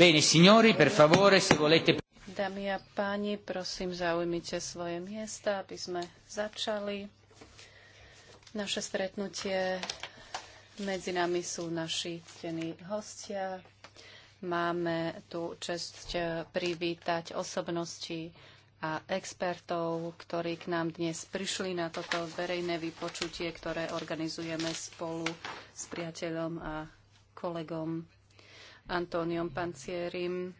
Bene, signori, per favore, se volete... Dámy a páni, prosím, zaujmite svoje miesta, aby sme začali. Naše stretnutie medzi nami sú naši ctení hostia. Máme tu čest eh, privítať osobnosti a expertov, ktorí k nám dnes prišli na toto verejné vypočutie, ktoré organizujeme spolu s priateľom a kolegom Antóniom Pancierim.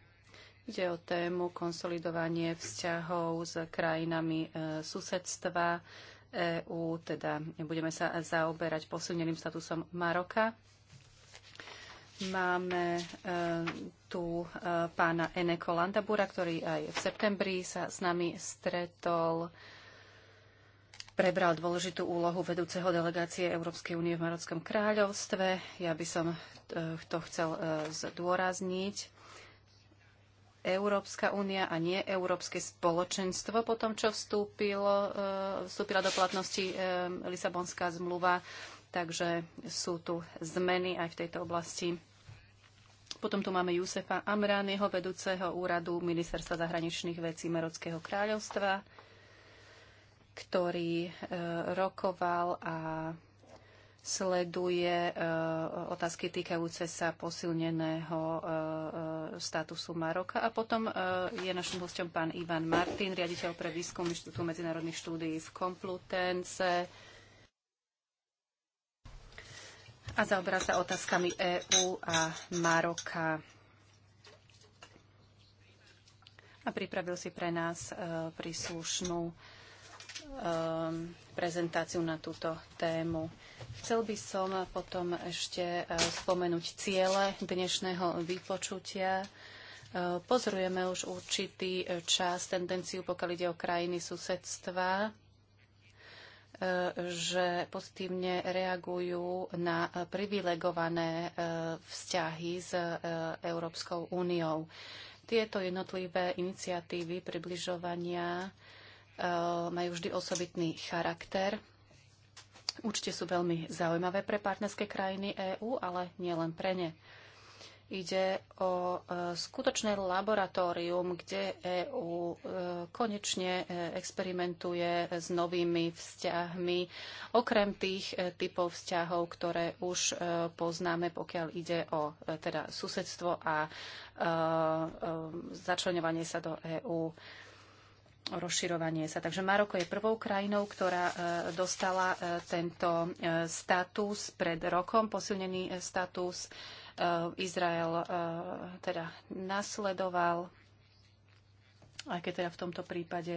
Ide o tému konsolidovanie vzťahov s krajinami e, susedstva EÚ, teda budeme sa zaoberať posilneným statusom Maroka. Máme e, tu e, pána Eneko Landabura, ktorý aj v septembri sa s nami stretol. E, prebral dôležitú úlohu vedúceho delegácie Európskej únie v Marockom kráľovstve. Ja by som eh, to chcel eh, zdôrazniť. Európska únia a nie Európske spoločenstvo po tom, čo vstúpilo, eh, vstúpila do platnosti Lisabonská zmluva. Takže sú tu zmeny aj v tejto oblasti. Potom tu máme Jusefa jeho vedúceho úradu Ministerstva zahraničných vecí Marockého kráľovstva ktorý e, rokoval a sleduje e, otázky týkajúce sa posilneného e, statusu Maroka. A potom je našim hostom pán Ivan Martin, riaditeľ pre výskum Inštitútu medzinárodných štúdií v Komplutence a zaoberá sa otázkami EÚ a Maroka. A pripravil si pre nás príslušnú Um, prezentáciu na túto tému. Chcel by som potom ešte uh, spomenúť ciele dnešného vypočutia. Uh, pozorujeme už určitý uh, čas, tendenciu, pokiaľ ide o krajiny susedstva, že pozitívne reagujú na privilegované vzťahy s Európskou úniou. Tieto jednotlivé iniciatívy približovania Eh, majú vždy osobitný charakter. Určite sú veľmi zaujímavé pre partnerské krajiny EÚ, ale nielen pre ne. Ide o eh, skutočné laboratórium, kde EÚ eh, konečne experimentuje s novými vzťahmi, okrem tých typov vzťahov, ktoré už poznáme, pokiaľ ide o teda susedstvo a začlenovanie sa do EÚ rozširovanie sa. Takže Maroko je prvou krajinou, ktorá e, dostala e, tento e, status pred rokom, posilnený status. Izrael teda nasledoval aj keď teda v tomto prípade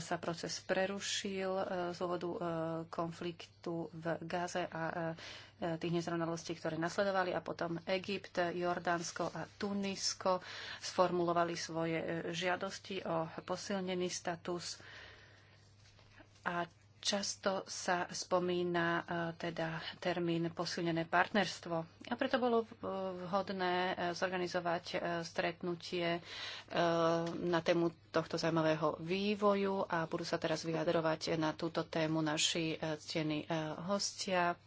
sa proces prerušil z dôvodu konfliktu v Gaze a Eh, tých nezrovnalostí, ktoré nasledovali a potom Egypt, Jordánsko a Tunisko sformulovali svoje eh, žiadosti o posilnený status a Často sa spomína e, teda termín posilnené partnerstvo. A preto bolo vhodné e, zorganizovať e, stretnutie na tému tohto zaujímavého vývoju a budú sa teraz vyjadrovať na túto tému naši ctení hostia.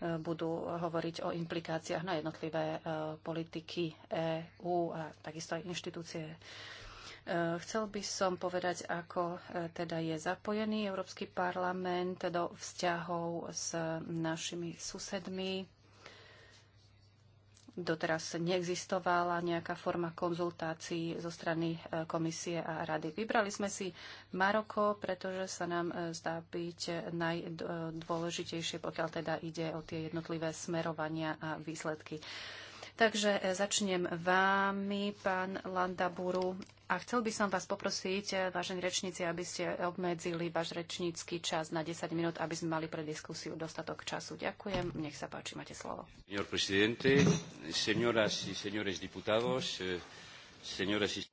Budú hovoriť o implikáciách na jednotlivé politiky EÚ a takisto aj inštitúcie Eh, chcel by som povedať, ako eh, teda je zapojený Európsky parlament do vzťahov s našimi susedmi. Doteraz neexistovala nejaká forma konzultácií zo strany eh, komisie a rady. Vybrali sme si Maroko, pretože sa nám zdá byť najdôležitejšie, pokiaľ teda ide o tie jednotlivé smerovania a výsledky. Takže e, začnem vámi, pán Landaburu. A chcel by som vás poprosiť, e, vážení rečníci, aby ste obmedzili váš rečnícky čas na 10 minút, aby sme mali pre diskusiu dostatok času. Ďakujem. Nech sa páči, máte slovo. Eh,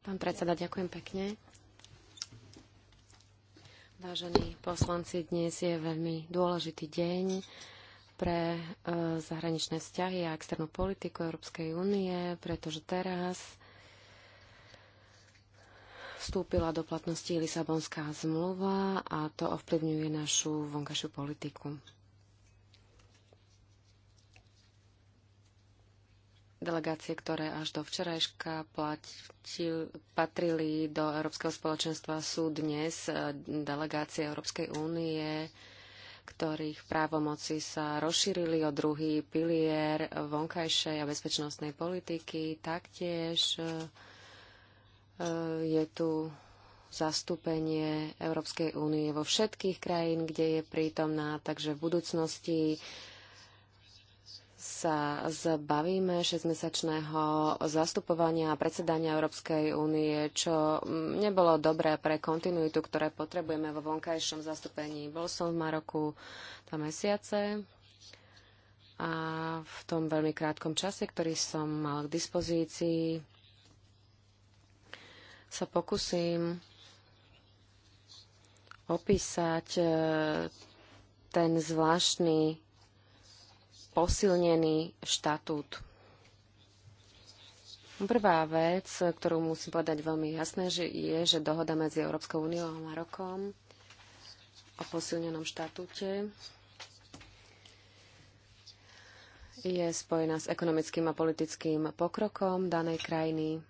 pán predseda, ďakujem pekne. Vážení poslanci, dnes je veľmi dôležitý deň pre e, zahraničné vzťahy a externú politiku Európskej únie, pretože teraz vstúpila do platnosti Lisabonská zmluva a to ovplyvňuje našu vonkajšiu politiku. delegácie, ktoré až do včerajška platil, patrili do Európskeho spoločenstva, sú dnes e, delegácie Európskej únie ktorých právomoci sa rozšírili o druhý pilier vonkajšej a bezpečnostnej politiky. Taktiež e, e, je tu zastúpenie Európskej únie vo všetkých krajín, kde je prítomná, takže v budúcnosti sa zbavíme 6-mesačného zastupovania a predsedania Európskej únie, čo mm, nebolo dobré pre kontinuitu, ktoré potrebujeme vo vonkajšom zastúpení. Bol som v Maroku dva mesiace a v tom veľmi krátkom čase, ktorý som mal k dispozícii, sa pokúsim opísať e, ten zvláštny posilnený štatút. Prvá vec, ktorú musím povedať veľmi jasné, že je, že dohoda medzi Európskou úniou a Marokom o posilnenom štatúte je spojená s ekonomickým a politickým pokrokom danej krajiny.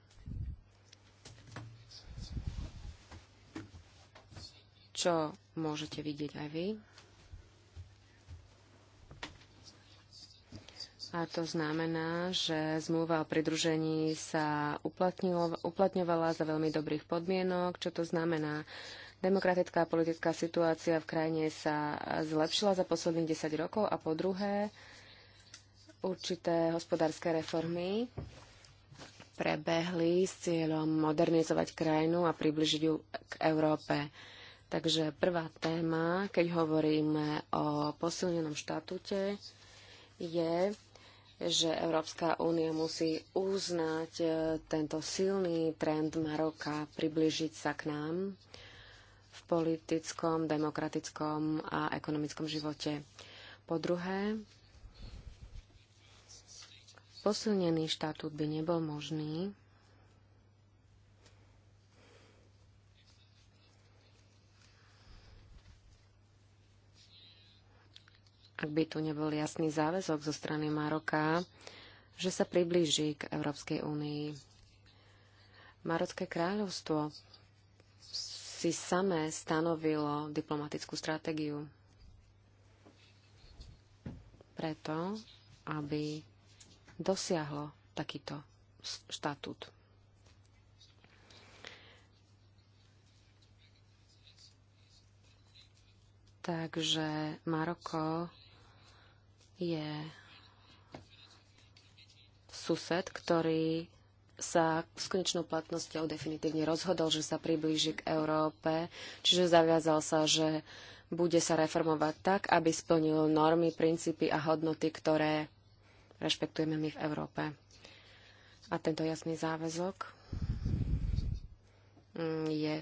Čo môžete vidieť aj vy. A to znamená, že zmluva o pridružení sa uplatňovala za veľmi dobrých podmienok. Čo to znamená? Demokratická a politická situácia v krajine sa zlepšila za posledných 10 rokov a po druhé určité hospodárske reformy prebehli s cieľom modernizovať krajinu a približiť ju k Európe. Takže prvá téma, keď hovoríme o posilnenom štatúte, je že Európska únia musí uznať e, tento silný trend Maroka približiť sa k nám v politickom, demokratickom a ekonomickom živote. Po druhé, posilnený štatút by nebol možný ak by tu nebol jasný záväzok zo strany Maroka, že sa priblíži k Európskej únii. Marocké kráľovstvo si samé stanovilo diplomatickú stratégiu. Preto, aby dosiahlo takýto štatút. Takže Maroko je sused, ktorý sa s konečnou platnosťou definitívne rozhodol, že sa priblíži k Európe, čiže zaviazal sa, že bude sa reformovať tak, aby splnil normy, princípy a hodnoty, ktoré rešpektujeme my v Európe. A tento jasný záväzok mm, je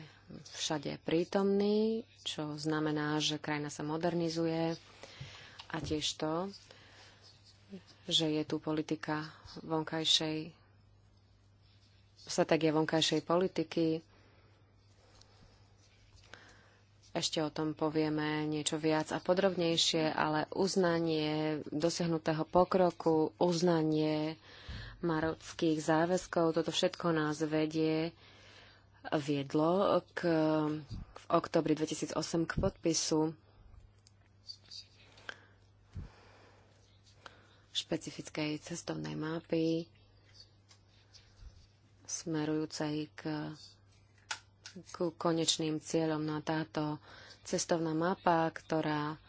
všade prítomný, čo znamená, že krajina sa modernizuje, a tiež to, že je tu politika vonkajšej, stratégia vonkajšej politiky. Ešte o tom povieme niečo viac a podrobnejšie, ale uznanie dosiahnutého pokroku, uznanie marockých záväzkov, toto všetko nás vedie, viedlo k, v oktobri 2008 k podpisu špecifickej cestovnej mapy smerujúcej k, k konečným cieľom na táto cestovná mapa, ktorá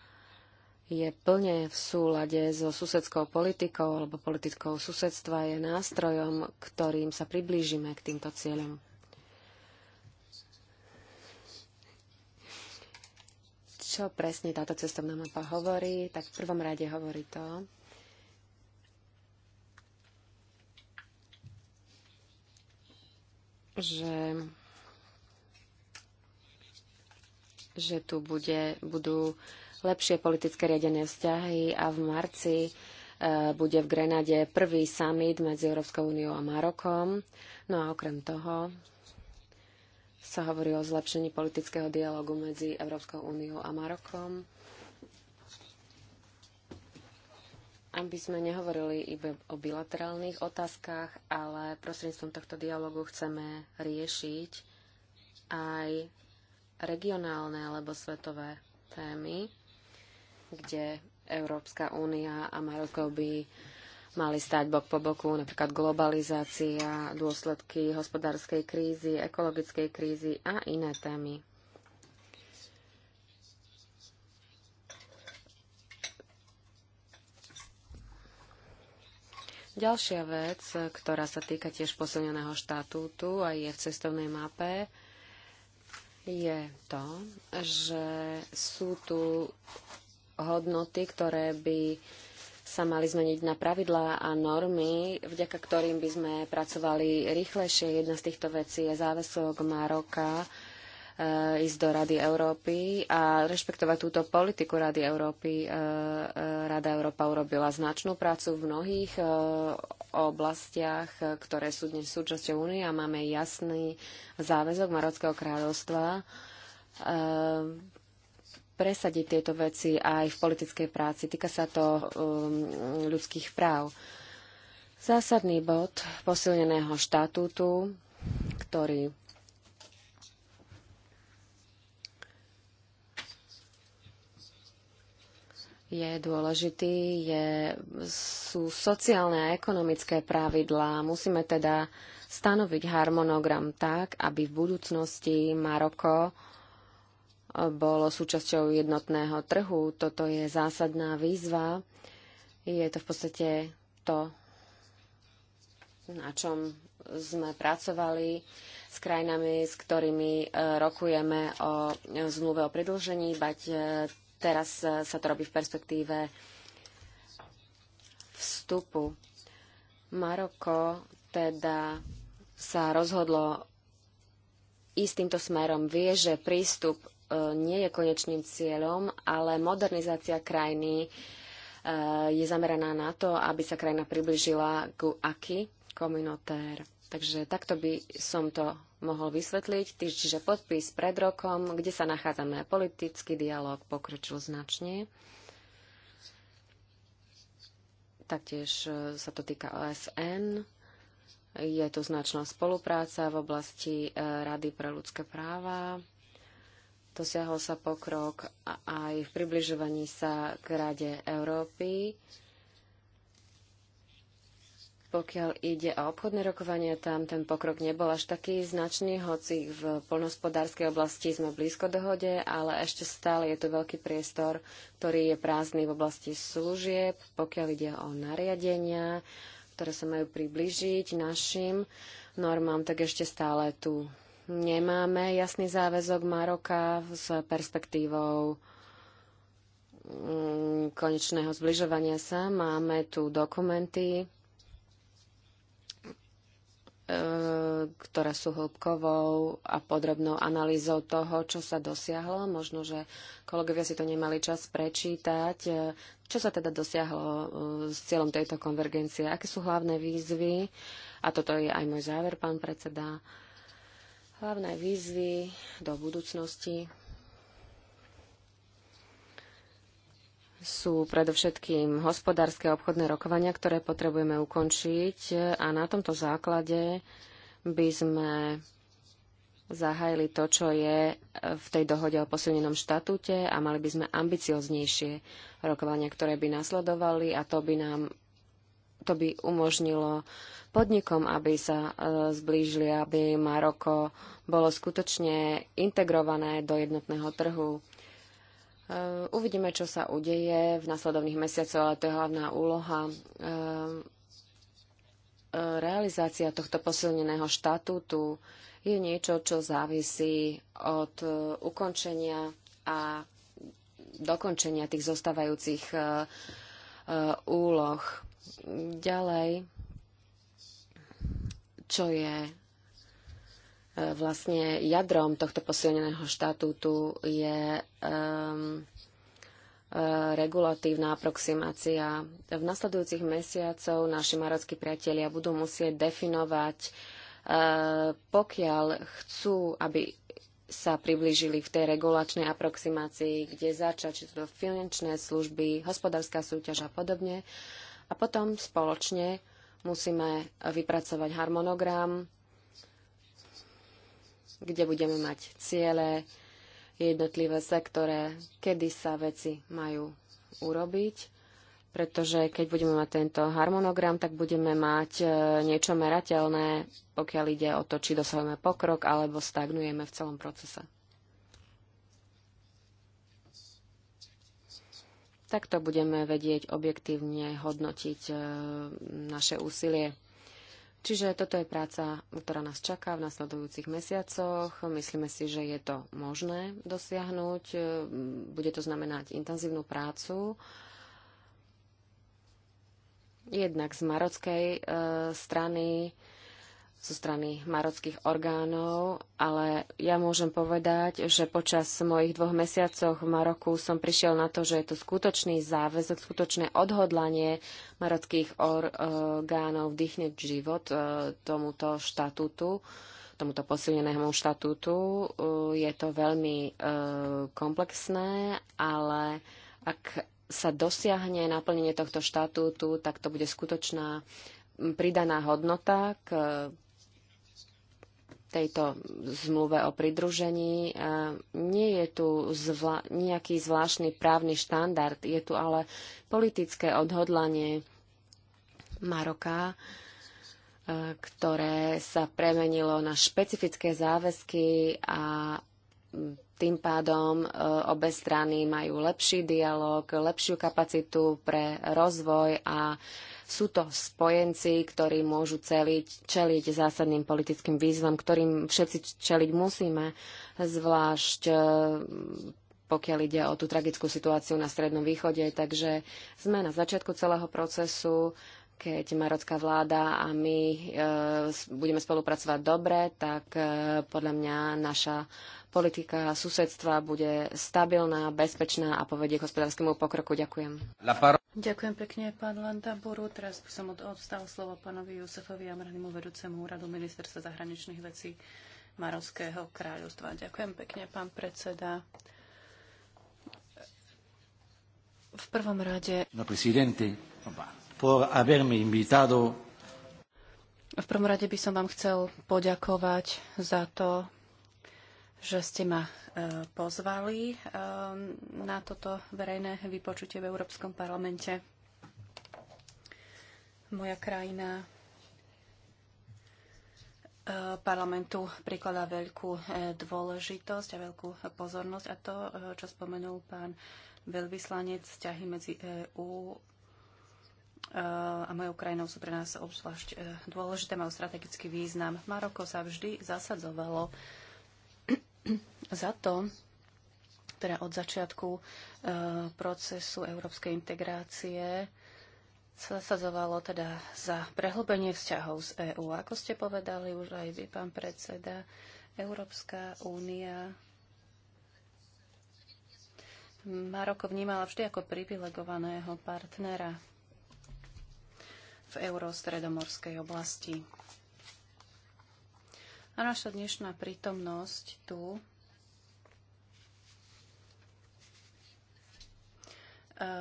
je plne v súlade so susedskou politikou alebo politikou susedstva, je nástrojom, ktorým sa priblížime k týmto cieľom. Čo presne táto cestovná mapa hovorí? Tak v prvom rade hovorí to, že že tu bude, budú lepšie politické riadené vzťahy a v marci e, bude v Grenade prvý summit medzi Európskou úniou a Marokom. No a okrem toho sa hovorí o zlepšení politického dialogu medzi Európskou úniou a Marokom. aby sme nehovorili iba o bilaterálnych otázkach, ale prostredníctvom tohto dialogu chceme riešiť aj regionálne alebo svetové témy, kde Európska únia a Maroko by mali stať bok po boku, napríklad globalizácia, dôsledky hospodárskej krízy, ekologickej krízy a iné témy. Ďalšia vec, ktorá sa týka tiež posilneného štatútu a je v cestovnej mape, je to, že sú tu hodnoty, ktoré by sa mali zmeniť na pravidlá a normy, vďaka ktorým by sme pracovali rýchlejšie. Jedna z týchto vecí je záväzok Maroka Eh, ísť do Rady Európy a rešpektovať túto politiku Rady Európy. Eh, eh, Rada Európa urobila značnú prácu v mnohých oblastiach, ktoré sú dnes súčasťou únie a máme jasný záväzok Marockého kráľovstva presadiť tieto veci aj v politickej práci. Týka sa to ľudských práv. Zásadný bod posilneného štatútu, ktorý je dôležitý, je, sú sociálne a ekonomické pravidlá. Musíme teda stanoviť harmonogram tak, aby v budúcnosti Maroko eh, bolo súčasťou jednotného trhu. Toto je zásadná výzva. Je to v podstate to, na čom sme pracovali s krajinami, s ktorými eh, rokujeme o eh, zmluve o predlžení, bať Teraz e, sa to robí v perspektíve vstupu. Maroko teda sa rozhodlo ísť týmto smerom. Vie, že prístup e, nie je konečným cieľom, ale modernizácia krajiny e, je zameraná na to, aby sa krajina približila ku aki komunitér. Takže takto by som to mohol vysvetliť. Čiže podpis pred rokom, kde sa nachádzame. Politický dialog pokročil značne. Taktiež e, sa to týka OSN. Je tu značná spolupráca v oblasti e, Rady pre ľudské práva. Dosiahol sa pokrok aj v približovaní sa k Rade Európy pokiaľ ide o obchodné rokovania, tam ten pokrok nebol až taký značný, hoci v poľnohospodárskej oblasti sme blízko dohode, ale ešte stále je to veľký priestor, ktorý je prázdny v oblasti služieb, pokiaľ ide o nariadenia, ktoré sa majú priblížiť našim normám, tak ešte stále tu nemáme jasný záväzok Maroka s perspektívou mm, konečného zbližovania sa. Máme tu dokumenty, ktoré sú hĺbkovou a podrobnou analýzou toho, čo sa dosiahlo. Možno, že kolegovia si to nemali čas prečítať. Čo sa teda dosiahlo uh, s cieľom tejto konvergencie? Aké sú hlavné výzvy? A toto je aj môj záver, pán predseda. Hlavné výzvy do budúcnosti sú predovšetkým hospodárske a obchodné rokovania, ktoré potrebujeme ukončiť a na tomto základe by sme zahájili to, čo je v tej dohode o posilnenom štatúte a mali by sme ambicioznejšie rokovania, ktoré by nasledovali a to by nám to by umožnilo podnikom, aby sa e, zblížili, aby Maroko bolo skutočne integrované do jednotného trhu Eh, uvidíme, čo sa udeje v nasledovných mesiacoch, ale to je hlavná úloha eh, eh, realizácia tohto posilneného štatútu je niečo, čo závisí od ukončenia a dokončenia tých zostávajúcich úloh. Ďalej, čo je E, vlastne jadrom tohto posilneného štatútu je um, regulatívna aproximácia. V nasledujúcich mesiacov naši marockí priatelia budú musieť definovať, e, pokiaľ chcú, aby sa priblížili v tej regulačnej aproximácii, kde začať, či to finančné služby, hospodárska súťaž a podobne. A potom spoločne musíme vypracovať harmonogram, kde budeme mať ciele, jednotlivé sektore, kedy sa veci majú urobiť, pretože keď budeme mať tento harmonogram, tak budeme mať e, niečo merateľné, pokiaľ ide o to, či dosahujeme pokrok alebo stagnujeme v celom procese. Takto budeme vedieť objektívne hodnotiť e, naše úsilie. Čiže toto je práca, ktorá nás čaká v nasledujúcich mesiacoch. Myslíme si, že je to možné dosiahnuť. Bude to znamenať intenzívnu prácu. Jednak z marockej e, strany zo strany marockých orgánov, ale ja môžem povedať, že počas mojich dvoch mesiacov v Maroku som prišiel na to, že je to skutočný záväzok, skutočné odhodlanie marockých orgánov vdýchnuť život e, tomuto štatútu, tomuto posilnenému štatútu. E, je to veľmi e, komplexné, ale ak sa dosiahne naplnenie tohto štatútu, tak to bude skutočná pridaná hodnota k tejto zmluve o pridružení. Nie je tu zvla- nejaký zvláštny právny štandard, je tu ale politické odhodlanie Maroka, e, ktoré sa premenilo na špecifické záväzky a tým pádom e, obe strany majú lepší dialog, lepšiu kapacitu pre rozvoj a sú to spojenci, ktorí môžu celiť, čeliť zásadným politickým výzvam, ktorým všetci čeliť musíme, zvlášť e, pokiaľ ide o tú tragickú situáciu na Strednom východe. Takže sme na začiatku celého procesu keď marocká vláda a my e, budeme spolupracovať dobre, tak e, podľa mňa naša politika susedstva bude stabilná, bezpečná a povedie k hospodárskému pokroku. Ďakujem. Ďakujem pekne, pán Landaburu. Teraz by som odstal slovo pánovi Jusefovi Amranimu, vedúcemu úradu ministerstva zahraničných vecí Marovského kráľovstva. Ďakujem pekne, pán predseda. V prvom rade... No, presidente, por haberme invitado... V prvom rade by som vám chcel poďakovať za to, že ste ma e, pozvali e, na toto verejné vypočutie v Európskom parlamente. Moja krajina e, parlamentu prikladá veľkú dôležitosť a veľkú pozornosť a to, čo spomenul pán veľvyslanec, vzťahy medzi EÚ a mojou krajinou sú pre nás obzvlášť dôležité, majú strategický význam. Maroko sa vždy zasadzovalo za to, teda od začiatku e, procesu európskej integrácie sa zasadzovalo teda za prehlbenie vzťahov z EÚ. Ako ste povedali už aj vy, pán predseda, Európska únia Maroko vnímala vždy ako privilegovaného partnera v eurostredomorskej oblasti. A naša dnešná prítomnosť tu e,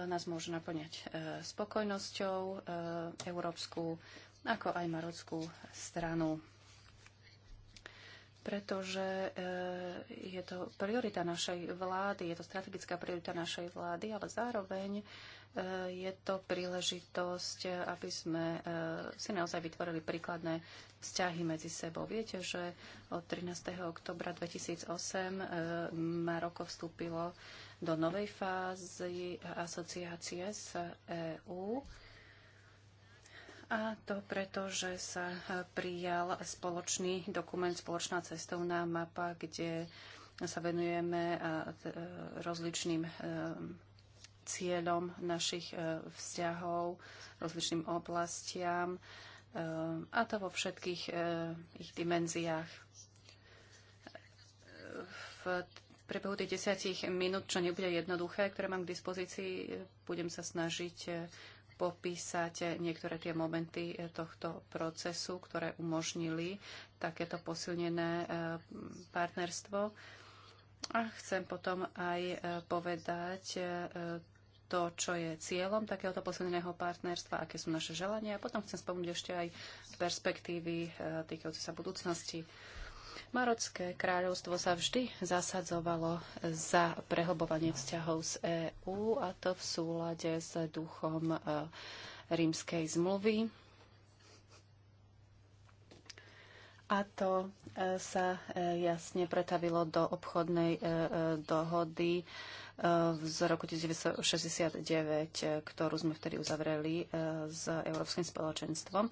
nás môže naplňať e, spokojnosťou e, európsku, ako aj marockú stranu pretože je to priorita našej vlády, je to strategická priorita našej vlády, ale zároveň Eh, je to príležitosť, eh, aby sme eh, si naozaj vytvorili príkladné vzťahy medzi sebou. Viete, že od 13. oktobra 2008 Maroko vstúpilo do novej fázy asociácie s EÚ. A to preto, že sa prijal spoločný dokument, spoločná cestovná mapa, kde sa venujeme rozličným cieľom našich e, vzťahov rozličným oblastiam e, a to vo všetkých e, ich dimenziách. V priebehu tých desiatich minút, čo nebude jednoduché, ktoré mám k dispozícii, budem sa snažiť popísať niektoré tie momenty tohto procesu, ktoré umožnili takéto posilnené partnerstvo. A chcem potom aj povedať, to, čo je cieľom takéhoto posilneného partnerstva, aké sú naše želania. A potom chcem spomenúť ešte aj perspektívy e, týkajúce sa budúcnosti. Marocké kráľovstvo sa vždy zasadzovalo za prehlbovanie vzťahov z EÚ a to v súlade s duchom e, rímskej zmluvy. A to e, sa jasne pretavilo do obchodnej dohody z roku 1969, eh, ktorú sme vtedy uzavreli eh, s Európskym spoločenstvom,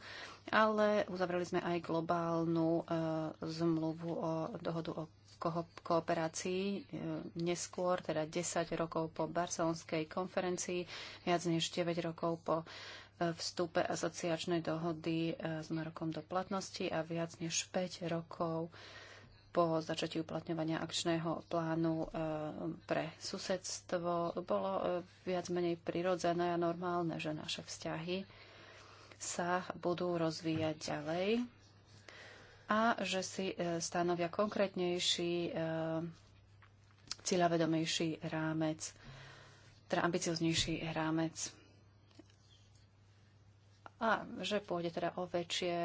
ale uzavreli sme aj globálnu eh, zmluvu o dohodu o kooperácii neskôr, teda 10 rokov po barcelonskej konferencii, viac než 9 rokov po vstupe asociačnej dohody s Marokom do platnosti a viac než 5 rokov po začatí uplatňovania akčného plánu e, pre susedstvo bolo e, viac menej prirodzené a normálne, že naše vzťahy sa budú rozvíjať ďalej a že si e, stanovia konkrétnejší, cieľavedomejší rámec, teda ambicioznejší rámec. A že pôjde teda o väčšie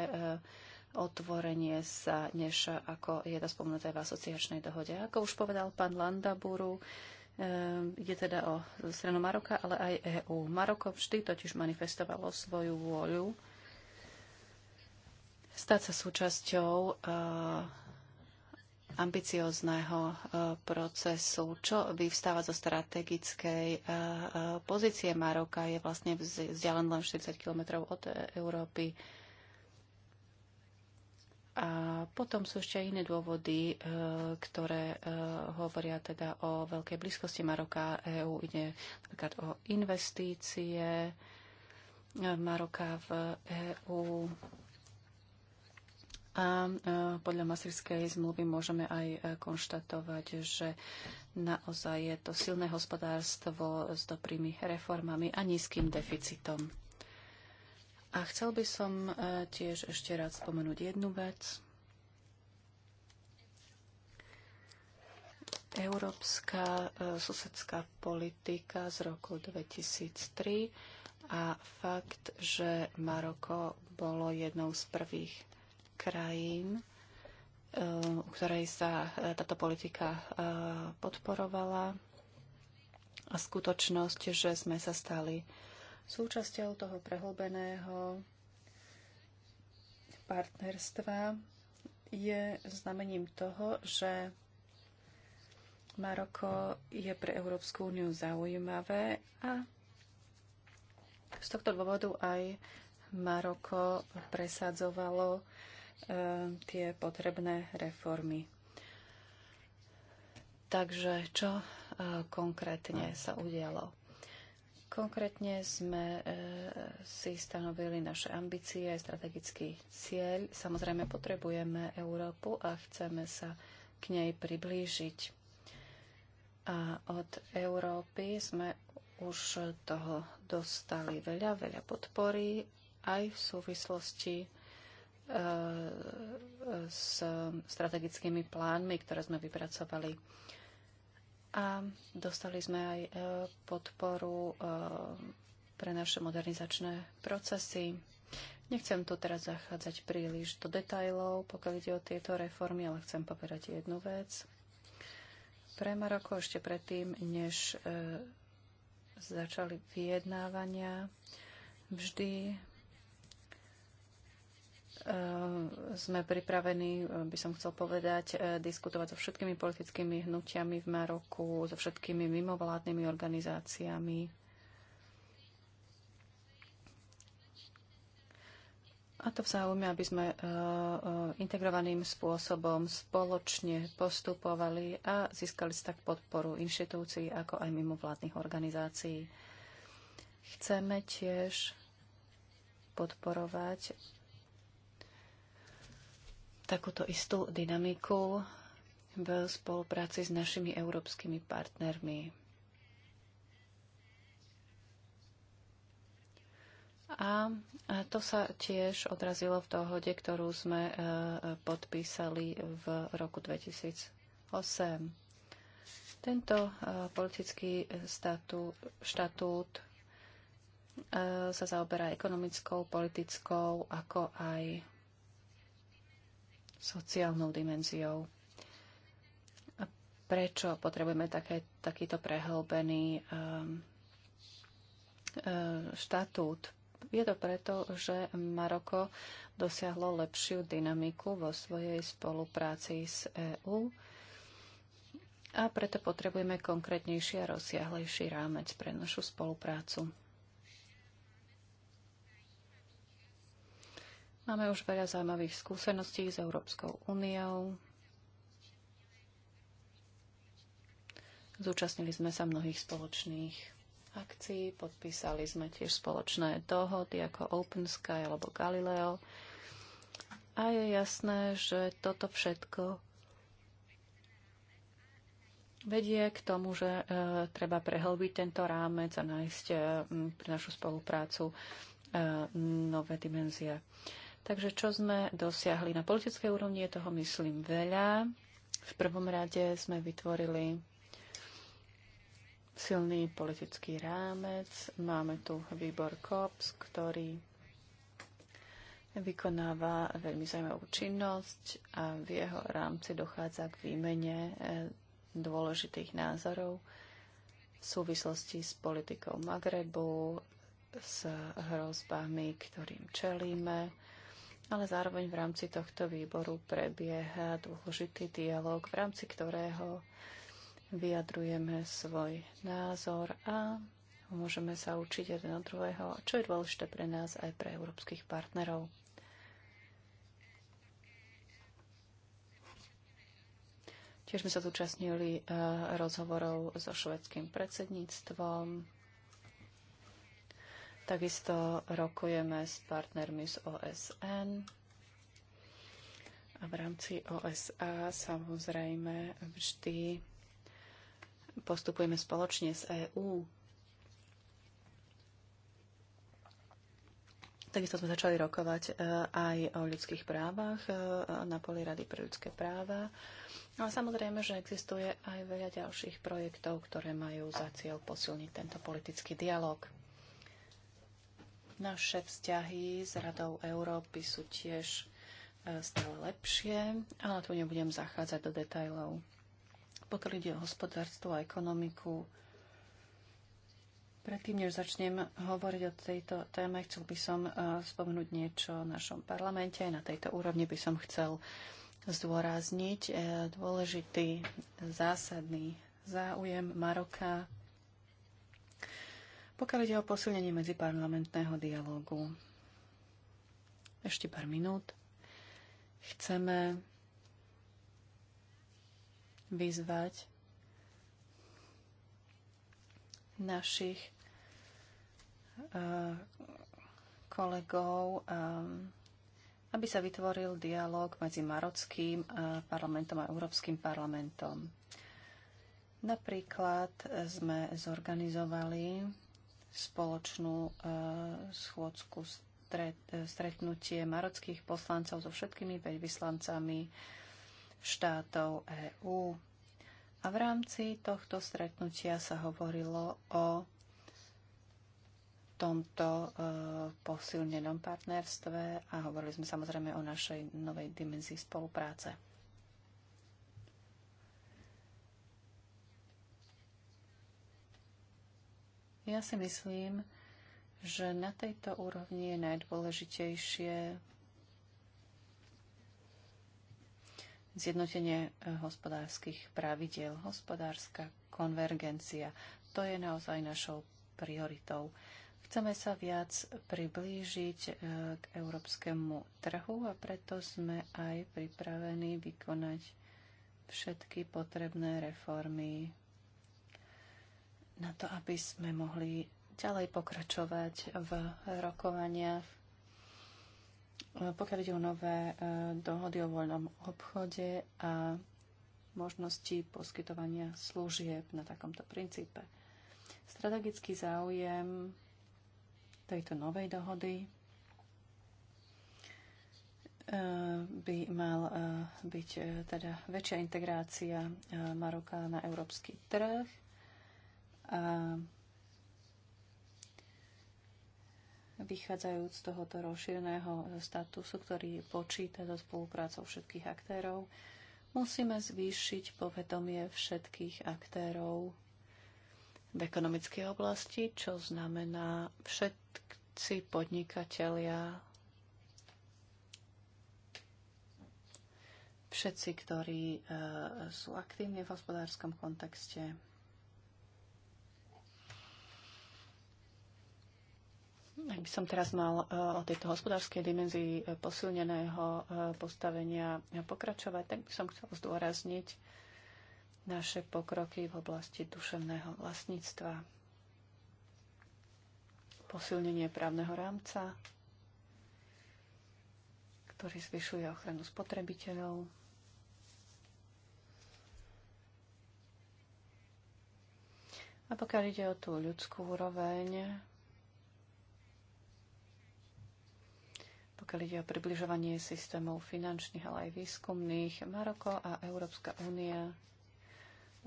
otvorenie sa, než ako je to spomenuté v asociačnej dohode. Ako už povedal pán Landaburu, ehm, ide teda o stranu Maroka, ale aj EÚ. Maroko vždy totiž manifestovalo svoju vôľu stať sa súčasťou ehm, ambiciozného ehm, procesu, čo vyvstáva zo strategickej pozície Maroka, je vlastne vzdialen len 40 kilometrov od Európy. A potom sú ešte iné dôvody, e, ktoré e, hovoria teda o veľkej blízkosti Maroka EÚ. Ide napríklad o investície e, Maroka v EÚ. A podľa masrickej zmluvy môžeme aj konštatovať, že naozaj je to silné hospodárstvo s dobrými reformami a nízkym deficitom. A chcel by som e, tiež ešte raz spomenúť jednu vec. Európska e, susedská politika z roku 2003 a fakt, že Maroko bolo jednou z prvých krajín, e, u ktorej sa táto politika podporovala a skutočnosť, že sme sa stali Súčasťou toho prehlbeného partnerstva je znamením toho, že Maroko je pre Európsku úniu zaujímavé a z tohto dôvodu aj Maroko presadzovalo e, tie potrebné reformy. Takže čo e, konkrétne sa udialo? Konkrétne sme e, si stanovili naše ambície, strategický cieľ. Samozrejme, potrebujeme Európu a chceme sa k nej priblížiť. A od Európy sme už toho dostali veľa, veľa podpory aj v súvislosti e, s strategickými plánmi, ktoré sme vypracovali a dostali sme aj e, podporu e, pre naše modernizačné procesy. Nechcem tu teraz zachádzať príliš do detajlov, pokiaľ ide o tieto reformy, ale chcem povedať jednu vec. Pre Maroko ešte predtým, než e, začali vyjednávania, vždy Eh, sme pripravení, eh, by som chcel povedať, eh, diskutovať so všetkými politickými hnutiami v Maroku, so všetkými mimovládnymi organizáciami. A to v záujme, aby sme integrovaným spôsobom spoločne postupovali a získali tak podporu inštitúcií, ako aj mimovládnych organizácií. Chceme tiež podporovať takúto istú dynamiku v spolupráci s našimi európskymi partnermi. A to sa tiež odrazilo v dohode, ktorú sme e, podpísali v roku 2008. Tento e, politický štatút e, sa zaoberá ekonomickou, politickou, ako aj sociálnou dimenziou. A prečo potrebujeme také, takýto prehlbený um, um, štatút je to preto, že Maroko dosiahlo lepšiu dynamiku vo svojej spolupráci s EÚ a preto potrebujeme konkrétnejší a rozsiahlejší rámec pre našu spoluprácu. Máme už veľa zaujímavých skúseností s Európskou úniou. Zúčastnili sme sa mnohých spoločných akcií, podpísali sme tiež spoločné dohody ako Open Sky alebo Galileo. A je jasné, že toto všetko vedie k tomu, že e, treba prehlbiť tento rámec a nájsť e, pre našu spoluprácu e, nové dimenzie. E, Takže čo sme dosiahli na politickej úrovni, je toho myslím veľa. V prvom rade sme vytvorili silný politický rámec. Máme tu výbor COPS, ktorý vykonáva veľmi zaujímavú činnosť a v jeho rámci dochádza k výmene e, dôležitých názorov v súvislosti s politikou Magrebu, s hrozbami, ktorým čelíme ale zároveň v rámci tohto výboru prebieha dôležitý dialog, v rámci ktorého vyjadrujeme svoj názor a môžeme sa učiť jeden od druhého, čo je dôležité pre nás aj pre európskych partnerov. Tiež sme sa zúčastnili eh, rozhovorov so švedským predsedníctvom Takisto rokujeme s partnermi z OSN a v rámci OSA samozrejme vždy postupujeme spoločne s EÚ. Takisto sme začali rokovať e, aj o ľudských právach e, na poli Rady pre ľudské práva. Ale samozrejme, že existuje aj veľa ďalších projektov, ktoré majú za cieľ posilniť tento politický dialog. Naše vzťahy s Radou Európy sú tiež e, stále lepšie, ale tu nebudem zachádzať do detajlov. Pokiaľ ide o hospodárstvo a ekonomiku, Predtým, než začnem hovoriť o tejto téme, chcel by som e, spomenúť niečo o našom parlamente. Na tejto úrovni by som chcel zdôrazniť e, dôležitý zásadný záujem Maroka pokiaľ ide o posilnenie medziparlamentného dialogu. ešte pár minút, chceme vyzvať našich uh, kolegov, um, aby sa vytvoril dialog medzi marockým uh, parlamentom a európskym parlamentom. Napríklad sme zorganizovali spoločnú e, schôdzku e, stretnutie marockých poslancov so všetkými veľvyslancami štátov EÚ. A v rámci tohto stretnutia sa hovorilo o tomto e, posilnenom partnerstve a hovorili sme samozrejme o našej novej dimenzii spolupráce. Ja si myslím, že na tejto úrovni je najdôležitejšie zjednotenie eh, hospodárskych pravidel, hospodárska konvergencia. To je naozaj našou prioritou. Chceme sa viac priblížiť eh, k európskemu trhu a preto sme aj pripravení vykonať všetky potrebné reformy na to, aby sme mohli ďalej pokračovať v rokovaniach. Pokiaľ ide o nové e, dohody o voľnom obchode a možnosti poskytovania služieb na takomto princípe. Strategický záujem tejto novej dohody e, by mal e, byť teda väčšia integrácia Maroka na európsky trh a vychádzajúc z tohoto rozšíreného statusu, ktorý počíta so spoluprácou všetkých aktérov, musíme zvýšiť povedomie všetkých aktérov v ekonomickej oblasti, čo znamená všetci podnikatelia, všetci, ktorí e, sú aktívni v hospodárskom kontexte, Ak by som teraz mal e, o tejto hospodárskej dimenzii e, posilneného e, postavenia pokračovať, tak by som chcel zdôrazniť naše pokroky v oblasti duševného vlastníctva, posilnenie právneho rámca, ktorý zvyšuje ochranu spotrebiteľov, a pokiaľ ide o tú ľudskú úroveň, pokiaľ ide o približovanie systémov finančných, ale aj výskumných. Maroko a Európska únia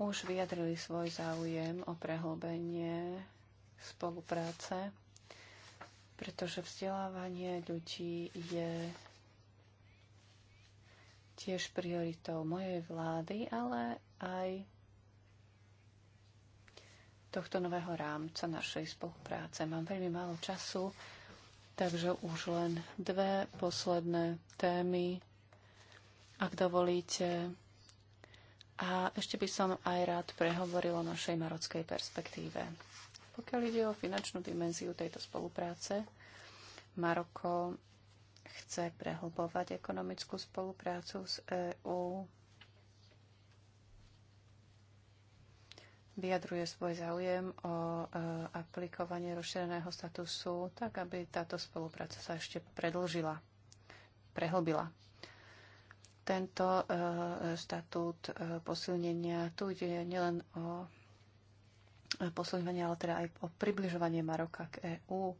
už vyjadrili svoj záujem o prehlbenie spolupráce, pretože vzdelávanie ľudí je tiež prioritou mojej vlády, ale aj tohto nového rámca našej spolupráce. Mám veľmi málo času, Takže už len dve posledné témy, ak dovolíte. A ešte by som aj rád prehovoril o našej marockej perspektíve. Pokiaľ ide o finančnú dimenziu tejto spolupráce, Maroko chce prehlbovať ekonomickú spoluprácu s EÚ vyjadruje svoj záujem o e, aplikovanie rozšíreného statusu, tak aby táto spolupráca sa ešte predlžila, prehlbila. Tento e, e, posilnenia, tu ide nielen o posilňovanie, ale teda aj o približovanie Maroka k EÚ.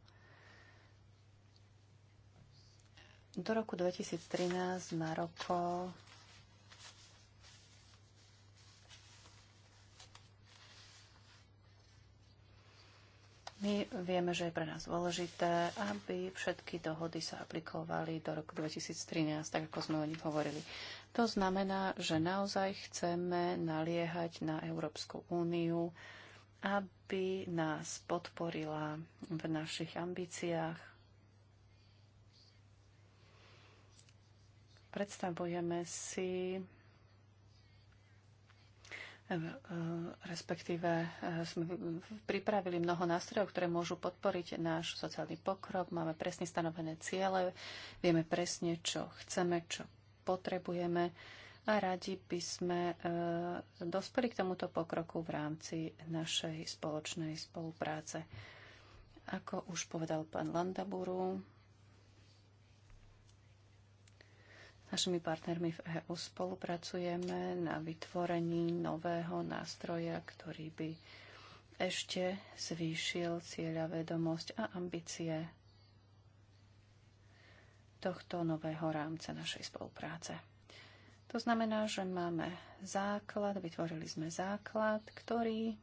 Do roku 2013 Maroko My vieme, že je pre nás dôležité, aby všetky dohody sa aplikovali do roku 2013, tak ako sme o nich hovorili. To znamená, že naozaj chceme naliehať na Európsku úniu, aby nás podporila v našich ambíciách. Predstavujeme si Eh, respektíve eh, sme pripravili mnoho nástrojov, ktoré môžu podporiť náš sociálny pokrok. Máme presne stanovené ciele, vieme presne, čo chceme, čo potrebujeme a radi by sme eh, dospeli k tomuto pokroku v rámci našej spoločnej spolupráce. Ako už povedal pán Landaburu, našimi partnermi v EU spolupracujeme na vytvorení nového nástroja, ktorý by ešte zvýšil cieľa vedomosť a ambície tohto nového rámca našej spolupráce. To znamená, že máme základ, vytvorili sme základ, ktorý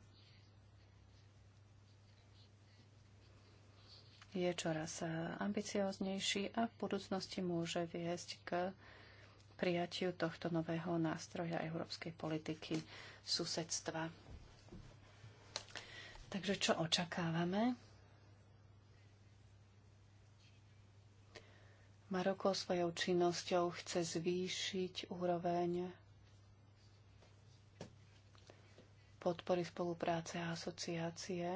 je čoraz ambicioznejší a v budúcnosti môže viesť k prijatiu tohto nového nástroja európskej politiky susedstva. Takže čo očakávame? Maroko svojou činnosťou chce zvýšiť úroveň podpory spolupráce a asociácie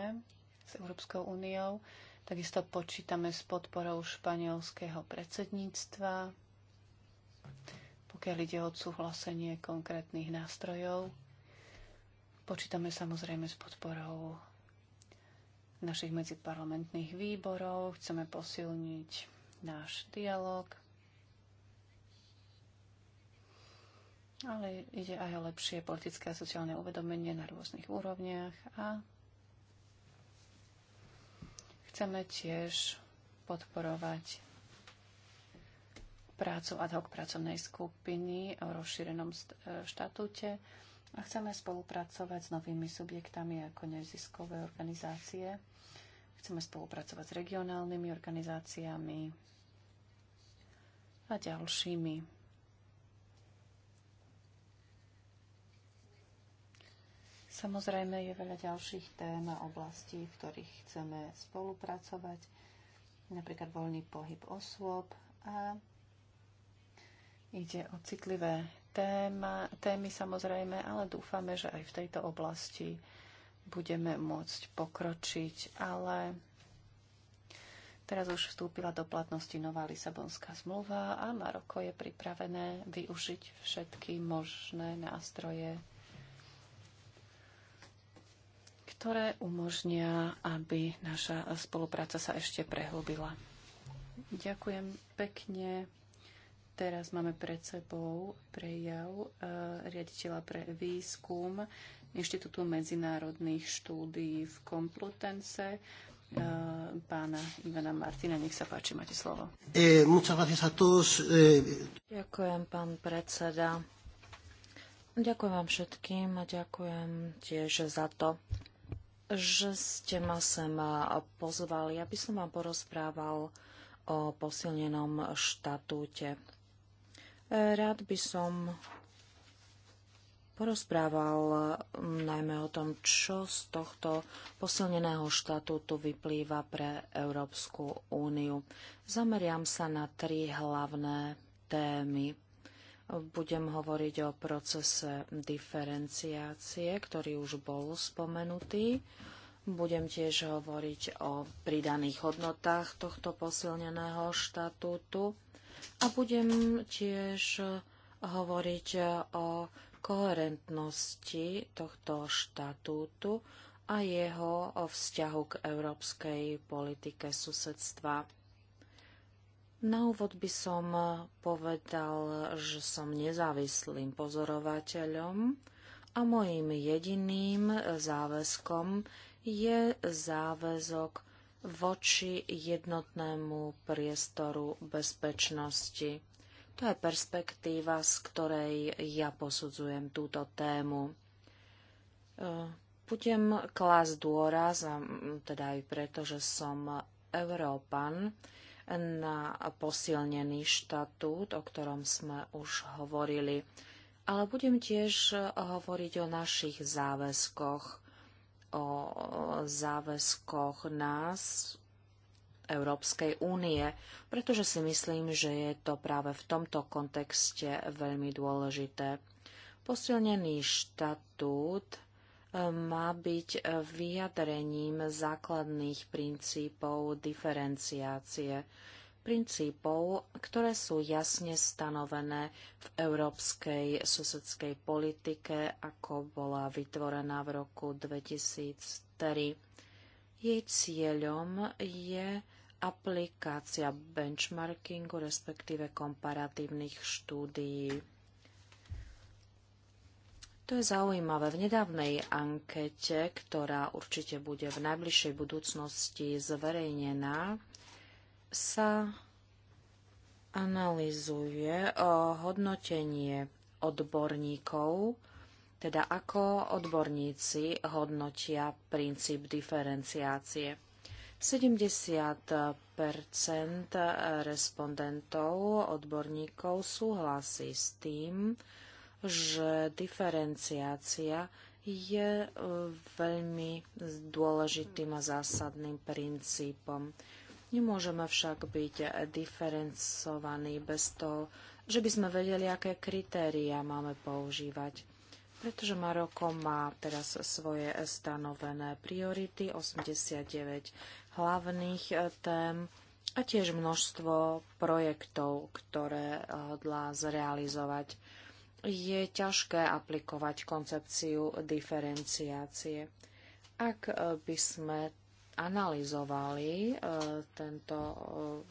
s Európskou úniou. Takisto počítame s podporou španielského predsedníctva pokiaľ ide o odsúhlasenie konkrétnych nástrojov. Počítame samozrejme s podporou našich medziparlamentných výborov, chceme posilniť náš dialog, ale ide aj o lepšie politické a sociálne uvedomenie na rôznych úrovniach a chceme tiež podporovať prácu ad hoc pracovnej skupiny o rozšírenom e, štatúte a chceme spolupracovať s novými subjektami ako neziskové organizácie. Chceme spolupracovať s regionálnymi organizáciami a ďalšími. Samozrejme je veľa ďalších tém a oblastí, v ktorých chceme spolupracovať, napríklad voľný pohyb osôb a Ide o citlivé téma, témy samozrejme, ale dúfame, že aj v tejto oblasti budeme môcť pokročiť, ale teraz už vstúpila do platnosti nová Lisabonská zmluva a Maroko je pripravené využiť všetky možné nástroje, ktoré umožnia, aby naša spolupráca sa ešte prehlbila. Ďakujem pekne. Teraz máme pred sebou prejav e, riaditeľa pre výskum Inštitútu medzinárodných štúdií v Komplutense, e, pána Ivana Martina. Nech sa páči, máte slovo. E, ďakujem, pán predseda. Ďakujem vám všetkým a ďakujem tiež za to, že ste ma sem pozvali, aby som vám porozprával o posilnenom štatúte Rád by som porozprával najmä o tom, čo z tohto posilneného štatútu vyplýva pre Európsku úniu. Zameriam sa na tri hlavné témy. Budem hovoriť o procese diferenciácie, ktorý už bol spomenutý. Budem tiež hovoriť o pridaných hodnotách tohto posilneného štatútu a budem tiež e, hovoriť e, o koherentnosti tohto štatútu a jeho e, vzťahu k európskej politike susedstva. Na úvod by som povedal, že som nezávislým pozorovateľom a mojím jediným záväzkom je záväzok voči jednotnému priestoru bezpečnosti. To je perspektíva, z ktorej ja posudzujem túto tému. E, budem klásť dôraz, teda aj preto, že som Európan, na posilnený štatút, o ktorom sme už hovorili. Ale budem tiež hovoriť o našich záväzkoch o záväzkoch nás, Európskej únie, pretože si myslím, že je to práve v tomto kontexte veľmi dôležité. Posilnený štatút e, má byť vyjadrením základných princípov diferenciácie princípov, ktoré sú jasne stanovené v európskej susedskej politike, ako bola vytvorená v roku 2003. Jej cieľom je aplikácia benchmarkingu, respektíve komparatívnych štúdií. To je zaujímavé. V nedávnej ankete, ktorá určite bude v najbližšej budúcnosti zverejnená, sa analizuje eh, hodnotenie odborníkov, teda ako odborníci hodnotia princíp diferenciácie. 70 respondentov, odborníkov súhlasí s tým, že diferenciácia je eh, veľmi dôležitým a zásadným princípom. Nemôžeme však byť diferencovaní bez toho, že by sme vedeli, aké kritéria máme používať. Pretože Maroko má teraz svoje stanovené priority, 89 hlavných eh, tém a tiež množstvo projektov, ktoré eh, hodlá zrealizovať. Je ťažké aplikovať koncepciu diferenciácie. Ak eh, by sme analyzovali e, tento e,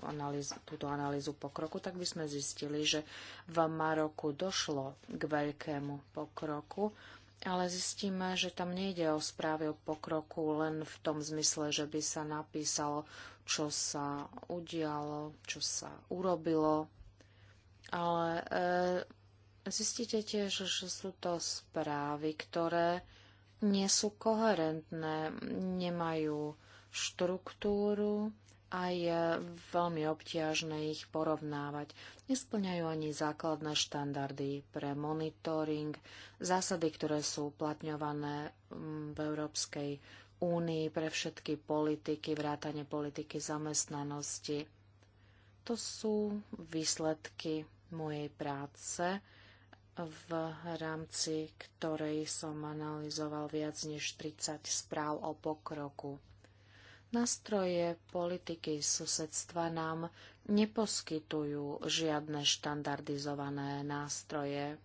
analýz, túto analýzu pokroku, tak by sme zistili, že v Maroku došlo k veľkému pokroku, ale zistíme, že tam nejde o správy o pokroku len v tom zmysle, že by sa napísalo, čo sa udialo, čo sa urobilo, ale e, zistíte tiež, že sú to správy, ktoré nie sú koherentné, nemajú štruktúru a je veľmi obťažné ich porovnávať. Nesplňajú ani základné štandardy pre monitoring, zásady, ktoré sú uplatňované mm, v Európskej únii pre všetky politiky, vrátane politiky zamestnanosti. To sú výsledky mojej práce, v rámci ktorej som analyzoval viac než 30 správ o pokroku. Nástroje politiky susedstva nám neposkytujú žiadne štandardizované nástroje.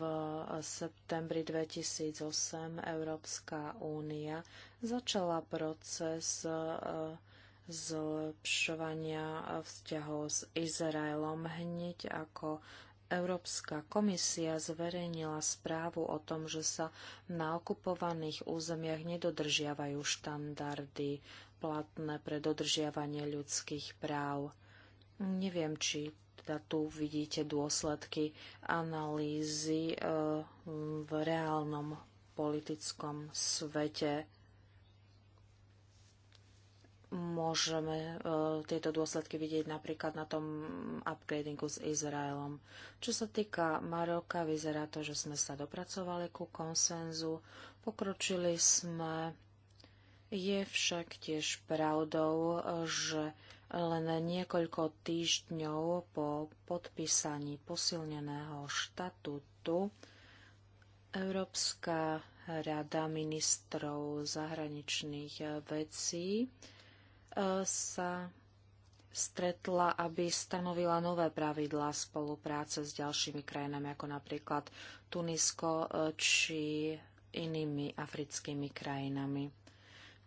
V septembri 2008 Európska únia začala proces eh, zlepšovania vzťahov s Izraelom hneď ako Európska komisia zverejnila správu o tom, že sa na okupovaných územiach nedodržiavajú štandardy platné pre dodržiavanie ľudských práv. Neviem, či teda tu vidíte dôsledky analýzy eh, v reálnom politickom svete. Môžeme e, tieto dôsledky vidieť napríklad na tom upgradingu s Izraelom. Čo sa týka Maroka, vyzerá to, že sme sa dopracovali ku konsenzu, pokročili sme. Je však tiež pravdou, e, že len niekoľko týždňov po podpísaní posilneného štatútu Európska rada ministrov zahraničných vecí sa stretla, aby stanovila nové pravidlá spolupráce s ďalšími krajinami, ako napríklad Tunisko eh, či inými africkými krajinami.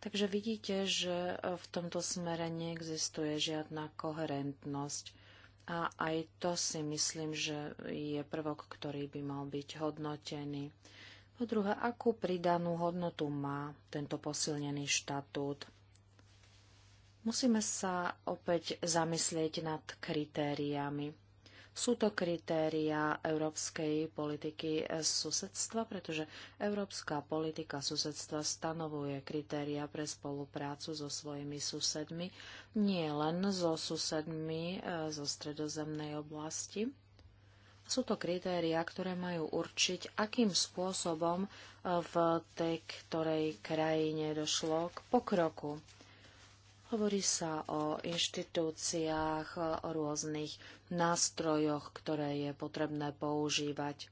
Takže vidíte, že eh, v tomto smere neexistuje žiadna koherentnosť. A aj to si myslím, že je prvok, ktorý by mal byť hodnotený. Po druhé, akú pridanú hodnotu má tento posilnený štatút? Musíme sa opäť zamyslieť nad kritériami. Sú to kritéria európskej politiky susedstva, pretože európska politika susedstva stanovuje kritéria pre spoluprácu so svojimi susedmi, nie len so susedmi e, zo stredozemnej oblasti, sú to kritériá, ktoré majú určiť, akým spôsobom e, v tej ktorej krajine došlo k pokroku. Hovorí sa o inštitúciách, o rôznych nástrojoch, ktoré je potrebné používať.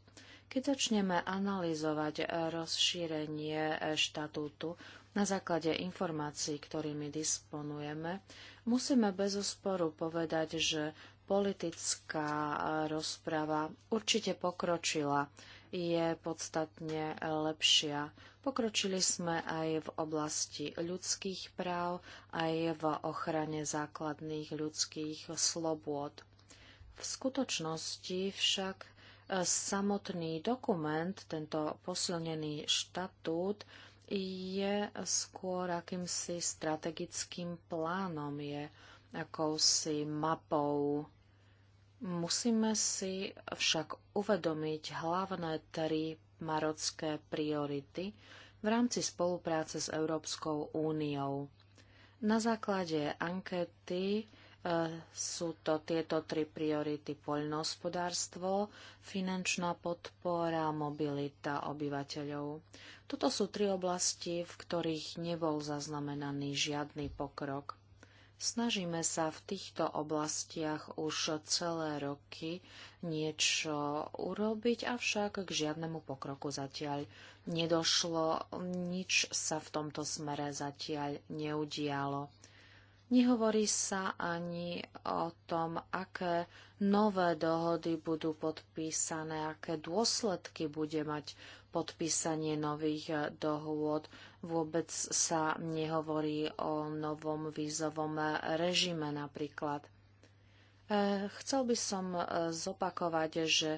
Keď začneme analyzovať rozšírenie štatútu na základe informácií, ktorými disponujeme, musíme bez osporu povedať, že politická rozprava určite pokročila je podstatne lepšia. Pokročili sme aj v oblasti ľudských práv, aj v ochrane základných ľudských slobôd. V skutočnosti však e, samotný dokument, tento posilnený štatút, je skôr akýmsi strategickým plánom, je akousi mapou Musíme si však uvedomiť hlavné tri marocké priority v rámci spolupráce s Európskou úniou. Na základe ankety e, sú to tieto tri priority poľnohospodárstvo, finančná podpora, mobilita obyvateľov. Toto sú tri oblasti, v ktorých nebol zaznamenaný žiadny pokrok. Snažíme sa v týchto oblastiach už celé roky niečo urobiť, avšak k žiadnemu pokroku zatiaľ nedošlo, nič sa v tomto smere zatiaľ neudialo. Nehovorí sa ani o tom, aké nové dohody budú podpísané, aké dôsledky bude mať podpísanie nových dohôd Vôbec sa nehovorí o novom vízovom režime napríklad. E, chcel by som e, zopakovať, že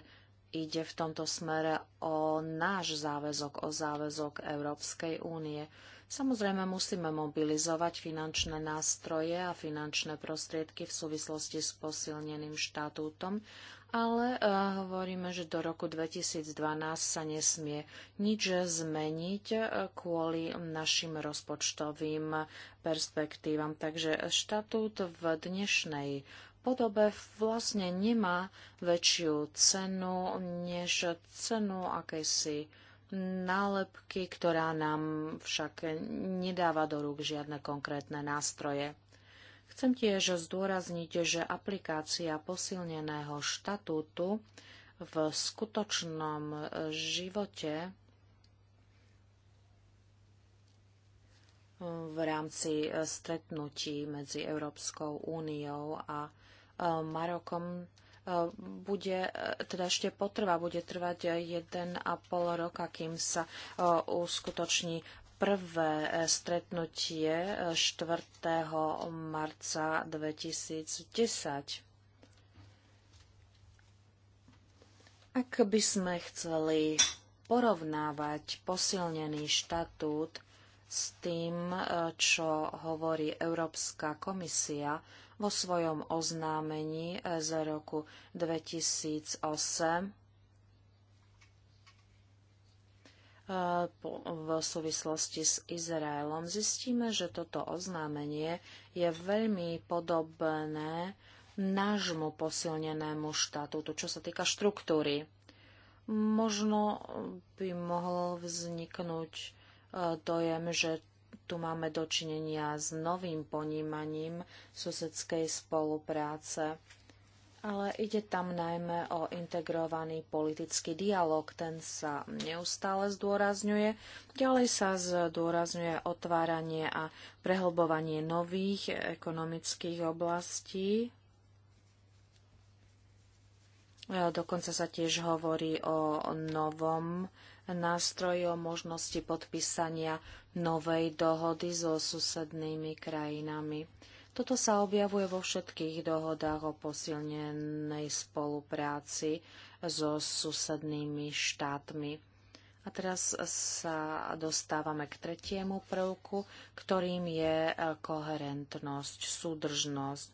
ide v tomto smere o náš záväzok, o záväzok Európskej únie. Samozrejme musíme mobilizovať finančné nástroje a finančné prostriedky v súvislosti s posilneným štatútom ale e, hovoríme, že do roku 2012 sa nesmie nič zmeniť e, kvôli našim rozpočtovým perspektívam. Takže štatút v dnešnej podobe vlastne nemá väčšiu cenu než cenu akejsi nálepky, ktorá nám však nedáva do rúk žiadne konkrétne nástroje. Chcem tiež zdôrazniť, že aplikácia posilneného štatútu v skutočnom e, živote e, v rámci e, stretnutí medzi Európskou úniou a Marokom bude, teda ešte potrvá, bude trvať 1,5 roka, kým sa uskutoční prvé eh, stretnutie 4. Eh, marca 2010. Ak by sme chceli porovnávať posilnený štatút s tým, eh, čo hovorí Európska komisia vo svojom oznámení z roku 2008, v súvislosti s Izraelom. Zistíme, že toto oznámenie je veľmi podobné nášmu posilnenému štatútu, čo sa týka štruktúry. Možno by mohol vzniknúť e, dojem, že tu máme dočinenia s novým ponímaním susedskej spolupráce ale ide tam najmä o integrovaný politický dialog. Ten sa neustále zdôrazňuje. Ďalej sa zdôrazňuje otváranie a prehlbovanie nových ekonomických oblastí. E, dokonca sa tiež hovorí o novom nástroji o možnosti podpísania novej dohody so susednými krajinami. Toto sa objavuje vo všetkých dohodách o posilnenej spolupráci so susednými štátmi. A teraz sa dostávame k tretiemu prvku, ktorým je eh, koherentnosť, súdržnosť.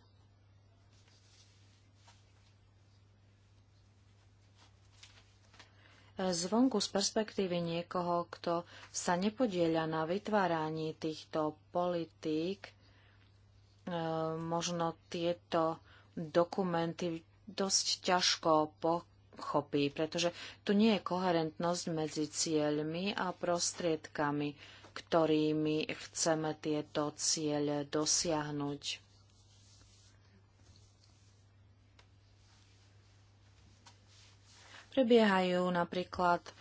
zvonku z perspektívy niekoho, kto sa nepodieľa na vytváraní týchto politík, E, možno tieto dokumenty dosť ťažko pochopí, pretože tu nie je koherentnosť medzi cieľmi a prostriedkami, ktorými chceme tieto ciele dosiahnuť. Prebiehajú napríklad e,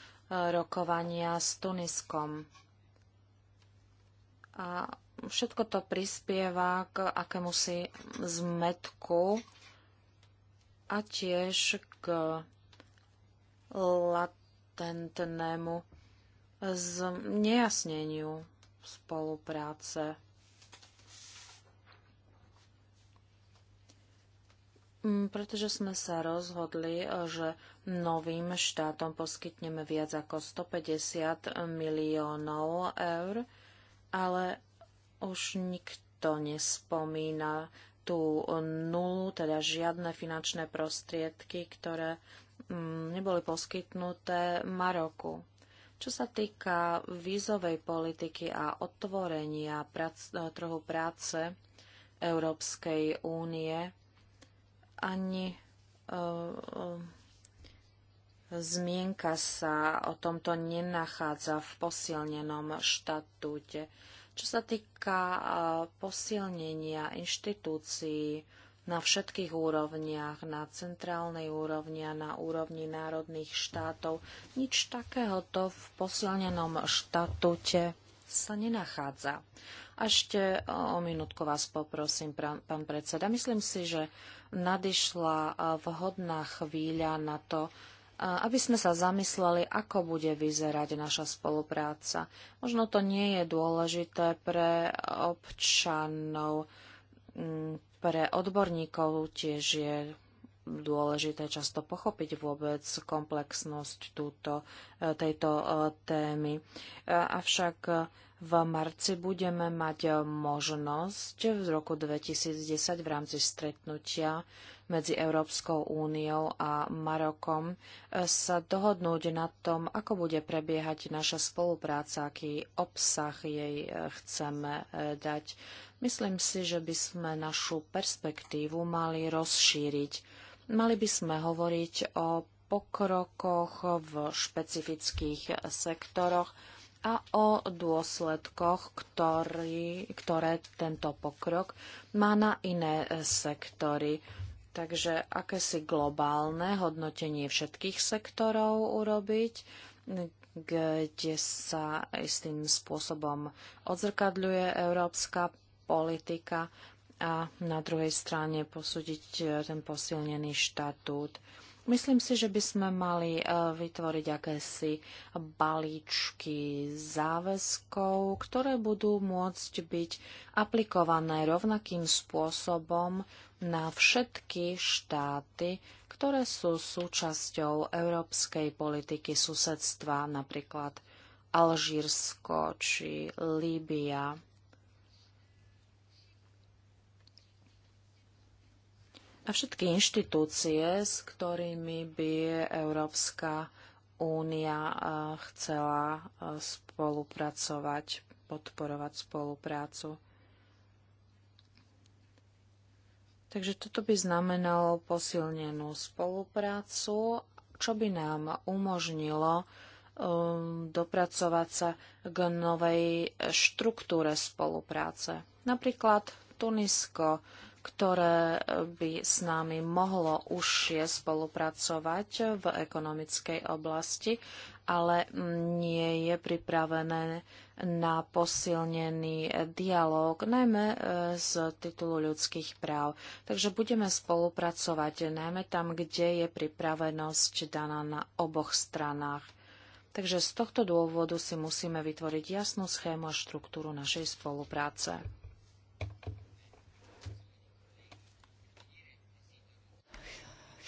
rokovania s Tuniskom a všetko to prispieva k akémusi zmetku a tiež k latentnému nejasneniu spolupráce. Mm, pretože sme sa rozhodli, že novým štátom poskytneme viac ako 150 miliónov eur, ale už nikto nespomína tú nulu, teda žiadne finančné prostriedky, ktoré mm, neboli poskytnuté Maroku. Čo sa týka vízovej politiky a otvorenia prac, eh, trhu práce Európskej únie, ani eh, eh, zmienka sa o tomto nenachádza v posilnenom štatúte. Čo sa týka posilnenia inštitúcií na všetkých úrovniach, na centrálnej úrovni a na úrovni národných štátov, nič takéhoto v posilnenom štatúte sa nenachádza. ešte o minútku vás poprosím, pán predseda. Myslím si, že nadišla vhodná chvíľa na to, aby sme sa zamysleli, ako bude vyzerať naša spolupráca. Možno to nie je dôležité pre občanov, mm, pre odborníkov tiež je dôležité často pochopiť vôbec komplexnosť túto, e, tejto e, témy. E, avšak v marci budeme mať možnosť v roku 2010 v rámci stretnutia medzi Európskou úniou a Marokom e, sa dohodnúť na tom, ako bude prebiehať naša spolupráca, aký obsah jej e, chceme e, dať. Myslím si, že by sme našu perspektívu mali rozšíriť. Mali by sme hovoriť o pokrokoch v špecifických sektoroch a o dôsledkoch, ktorý, ktoré tento pokrok má na iné sektory. Takže akési globálne hodnotenie všetkých sektorov urobiť, kde sa istým spôsobom odzrkadľuje európska politika a na druhej strane posúdiť ten posilnený štatút. Myslím si, že by sme mali e, vytvoriť akési balíčky záväzkov, ktoré budú môcť byť aplikované rovnakým spôsobom na všetky štáty, ktoré sú súčasťou európskej politiky susedstva, napríklad Alžírsko či Líbia. a všetky inštitúcie, s ktorými by Európska únia eh, chcela eh, spolupracovať, podporovať spoluprácu. Takže toto by znamenalo posilnenú spoluprácu, čo by nám umožnilo um, dopracovať sa k novej štruktúre spolupráce. Napríklad Tunisko ktoré by s nami mohlo užšie spolupracovať v ekonomickej oblasti, ale nie je pripravené na posilnený dialog, najmä e, z titulu ľudských práv. Takže budeme spolupracovať najmä tam, kde je pripravenosť daná na oboch stranách. Takže z tohto dôvodu si musíme vytvoriť jasnú schému a štruktúru našej spolupráce.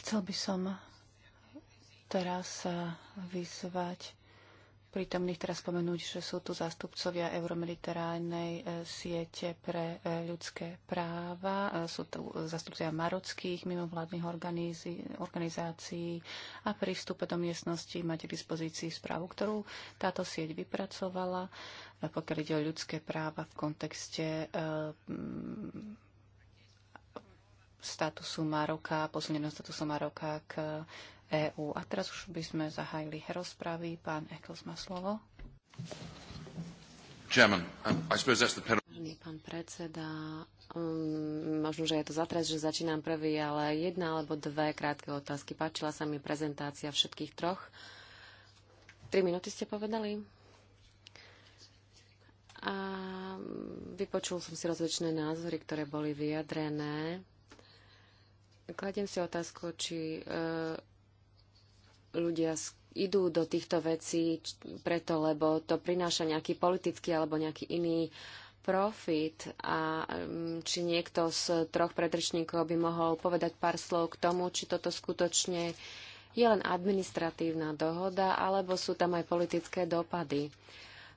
Chcel by som teraz eh, vyzvať prítomných teraz spomenúť, že sú tu zástupcovia Euromediterálnej eh, siete pre eh, ľudské práva, sú tu zástupcovia marockých mimovládnych organizácií a pri vstupe do miestnosti máte k dispozícii správu, ktorú táto sieť vypracovala, pokiaľ ide o ľudské práva v kontekste statusu Maroka, posunenom statusu Maroka k EÚ. A teraz už by sme zahájili rozpravy. Pán Eccles má slovo. Chairman, um, pán predseda, um, možno, že je to zatres, že začínam prvý, ale jedna alebo dve krátke otázky. Páčila sa mi prezentácia všetkých troch. Tri minúty ste povedali? A vypočul som si rozličné názory, ktoré boli vyjadrené Kladiem si otázku, či e, ľudia idú do týchto vecí preto, lebo to prináša nejaký politický alebo nejaký iný profit a mm, či niekto z troch predrečníkov by mohol povedať pár slov k tomu, či toto skutočne je len administratívna dohoda, alebo sú tam aj politické dopady.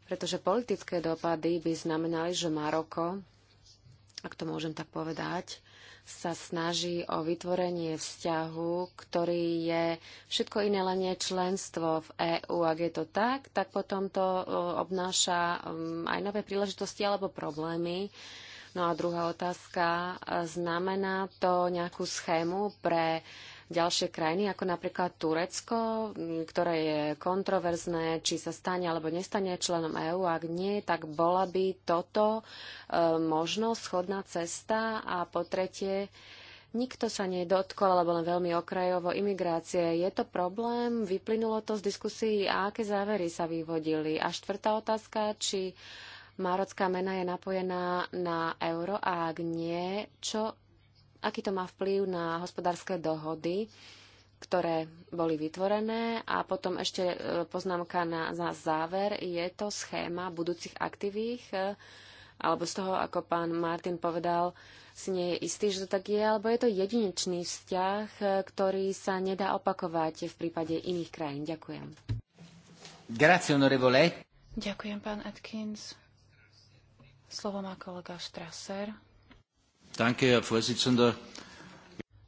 Pretože politické dopady by znamenali, že Maroko, ak to môžem tak povedať, sa snaží o vytvorenie vzťahu, ktorý je všetko iné, len nie členstvo v EÚ. Ak je to tak, tak potom to obnáša um, aj nové príležitosti alebo problémy. No a druhá otázka, e, znamená to nejakú schému pre ďalšie krajiny, ako napríklad Turecko, ktoré je kontroverzné, či sa stane alebo nestane členom EÚ. Ak nie, tak bola by toto e, možnosť, schodná cesta. A po tretie, Nikto sa nedotkol, alebo len veľmi okrajovo imigrácie. Je to problém? Vyplynulo to z diskusí a aké závery sa vyvodili? A štvrtá otázka, či márocká mena je napojená na euro a ak nie, čo aký to má vplyv na hospodárske dohody, ktoré boli vytvorené. A potom ešte e, poznámka na, za záver. Je to schéma budúcich aktivých, e, alebo z toho, ako pán Martin povedal, si nie je istý, že to tak je, alebo je to jedinečný vzťah, e, ktorý sa nedá opakovať v prípade iných krajín. Ďakujem. Grazie, Ďakujem, pán Atkins. Slovo má kolega Strasser.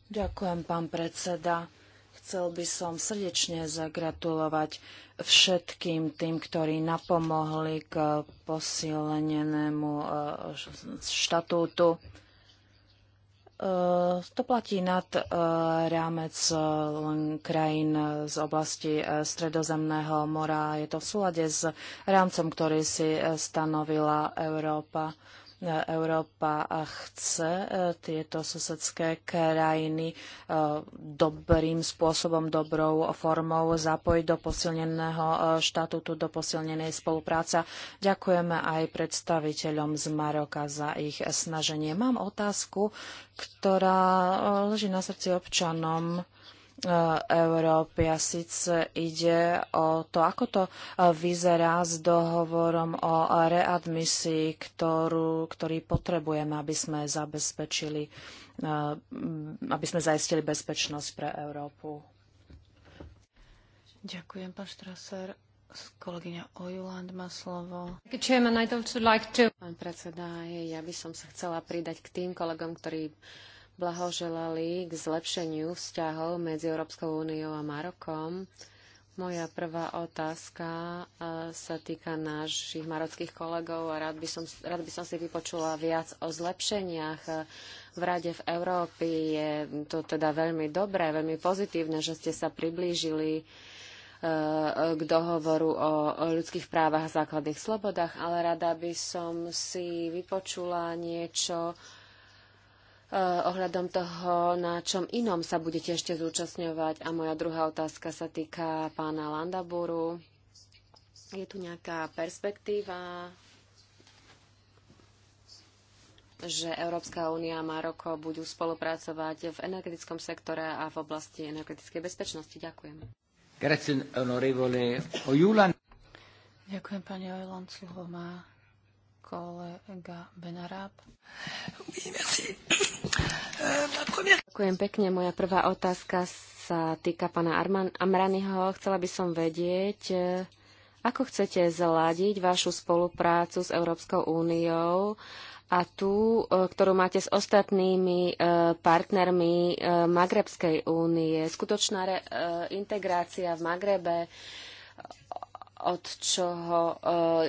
Ďakujem, pán predseda. Chcel by som srdečne zagratulovať všetkým tým, ktorí napomohli k posilnenému e, štatútu. E, to platí nad e, rámec krajín z oblasti Stredozemného mora. Je to v súlade s rámcom, ktorý si stanovila Európa. Európa chce e, tieto susedské krajiny e, dobrým spôsobom, dobrou formou zapojiť do posilneného e, štatútu, do posilnenej spolupráce. Ďakujeme aj predstaviteľom z Maroka za ich snaženie. Mám otázku, ktorá leží na srdci občanom Eh, Európy a síce ide o to, ako to eh, vyzerá s dohovorom o readmisii, ktorú, ktorý potrebujeme, aby sme zabezpečili, eh, aby sme zaistili bezpečnosť pre Európu. Ďakujem, pán Štraser. Kolegyňa Ojuland má slovo. Pán predseda, ja by som sa chcela pridať k tým kolegom, ktorí blahoželali k zlepšeniu vzťahov medzi Európskou úniou a Marokom. Moja prvá otázka e, sa týka našich marockých kolegov a rád by som, rád by som si vypočula viac o zlepšeniach e, v Rade v Európy. Je to teda veľmi dobré, veľmi pozitívne, že ste sa priblížili e, k dohovoru o ľudských právach a základných slobodách, ale rada by som si vypočula niečo Eh, ohľadom toho, na čom inom sa budete ešte zúčastňovať. A moja druhá otázka sa týka pána Landaburu. Je tu nejaká perspektíva, že Európska únia a Maroko budú spolupracovať v energetickom sektore a v oblasti energetickej bezpečnosti? Ďakujem. Ďakujem, pani Ojlan, Slovo má kolega Benarab. Euh, Ďakujem pekne. Moja prvá otázka sa týka pána Arman Amraniho. Chcela by som vedieť, e, ako chcete zladiť vašu spoluprácu s Európskou úniou a tú, e, ktorú máte s ostatnými e, partnermi Magrebskej únie. Skutočná integrácia v Magrebe od čoho eh,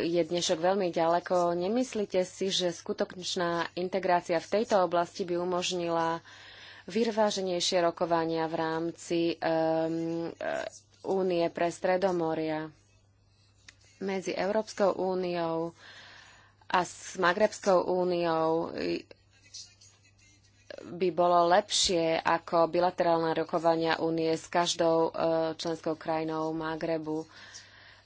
je dnešok veľmi ďaleko. Nemyslíte si, že skutočná integrácia v tejto oblasti by umožnila vyváženejšie rokovania v rámci ehm, Únie pre Stredomoria medzi Európskou úniou a s Magrebskou úniou by bolo lepšie ako bilaterálne rokovania únie s každou eh, členskou krajinou Magrebu.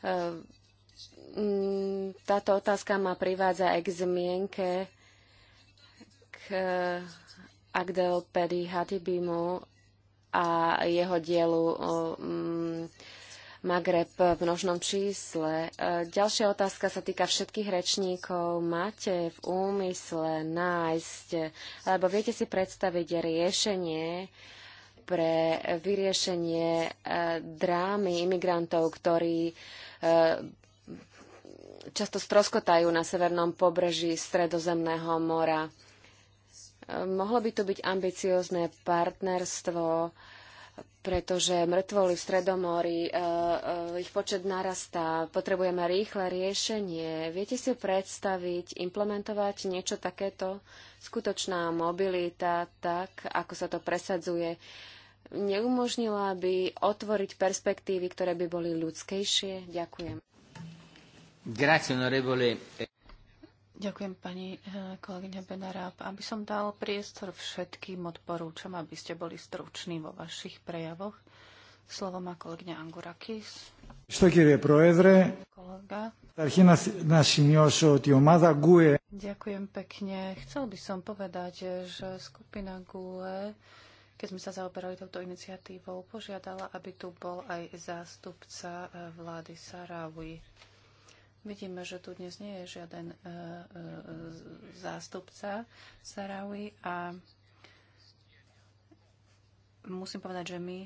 Ehm, táto otázka ma privádza aj k zmienke k Agdel Pedi Hatibimu a jeho dielu ehm, Magreb v množnom čísle. E, ďalšia otázka sa týka všetkých rečníkov. Máte v úmysle nájsť, alebo viete si predstaviť riešenie, pre vyriešenie e, drámy imigrantov, ktorí e, často stroskotajú na severnom pobreží Stredozemného mora. E, mohlo by to byť ambiciozne partnerstvo, pretože mŕtvoly v Stredomori, ich počet narastá, potrebujeme rýchle riešenie. Viete si predstaviť, implementovať niečo takéto? Skutočná mobilita, tak ako sa to presadzuje neumožnila by otvoriť perspektívy, ktoré by boli ľudskejšie? Ďakujem. Ďakujem pani eh, kolegyňa Benarab. Aby som dal priestor všetkým, odporúčam, aby ste boli struční vo vašich prejavoch. Slovo má kolegyňa Angurakis. Što, kyrie proedre. Kolega. Ďakujem pekne. Chcel by som povedať, že skupina GUE keď sme sa zaoberali touto iniciatívou, požiadala, aby tu bol aj zástupca e, vlády Sarawi. Vidíme, že tu dnes nie je žiaden e, e, zástupca Sarawi a musím povedať, že my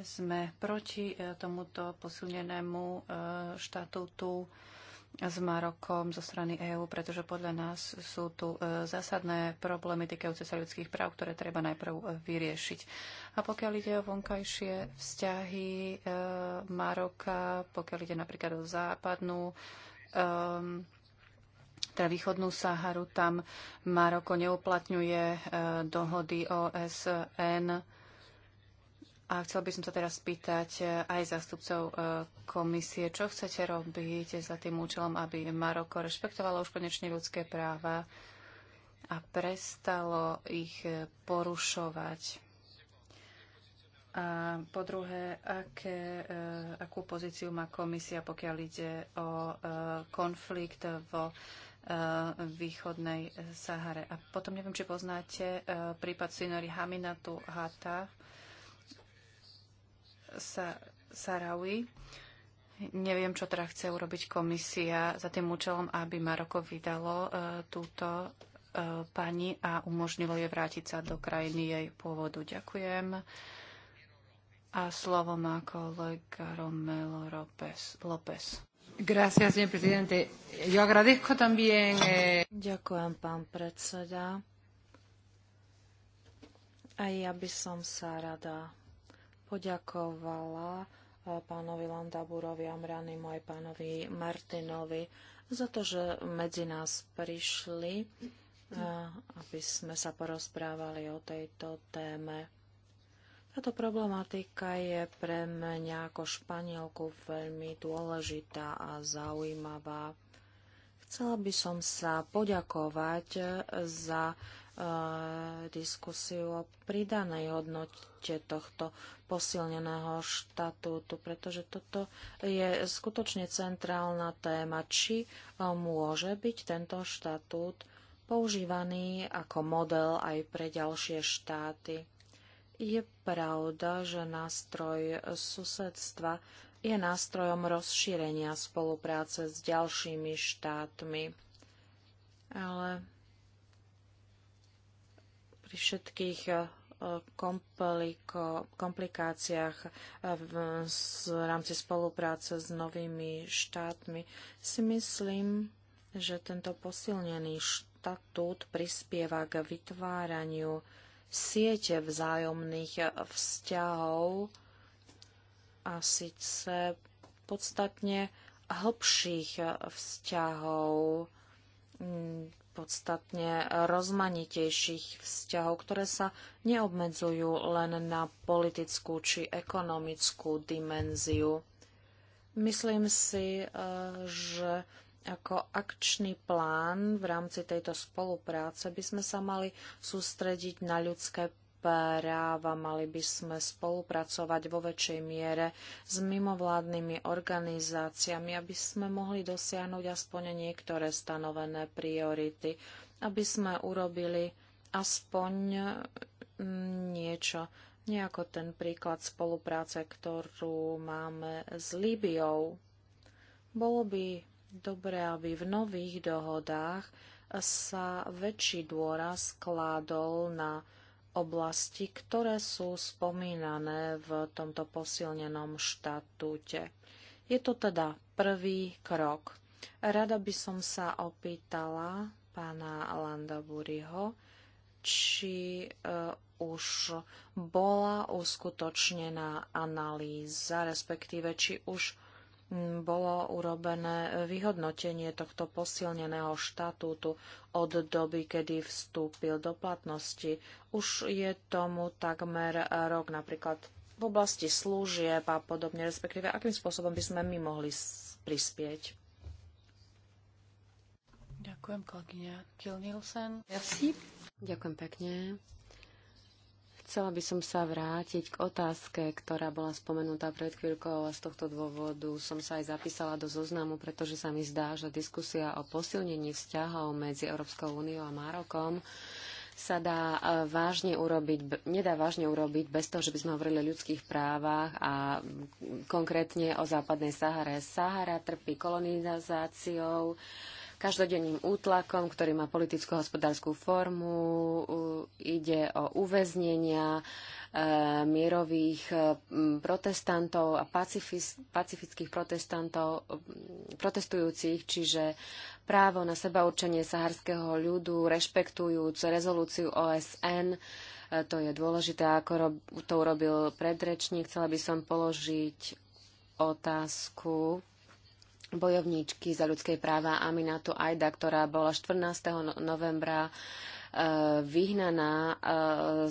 sme proti tomuto posilnenému štatútu s Marokom zo strany EÚ, pretože podľa nás sú tu e, zásadné problémy týkajúce sa ľudských práv, ktoré treba najprv e, vyriešiť. A pokiaľ ide o vonkajšie vzťahy e, Maroka, pokiaľ ide napríklad o západnú teda východnú Saharu, tam Maroko neuplatňuje dohody OSN a chcel by som sa teraz spýtať e, aj zástupcov e, komisie, čo chcete robiť za tým účelom, aby Maroko rešpektovalo už konečne ľudské práva a prestalo ich e, porušovať. A po druhé, aké, akú pozíciu má komisia, pokiaľ ide o konflikt vo východnej Sahare. A potom neviem, či poznáte prípad Sinori Haminatu Hata, sa Sarawi. Neviem, čo teda chce urobiť komisia za tým účelom, aby Maroko vydalo e, túto e, pani a umožnilo jej vrátiť sa do krajiny jej pôvodu. Ďakujem. A slovo má kolega Romelo López. Gracias, señor presidente. Yo agradezco también... Eh... Ďakujem, pán predseda. A ja by som sa rada poďakovala eh, pánovi Landaburovi, Amranimu aj pánovi Martinovi za to, že medzi nás prišli, eh, aby sme sa porozprávali o tejto téme. Táto problematika je pre mňa ako Španielku veľmi dôležitá a zaujímavá. Chcela by som sa poďakovať za Eh, diskusiu o pridanej hodnote tohto posilneného štatútu, pretože toto je skutočne centrálna téma, či eh, môže byť tento štatút používaný ako model aj pre ďalšie štáty. Je pravda, že nástroj susedstva je nástrojom rozšírenia spolupráce s ďalšími štátmi. Ale pri všetkých e, kompliko, komplikáciách e, v, v rámci spolupráce s novými štátmi si myslím, že tento posilnený štatút prispieva k vytváraniu siete vzájomných e, vzťahov a síce podstatne hlbších vzťahov podstatne rozmanitejších vzťahov, ktoré sa neobmedzujú len na politickú či ekonomickú dimenziu. Myslím si, eh, že ako akčný plán v rámci tejto spolupráce by sme sa mali sústrediť na ľudské práva. Mali by sme spolupracovať vo väčšej miere s mimovládnymi organizáciami, aby sme mohli dosiahnuť aspoň niektoré stanovené priority, aby sme urobili aspoň mm, niečo, nejako ten príklad spolupráce, ktorú máme s Líbiou. Bolo by dobré, aby v nových dohodách sa väčší dôraz kládol na oblasti, ktoré sú spomínané v tomto posilnenom štatúte. Je to teda prvý krok. Rada by som sa opýtala pána Landaburiho, či e, už bola uskutočnená analýza, respektíve či už bolo urobené vyhodnotenie tohto posilneného štatútu od doby, kedy vstúpil do platnosti. Už je tomu takmer rok napríklad v oblasti služieb a podobne, respektíve akým spôsobom by sme my mohli prispieť. Ďakujem, kolegyňa Kiel Nielsen. Merci. Ďakujem pekne. Chcela by som sa vrátiť k otázke, ktorá bola spomenutá pred chvíľkou a z tohto dôvodu som sa aj zapísala do zoznamu, pretože sa mi zdá, že diskusia o posilnení vzťahov medzi Európskou úniou a Marokom sa dá e, vážne urobiť, nedá vážne urobiť bez toho, že by sme hovorili o ľudských právach a konkrétne o západnej Sahare. Sahara trpí kolonizáciou, každodenným útlakom, ktorý má politicko-hospodárskú formu. Ide o uväznenia e, mierových e, protestantov a pacifických protestantov, protestujúcich, čiže právo na seba určenie saharského ľudu, rešpektujúc rezolúciu OSN, e, to je dôležité, ako to urobil predrečník. Chcela by som položiť otázku bojovníčky za ľudské práva Aminatu Aida, ktorá bola 14. No-, novembra e, vyhnaná e,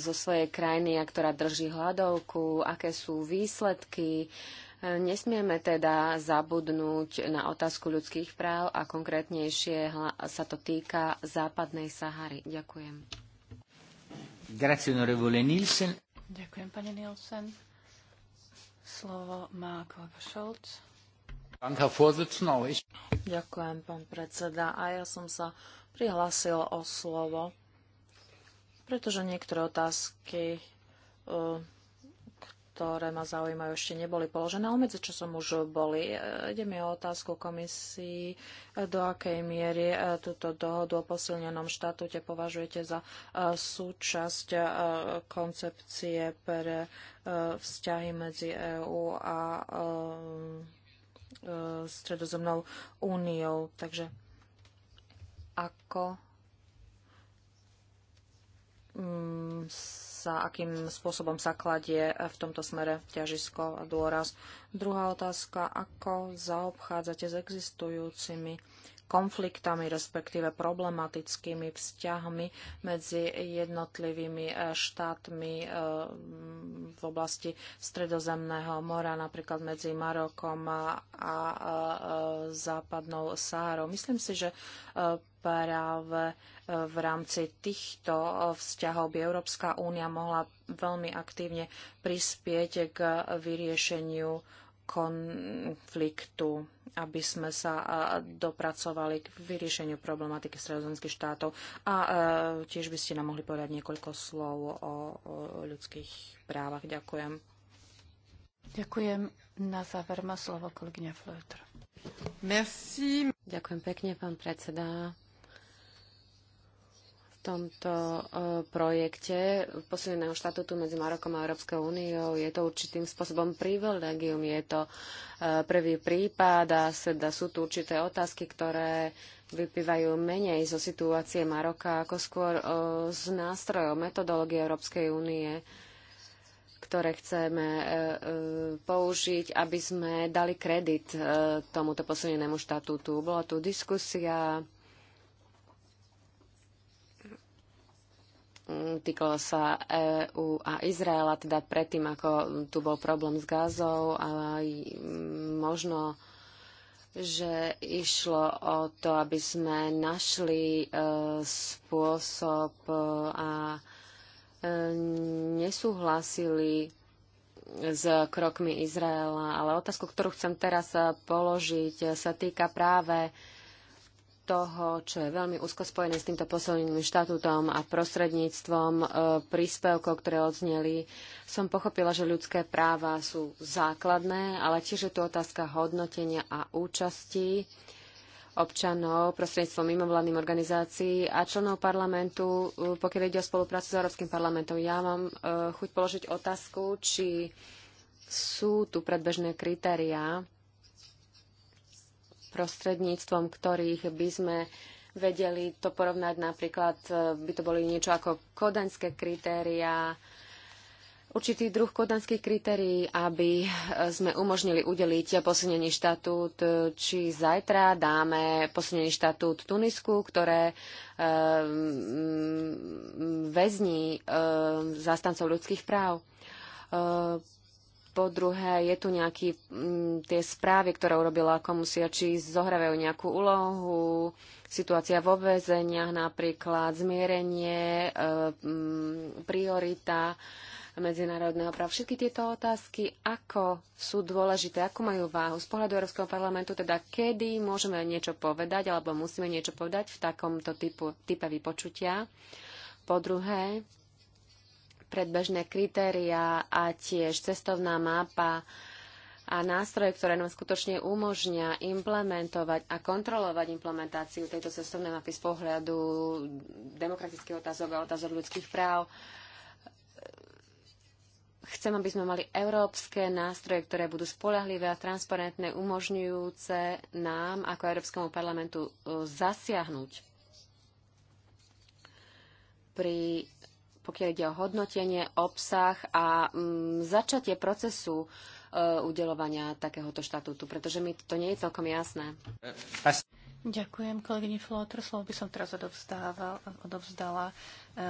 zo svojej krajiny a ktorá drží hladovku, aké sú výsledky. E, nesmieme teda zabudnúť na otázku ľudských práv a konkrétnejšie sa to týka západnej Sahary. Ďakujem. Ďakujem, pani Nielsen. Slovo má kolega Scholz. Ďakujem, pán predseda. A ja som sa prihlásil o slovo, pretože niektoré otázky, e, ktoré ma zaujímajú, ešte neboli položené, ale medzi som už boli. E, ide mi o otázku komisii, e, do akej miery túto dohodu o posilnenom štatúte považujete za súčasť koncepcie pre vzťahy medzi EÚ a E, stredozemnou úniou. Takže ako mm, sa, akým spôsobom sa kladie v tomto smere ťažisko a dôraz. Druhá otázka, ako zaobchádzate s existujúcimi konfliktami, respektíve problematickými vzťahmi medzi jednotlivými e, štátmi e, v oblasti Stredozemného mora, napríklad medzi Marokom a e, Západnou Sárou. Myslím si, že práve v rámci týchto vzťahov by Európska únia mohla veľmi aktívne prispieť k vyriešeniu konfliktu, aby sme sa dopracovali k vyriešeniu problematiky stredozemských štátov. A e, tiež by ste nám mohli povedať niekoľko slov o, ľudských právach. Ďakujem. Ďakujem. Na záver má slovo kolegyňa Flöter. Merci. Ďakujem pekne, pán predseda tomto e, projekte posilneného štatútu medzi Marokom a Európskou úniou. Je to určitým spôsobom privilegium, je to e, prvý prípad a teda sú tu určité otázky, ktoré vypývajú menej zo situácie Maroka, ako skôr e, z nástrojov, metodológie Európskej únie ktoré chceme použiť, aby sme dali kredit tomuto posunenému štatútu. Bola tu diskusia Mm, týkalo sa EU a Izraela, teda predtým, ako tu bol problém s gázou a mm, možno že išlo o to, aby sme našli e, spôsob e, a e, nesúhlasili s krokmi Izraela. Ale otázku, ktorú chcem teraz e, položiť, e, sa týka práve toho, čo je veľmi úzko spojené s týmto posledným štatútom a prostredníctvom e, príspevkov, ktoré odzneli, som pochopila, že ľudské práva sú základné, ale tiež je tu otázka hodnotenia a účasti občanov prostredníctvom mimovládnych organizácií a členov parlamentu, e, pokiaľ ide o spoluprácu s Európskym parlamentom. Ja mám e, chuť položiť otázku, či sú tu predbežné kritériá, prostredníctvom ktorých by sme vedeli to porovnať. Napríklad e, by to boli niečo ako kodaňské kritéria, určitý druh kodanských kritérií, aby e, sme umožnili udeliť posunený štatút, e, či zajtra dáme posunený štatút Tunisku, ktoré väzní e, zástancov ľudských práv. Po druhé, je tu nejaký, m, mm, tie správy, ktoré urobila Komusia, či zohrávajú nejakú úlohu, situácia vo väzeniach napríklad, zmierenie, e, m, mm, priorita medzinárodného práva. Všetky tieto otázky, ako sú dôležité, ako majú váhu z pohľadu Európskeho parlamentu, teda kedy môžeme niečo povedať, alebo musíme niečo povedať v takomto typu, type vypočutia. Po druhé, predbežné kritéria a tiež cestovná mapa a nástroje, ktoré nám skutočne umožňa implementovať a kontrolovať implementáciu tejto cestovnej mapy z pohľadu demokratických otázok a otázok ľudských práv. Chcem, aby sme mali európske nástroje, ktoré budú spolahlivé a transparentné, umožňujúce nám ako Európskemu parlamentu e, zasiahnuť pri pokiaľ ide o hodnotenie, obsah a mm, začatie procesu e, udelovania takéhoto štatútu, pretože mi to nie je celkom jasné. Ďakujem, kolegyni Flotr. Slovo by som teraz odovzdala e,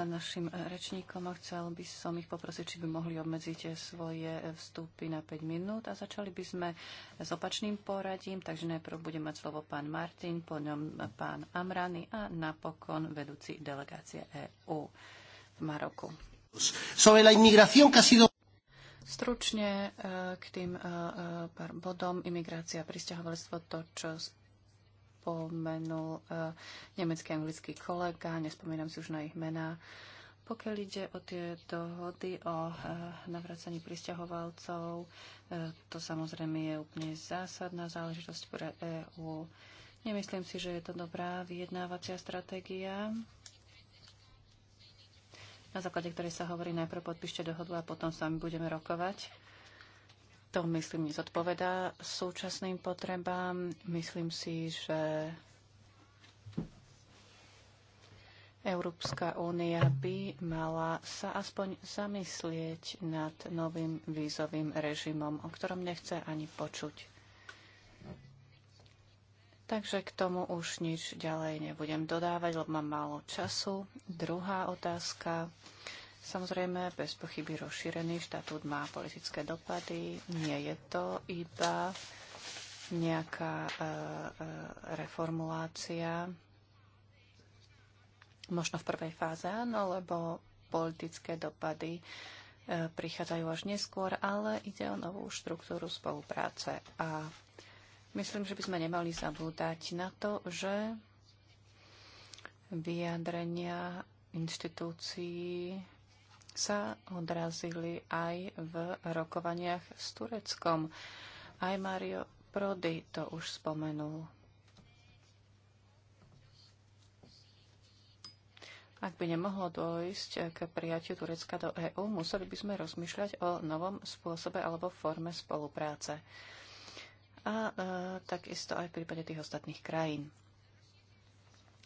našim e, rečníkom a chcel by som ich poprosiť, či by mohli obmedziť e, svoje vstupy na 5 minút a začali by sme s opačným poradím, takže najprv bude mať slovo pán Martin, po ňom pán Amrany a napokon vedúci delegácie EÚ. Maroku. Sobre la inmigración que ha sido Stručne eh, k tým eh, eh, pár bodom imigrácia a pristahovalectvo, to, čo spomenul nemecký anglický kolega, nespomínam si už na ich mená. Pokiaľ ide o tie dohody o navracaní pristahovalcov, to samozrejme je úplne zásadná záležitosť pre EÚ. Nemyslím si, že je to dobrá vyjednávacia stratégia na základe ktorej sa hovorí najprv podpíšte dohodu a potom s vami budeme rokovať. To, myslím, nezodpovedá súčasným potrebám. Myslím si, že Európska únia by mala sa aspoň zamyslieť nad novým vízovým režimom, o ktorom nechce ani počuť. Takže k tomu už nič ďalej nebudem dodávať, lebo mám málo času. Druhá otázka. Samozrejme, bez pochyby rozšírený štatút má politické dopady. Nie je to iba nejaká e, e, reformulácia. Možno v prvej fáze áno, lebo politické dopady e, prichádzajú až neskôr, ale ide o novú štruktúru spolupráce. A Myslím, že by sme nemali zabúdať na to, že vyjadrenia inštitúcií sa odrazili aj v rokovaniach s Tureckom. Aj Mario Prody to už spomenul. Ak by nemohlo dôjsť k prijatiu Turecka do EÚ, museli by sme rozmýšľať o novom spôsobe alebo forme spolupráce a e, takisto aj v prípade tých ostatných krajín.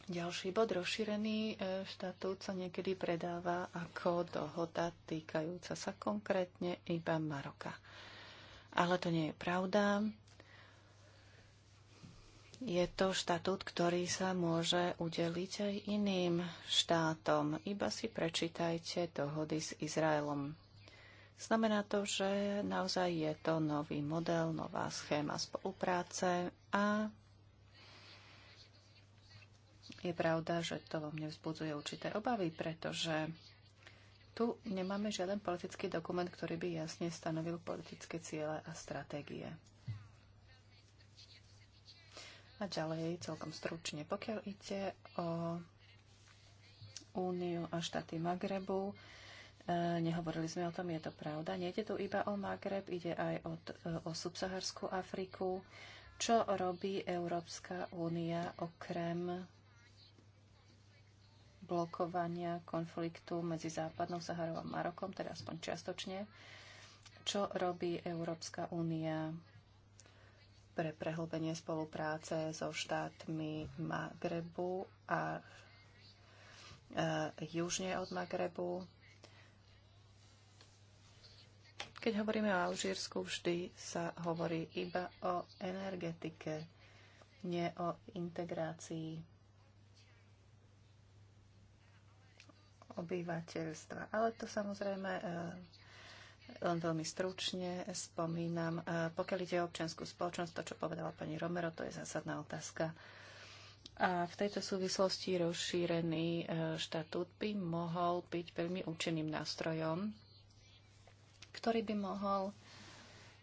Ďalší bod, rozšírený e, štatút sa niekedy predáva ako dohoda týkajúca sa konkrétne iba Maroka. Ale to nie je pravda. Je to štatút, ktorý sa môže udeliť aj iným štátom. Iba si prečítajte dohody s Izraelom. Znamená to, že naozaj je to nový model, nová schéma spolupráce a je pravda, že to vo mne vzbudzuje určité obavy, pretože tu nemáme žiaden politický dokument, ktorý by jasne stanovil politické ciele a stratégie. A ďalej, celkom stručne, pokiaľ ide o Úniu a štáty Magrebu, E, nehovorili sme o tom, je to pravda. Nejde tu iba o Magreb, ide aj o, e, o subsaharskú Afriku. Čo robí Európska únia okrem blokovania konfliktu medzi Západnou Saharou a Marokom, teda aspoň čiastočne? Čo robí Európska únia pre prehlbenie spolupráce so štátmi Magrebu a e, južne od Magrebu? Keď hovoríme o Alžírsku, vždy sa hovorí iba o energetike, nie o integrácii obyvateľstva. Ale to samozrejme e, len veľmi stručne spomínam. E, pokiaľ ide o občianskú spoločnosť, to, čo povedala pani Romero, to je zásadná otázka. A v tejto súvislosti rozšírený e, štatút by mohol byť veľmi účinným nástrojom ktorý by mohol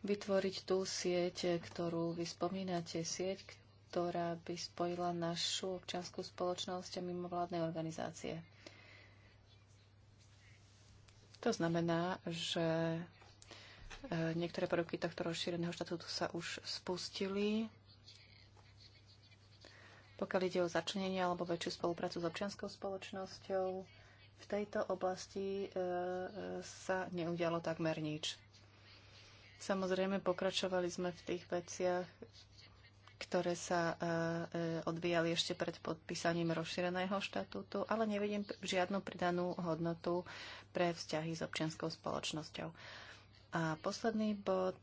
vytvoriť tú sieť, ktorú vy spomínate, sieť, ktorá by spojila našu občianskú spoločnosť a mimovládne organizácie. To znamená, že e, niektoré prvky tohto rozšíreného štatútu sa už spustili. Pokiaľ ide o začnenie alebo väčšiu spoluprácu s občianskou spoločnosťou, v tejto oblasti e, e, sa neudialo takmer nič. Samozrejme, pokračovali sme v tých veciach, ktoré sa e, odvíjali ešte pred podpísaním rozšíreného štatútu, ale nevidím žiadnu pridanú hodnotu pre vzťahy s občianskou spoločnosťou. A posledný bod,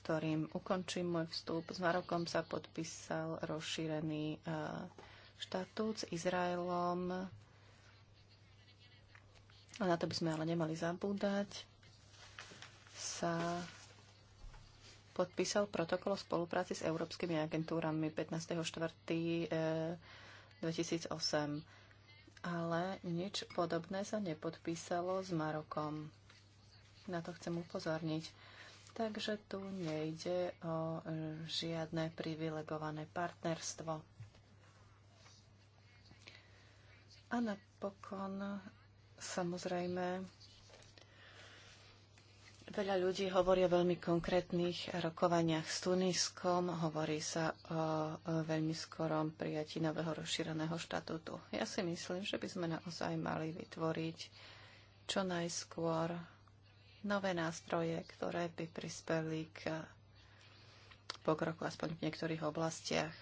ktorým ukončím môj vstup. S Marokom sa podpísal rozšírený štatút s Izraelom a na to by sme ale nemali zabúdať, sa podpísal protokol o spolupráci s európskymi agentúrami 15.4.2008, eh, ale nič podobné sa nepodpísalo s Marokom. Na to chcem upozorniť. Takže tu nejde o eh, žiadne privilegované partnerstvo. A napokon Samozrejme, veľa ľudí hovorí o veľmi konkrétnych rokovaniach s Tuniskom, hovorí sa o veľmi skorom prijatí nového rozšíreného štatútu. Ja si myslím, že by sme naozaj mali vytvoriť čo najskôr nové nástroje, ktoré by prispeli k pokroku aspoň v niektorých oblastiach.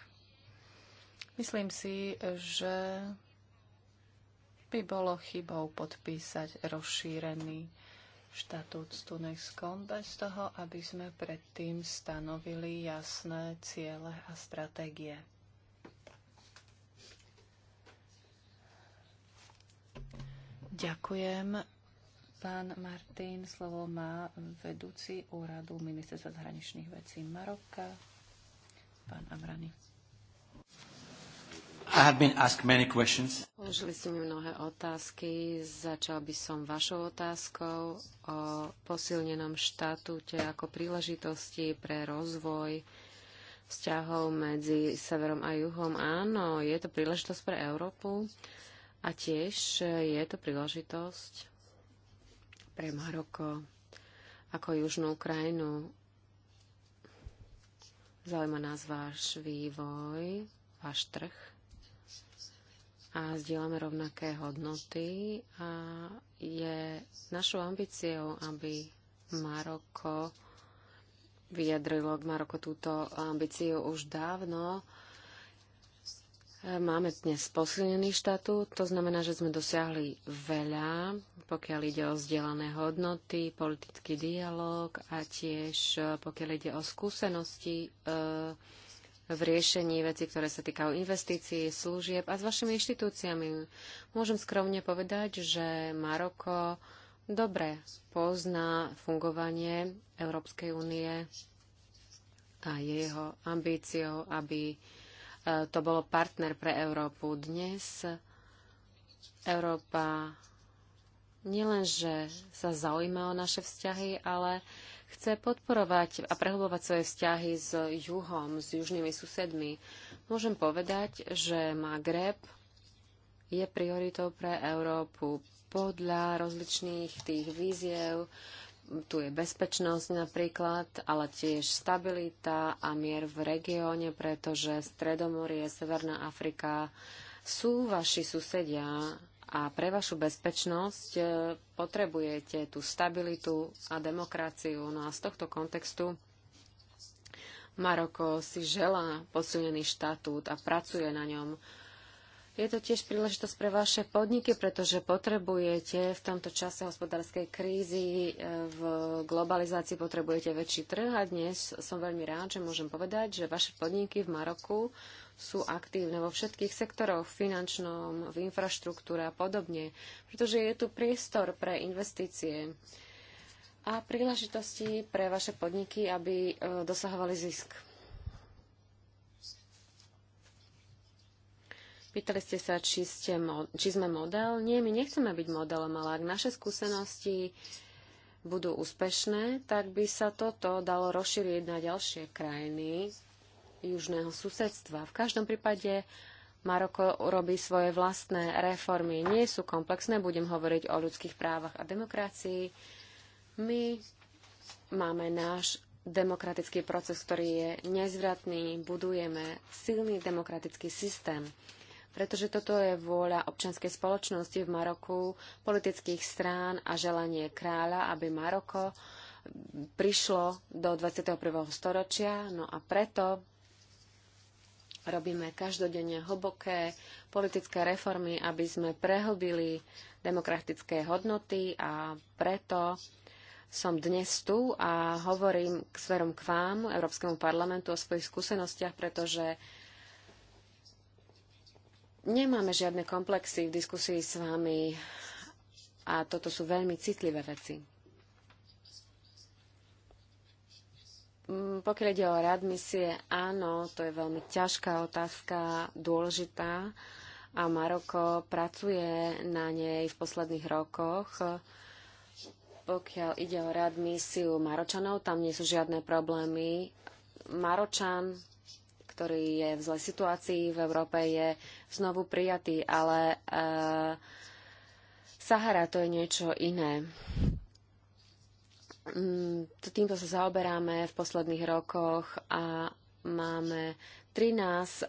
Myslím si, že by bolo chybou podpísať rozšírený štatút s Tuniskom bez toho, aby sme predtým stanovili jasné ciele a stratégie. Ďakujem. Pán Martin, slovo má vedúci úradu ministerstva zahraničných vecí Maroka, pán Avrani. Položili ste mi mnohé otázky. Začal by som vašou otázkou o posilnenom štatúte ako príležitosti pre rozvoj vzťahov medzi severom a juhom. Áno, je to príležitosť pre Európu a tiež je to príležitosť pre Maroko ako južnú krajinu. Zaujíma nás váš vývoj, váš trh a zdieľame rovnaké hodnoty a je našou ambíciou, aby Maroko vyjadrilo k Maroko túto ambíciu už dávno. Máme dnes posilnený štatút, to znamená, že sme dosiahli veľa, pokiaľ ide o vzdielané hodnoty, politický dialog a tiež pokiaľ ide o skúsenosti e, v riešení veci, ktoré sa týkajú investícií, služieb a s vašimi inštitúciami. Môžem skromne povedať, že Maroko dobre pozná fungovanie Európskej únie a jeho ambíciou, aby e, to bolo partner pre Európu. Dnes Európa nielenže sa zaujíma o naše vzťahy, ale chce podporovať a prehlbovať svoje vzťahy s juhom, s južnými susedmi. Môžem povedať, že Magreb je prioritou pre Európu podľa rozličných tých víziev. Tu je bezpečnosť napríklad, ale tiež stabilita a mier v regióne, pretože Stredomorie, Severná Afrika sú vaši susedia a pre vašu bezpečnosť e, potrebujete tú stabilitu a demokraciu. No a z tohto kontextu Maroko si želá posilnený štatút a pracuje na ňom. Je to tiež príležitosť pre vaše podniky, pretože potrebujete v tomto čase hospodárskej krízy e, v globalizácii potrebujete väčší trh a dnes som veľmi rád, že môžem povedať, že vaše podniky v Maroku sú aktívne vo všetkých sektoroch, v finančnom, v infraštruktúre a podobne, pretože je tu priestor pre investície a príležitosti pre vaše podniky, aby e, dosahovali zisk. Pýtali ste sa, či, ste, či sme model. Nie, my nechceme byť modelom, ale ak naše skúsenosti budú úspešné, tak by sa toto dalo rozšíriť na ďalšie krajiny, južného susedstva. V každom prípade Maroko robí svoje vlastné reformy. Nie sú komplexné, budem hovoriť o ľudských právach a demokracii. My máme náš demokratický proces, ktorý je nezvratný, budujeme silný demokratický systém. Pretože toto je vôľa občianskej spoločnosti v Maroku, politických strán a želanie kráľa, aby Maroko prišlo do 21. storočia. No a preto Robíme každodenne hlboké politické reformy, aby sme prehlbili demokratické hodnoty a preto som dnes tu a hovorím k sverom k vám, Európskemu parlamentu, o svojich skúsenostiach, pretože nemáme žiadne komplexy v diskusii s vami a toto sú veľmi citlivé veci. Mm, pokiaľ ide o rad misie, áno, to je veľmi ťažká otázka, dôležitá a Maroko pracuje na nej v posledných rokoch. Pokiaľ ide o rad misiu Maročanov, tam nie sú žiadne problémy. Maročan, ktorý je v zlej situácii v Európe, je znovu prijatý, ale eh, Sahara to je niečo iné. Mm, týmto sa zaoberáme v posledných rokoch a máme 13 eh,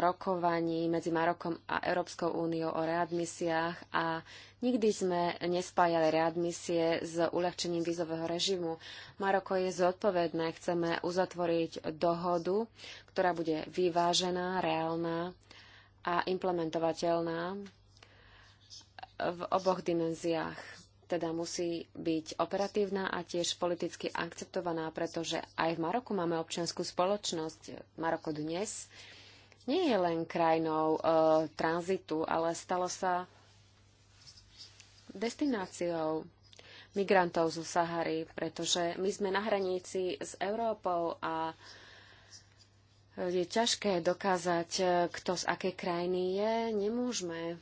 rokovaní medzi Marokom a Európskou úniou o readmisiách a nikdy sme nespájali readmisie s uľahčením vízového režimu. Maroko je zodpovedné, chceme uzatvoriť dohodu, ktorá bude vyvážená, reálna a implementovateľná v oboch dimenziách teda musí byť operatívna a tiež politicky akceptovaná, pretože aj v Maroku máme občianskú spoločnosť. Maroko dnes nie je len krajinou e, tranzitu, ale stalo sa destináciou migrantov zo Sahary, pretože my sme na hranici s Európou a je ťažké dokázať, e, kto z akej krajiny je. Nemôžeme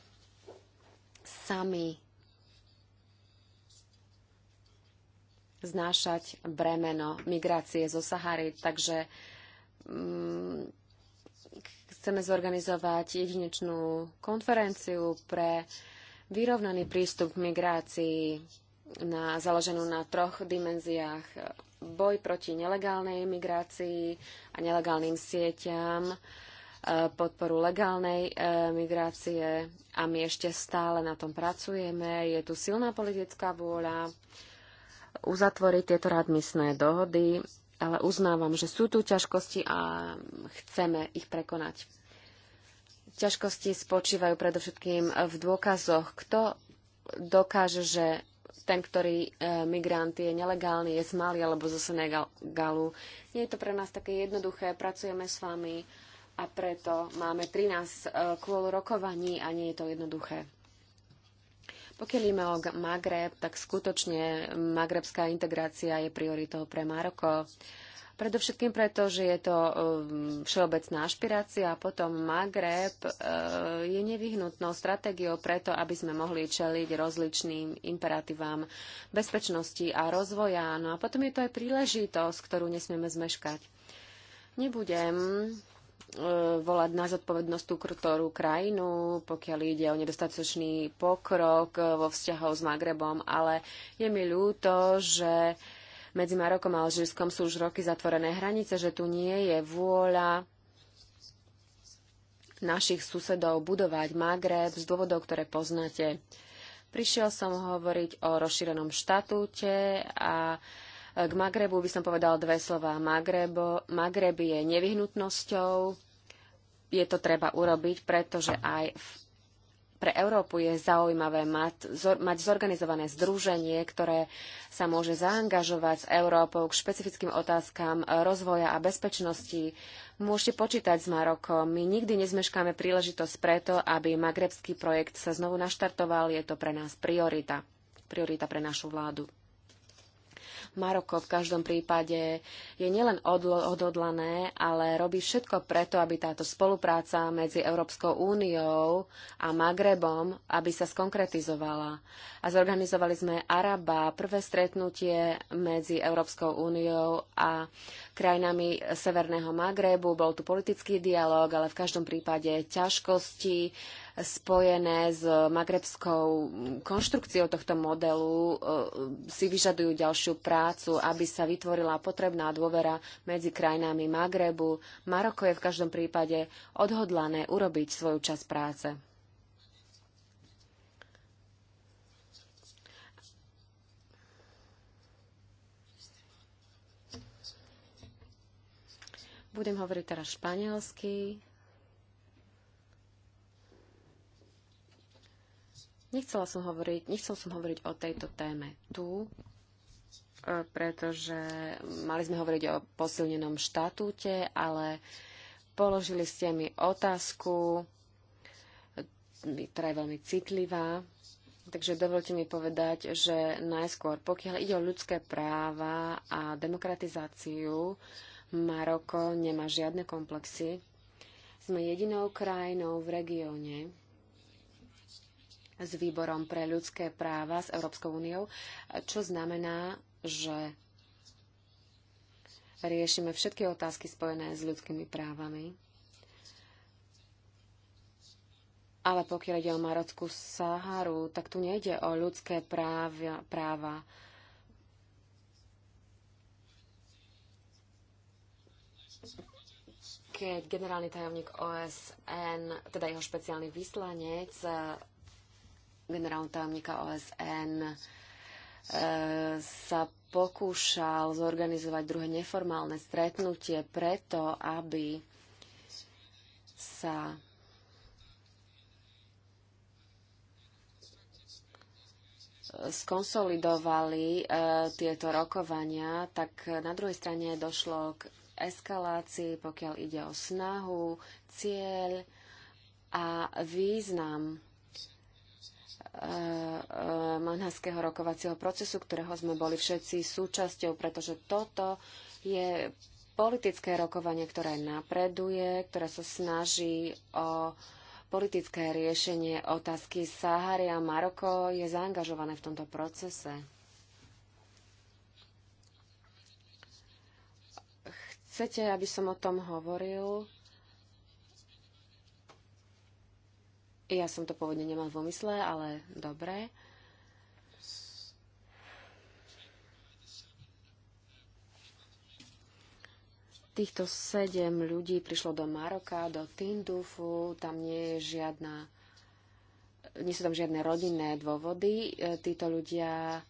sami znášať bremeno migrácie zo Sahary. Takže mm, chceme zorganizovať jedinečnú konferenciu pre vyrovnaný prístup k migrácii na, založenú na troch dimenziách. Boj proti nelegálnej migrácii a nelegálnym sieťam, e, podporu legálnej e, migrácie a my ešte stále na tom pracujeme. Je tu silná politická vôľa uzatvoriť tieto radmisné dohody, ale uznávam, že sú tu ťažkosti a chceme ich prekonať. Ťažkosti spočívajú predovšetkým v dôkazoch, kto dokáže, že ten, ktorý e, migrant je nelegálny, je z Mali alebo zo Senegalu. Nie je to pre nás také jednoduché, pracujeme s vami a preto máme 13 e, kôl rokovaní a nie je to jednoduché. Pokiaľ ide o Magreb, tak skutočne magrebská integrácia je prioritou pre Maroko. Predovšetkým preto, že je to um, všeobecná ašpirácia a potom Magreb uh, je nevyhnutnou stratégiou preto, aby sme mohli čeliť rozličným imperatívam bezpečnosti a rozvoja. No a potom je to aj príležitosť, ktorú nesmieme zmeškať. Nebudem E, volať na zodpovednosť tú ktorú krajinu, pokiaľ ide o nedostatočný pokrok e, vo vzťahov s Magrebom, ale je mi ľúto, že medzi Marokom a Alžírskom sú už roky zatvorené hranice, že tu nie je vôľa našich susedov budovať Magreb z dôvodov, ktoré poznáte. Prišiel som hovoriť o rozšírenom štatúte a k Magrebu by som povedal dve slova. Magrebo, Magreb je nevyhnutnosťou, je to treba urobiť, pretože aj v, pre Európu je zaujímavé mať, zor, mať zorganizované združenie, ktoré sa môže zaangažovať s Európou k špecifickým otázkam rozvoja a bezpečnosti. Môžete počítať s Marokom. My nikdy nezmeškáme príležitosť preto, aby magrebský projekt sa znovu naštartoval. Je to pre nás priorita. Priorita pre našu vládu. Maroko v každom prípade je nielen odhodlané, ale robí všetko preto, aby táto spolupráca medzi Európskou úniou a Magrebom, aby sa skonkretizovala. A zorganizovali sme Araba, prvé stretnutie medzi Európskou úniou a krajinami Severného Magrebu. Bol tu politický dialog, ale v každom prípade ťažkosti, spojené s magrebskou konštrukciou tohto modelu eh, si vyžadujú ďalšiu prácu, aby sa vytvorila potrebná dôvera medzi krajinami Magrebu. Maroko je v každom prípade odhodlané urobiť svoju časť práce. Budem hovoriť teraz španielsky. Nechcela som hovoriť, nechcel som hovoriť o tejto téme tu, e, pretože mali sme hovoriť o posilnenom štatúte, ale položili ste mi otázku, ktorá je veľmi citlivá. Takže dovolte mi povedať, že najskôr, pokiaľ ide o ľudské práva a demokratizáciu, Maroko nemá žiadne komplexy. Sme jedinou krajinou v regióne, s Výborom pre ľudské práva s Európskou úniou, čo znamená, že riešime všetky otázky spojené s ľudskými právami. Ale pokiaľ ide o Marockú Saharu, tak tu nejde o ľudské práva, práva. keď generálny tajomník OSN, teda jeho špeciálny vyslanec, generálneho tajomníka OSN e, sa pokúšal zorganizovať druhé neformálne stretnutie preto, aby sa skonsolidovali e, tieto rokovania, tak na druhej strane došlo k eskalácii, pokiaľ ide o snahu, cieľ a význam Eh, manhaského rokovacieho procesu, ktorého sme boli všetci súčasťou, pretože toto je politické rokovanie, ktoré napreduje, ktoré sa snaží o politické riešenie otázky Sahary a Maroko je zaangažované v tomto procese. Chcete, aby som o tom hovoril? Ja som to pôvodne nemal v mysle, ale dobre. Týchto sedem ľudí prišlo do Maroka, do Tindufu, tam nie je žiadna nie sú tam žiadne rodinné dôvody. E, títo ľudia e,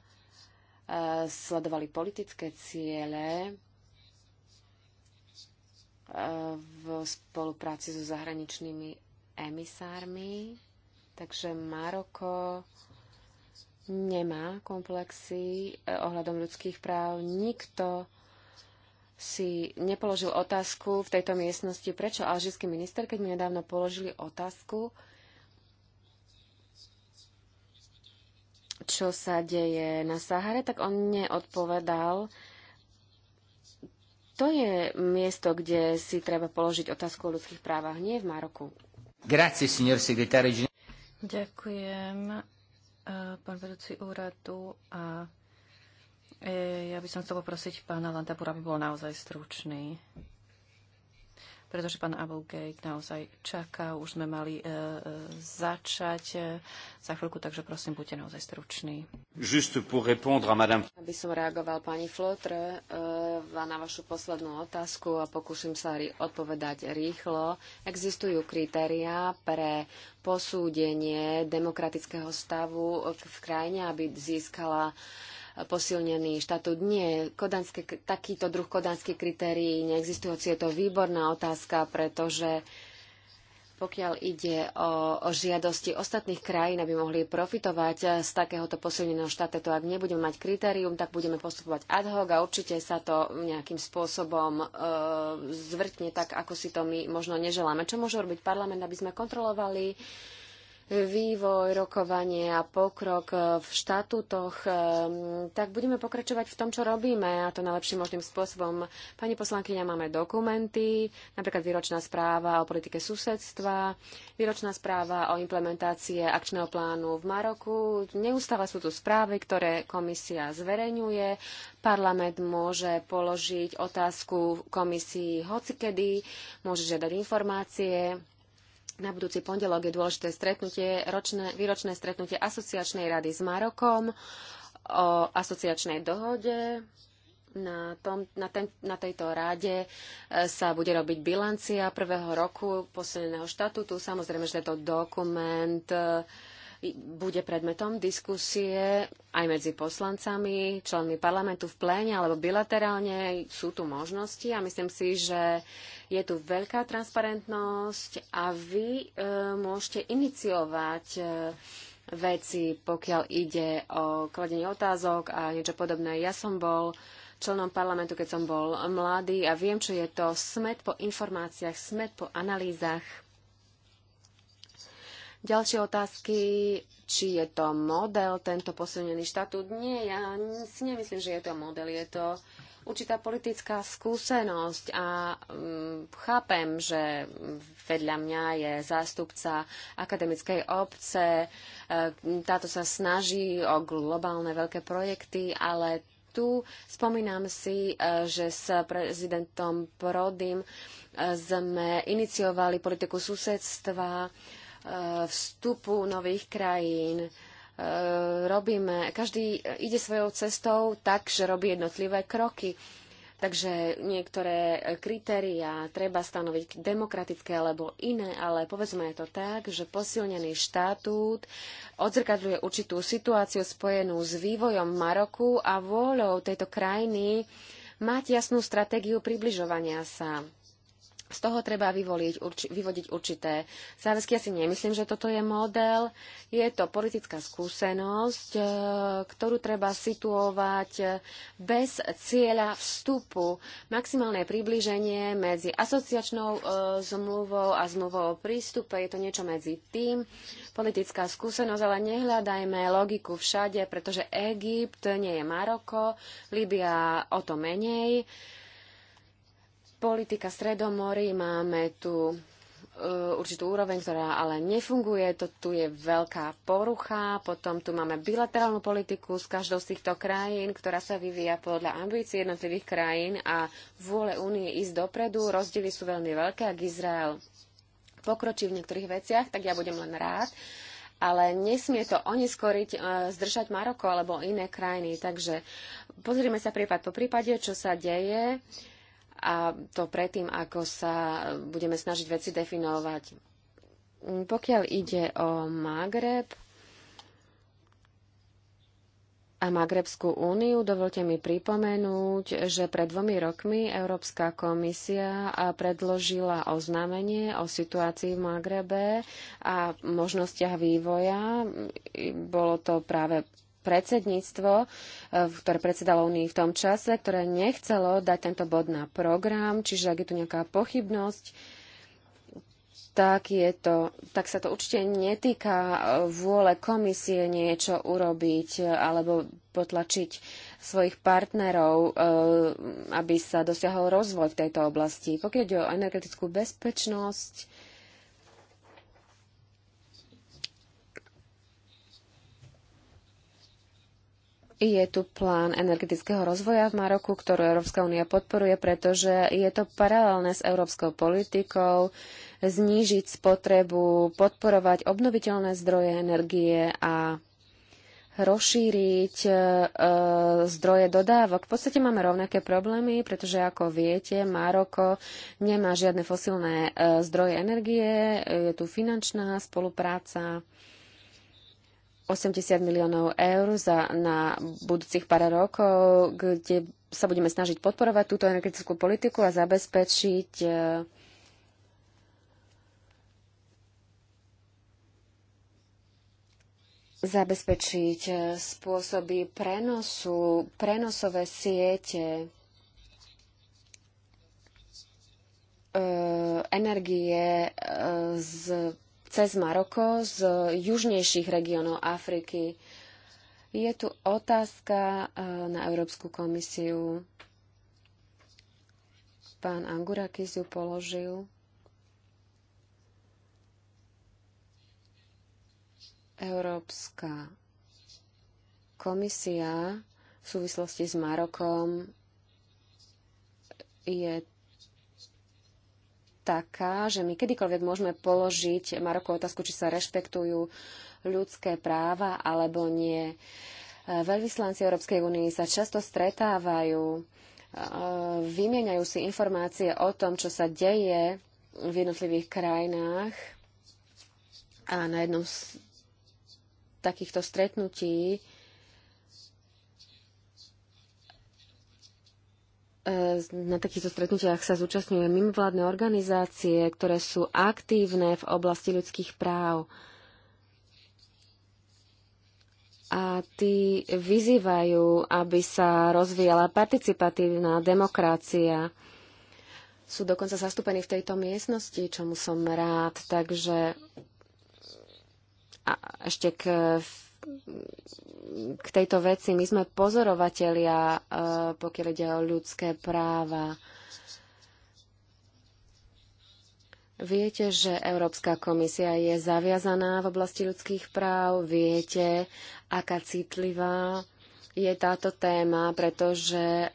sledovali politické ciele e, v spolupráci so zahraničnými emisármi, takže Maroko nemá komplexy e, ohľadom ľudských práv. Nikto si nepoložil otázku v tejto miestnosti, prečo alžírsky minister, keď mi nedávno položili otázku, čo sa deje na Sahare, tak on neodpovedal. To je miesto, kde si treba položiť otázku o ľudských právach, nie v Maroku. Grazie, signor segretario. Ďakujem, eh, pán vedúci úradu. A eh, ja by som chcel poprosiť pána Landabura, aby bol naozaj stručný pretože pán Gate naozaj čaká. Už sme mali e, e, začať e, za chvíľku, takže prosím, buďte naozaj struční. pour répondre à madame... Aby som reagoval pani Flotre e, na vašu poslednú otázku a pokúsim sa ri- odpovedať rýchlo. Existujú kritériá pre posúdenie demokratického stavu v krajine, aby získala posilnený štatút. Nie, kodanské, takýto druh kodanských kritérií neexistujú, hoci je to výborná otázka, pretože pokiaľ ide o, o žiadosti ostatných krajín, aby mohli profitovať eh, z takéhoto posilneného štátetu. Ak nebudeme mať kritérium, tak budeme postupovať ad hoc a určite sa to nejakým spôsobom e, zvrtne tak, ako si to my možno neželáme. Čo môže robiť parlament, aby sme kontrolovali vývoj, rokovanie a pokrok v štatútoch, tak budeme pokračovať v tom, čo robíme a to najlepším možným spôsobom. Pani poslankyňa, máme dokumenty, napríklad výročná správa o politike susedstva, výročná správa o implementácie akčného plánu v Maroku. Neustále sú tu správy, ktoré komisia zverejňuje. Parlament môže položiť otázku komisii hocikedy, môže žiadať informácie na budúci pondelok je dôležité stretnutie, ročné, výročné stretnutie asociačnej rady s Marokom o asociačnej dohode. Na, tom, na, ten, na tejto ráde e, sa bude robiť bilancia prvého roku posledného štatútu. Samozrejme, že tento dokument uh, bude predmetom diskusie aj medzi poslancami, členmi parlamentu v pléne alebo bilaterálne. Sú tu možnosti a myslím si, že je tu veľká transparentnosť a vy e, môžete iniciovať e, veci, pokiaľ ide o kladenie otázok a niečo podobné. Ja som bol členom parlamentu, keď som bol mladý a viem, čo je to smet po informáciách, smet po analýzach Ďalšie otázky, či je to model, tento posilnený štatút? Nie, ja si nemyslím, že je to model, je to určitá politická skúsenosť a um, chápem, že vedľa mňa je zástupca akademickej obce, e, táto sa snaží o globálne veľké projekty, ale tu spomínam si, e, že s prezidentom Prodym e, sme iniciovali politiku susedstva, vstupu nových krajín. E, robíme, každý ide svojou cestou tak, že robí jednotlivé kroky. Takže niektoré kritériá treba stanoviť demokratické alebo iné, ale povedzme je to tak, že posilnený štatút odzrkadľuje určitú situáciu spojenú s vývojom Maroku a vôľou tejto krajiny mať jasnú stratégiu približovania sa z toho treba vyvoliť, urči, vyvodiť určité záväzky. Ja si nemyslím, že toto je model. Je to politická skúsenosť, e, ktorú treba situovať e, bez cieľa vstupu. Maximálne približenie medzi asociačnou e, zmluvou a zmluvou o prístupe. Je to niečo medzi tým. Politická skúsenosť, ale nehľadajme logiku všade, pretože Egypt nie je Maroko, Libia o to menej politika Stredomory, máme tu e, určitú úroveň, ktorá ale nefunguje. To tu je veľká porucha. Potom tu máme bilaterálnu politiku s každou z týchto krajín, ktorá sa vyvíja podľa ambícií jednotlivých krajín a vôle únie ísť dopredu. Rozdiely sú veľmi veľké. Ak Izrael pokročí v niektorých veciach, tak ja budem len rád. Ale nesmie to oneskoriť, e, zdržať Maroko alebo iné krajiny. Takže pozrime sa prípad po prípade, čo sa deje. E, a to predtým, ako sa budeme snažiť veci definovať. Pokiaľ ide o Magreb a Magrebskú úniu, dovolte mi pripomenúť, že pred dvomi rokmi Európska komisia predložila oznámenie o situácii v Magrebe a možnostiach vývoja. Bolo to práve predsedníctvo, e, ktoré predsedalo Unii v tom čase, ktoré nechcelo dať tento bod na program, čiže ak je tu nejaká pochybnosť, tak, je to, tak sa to určite netýka e, vôle komisie niečo urobiť e, alebo potlačiť svojich partnerov, aby sa dosiahol rozvoj v tejto oblasti. Pokiaľ ide o energetickú bezpečnosť, je tu plán energetického rozvoja v Maroku, ktorú Európska únia podporuje, pretože je to paralelné s európskou politikou znížiť spotrebu, podporovať obnoviteľné zdroje energie a rozšíriť e, zdroje dodávok. V podstate máme rovnaké problémy, pretože ako viete, Maroko nemá žiadne fosílne e, zdroje energie, je tu finančná spolupráca 80 miliónov eur za, na budúcich pár rokov, kde sa budeme snažiť podporovať túto energetickú politiku a zabezpečiť e, zabezpečiť e, spôsoby prenosu, prenosové siete e, energie z cez Maroko z južnejších regiónov Afriky. Je tu otázka eh, na Európsku komisiu. Pán Angurakis ju položil. Európska komisia v súvislosti s Marokom je taká, že my kedykoľvek môžeme položiť Maroku otázku, či sa rešpektujú ľudské práva alebo nie. Veľvyslanci Európskej únie sa často stretávajú, e, vymieňajú si informácie o tom, čo sa deje v jednotlivých krajinách a na jednom z takýchto stretnutí E, na takýchto stretnutiach sa zúčastňujú mimovládne organizácie, ktoré sú aktívne v oblasti ľudských práv. A tí vyzývajú, aby sa rozvíjala participatívna demokracia. Sú dokonca zastúpení v tejto miestnosti, čomu som rád. Takže a ešte k k tejto veci. My sme pozorovatelia, e, pokiaľ ide o ľudské práva. Viete, že Európska komisia je zaviazaná v oblasti ľudských práv. Viete, aká citlivá je táto téma, pretože e,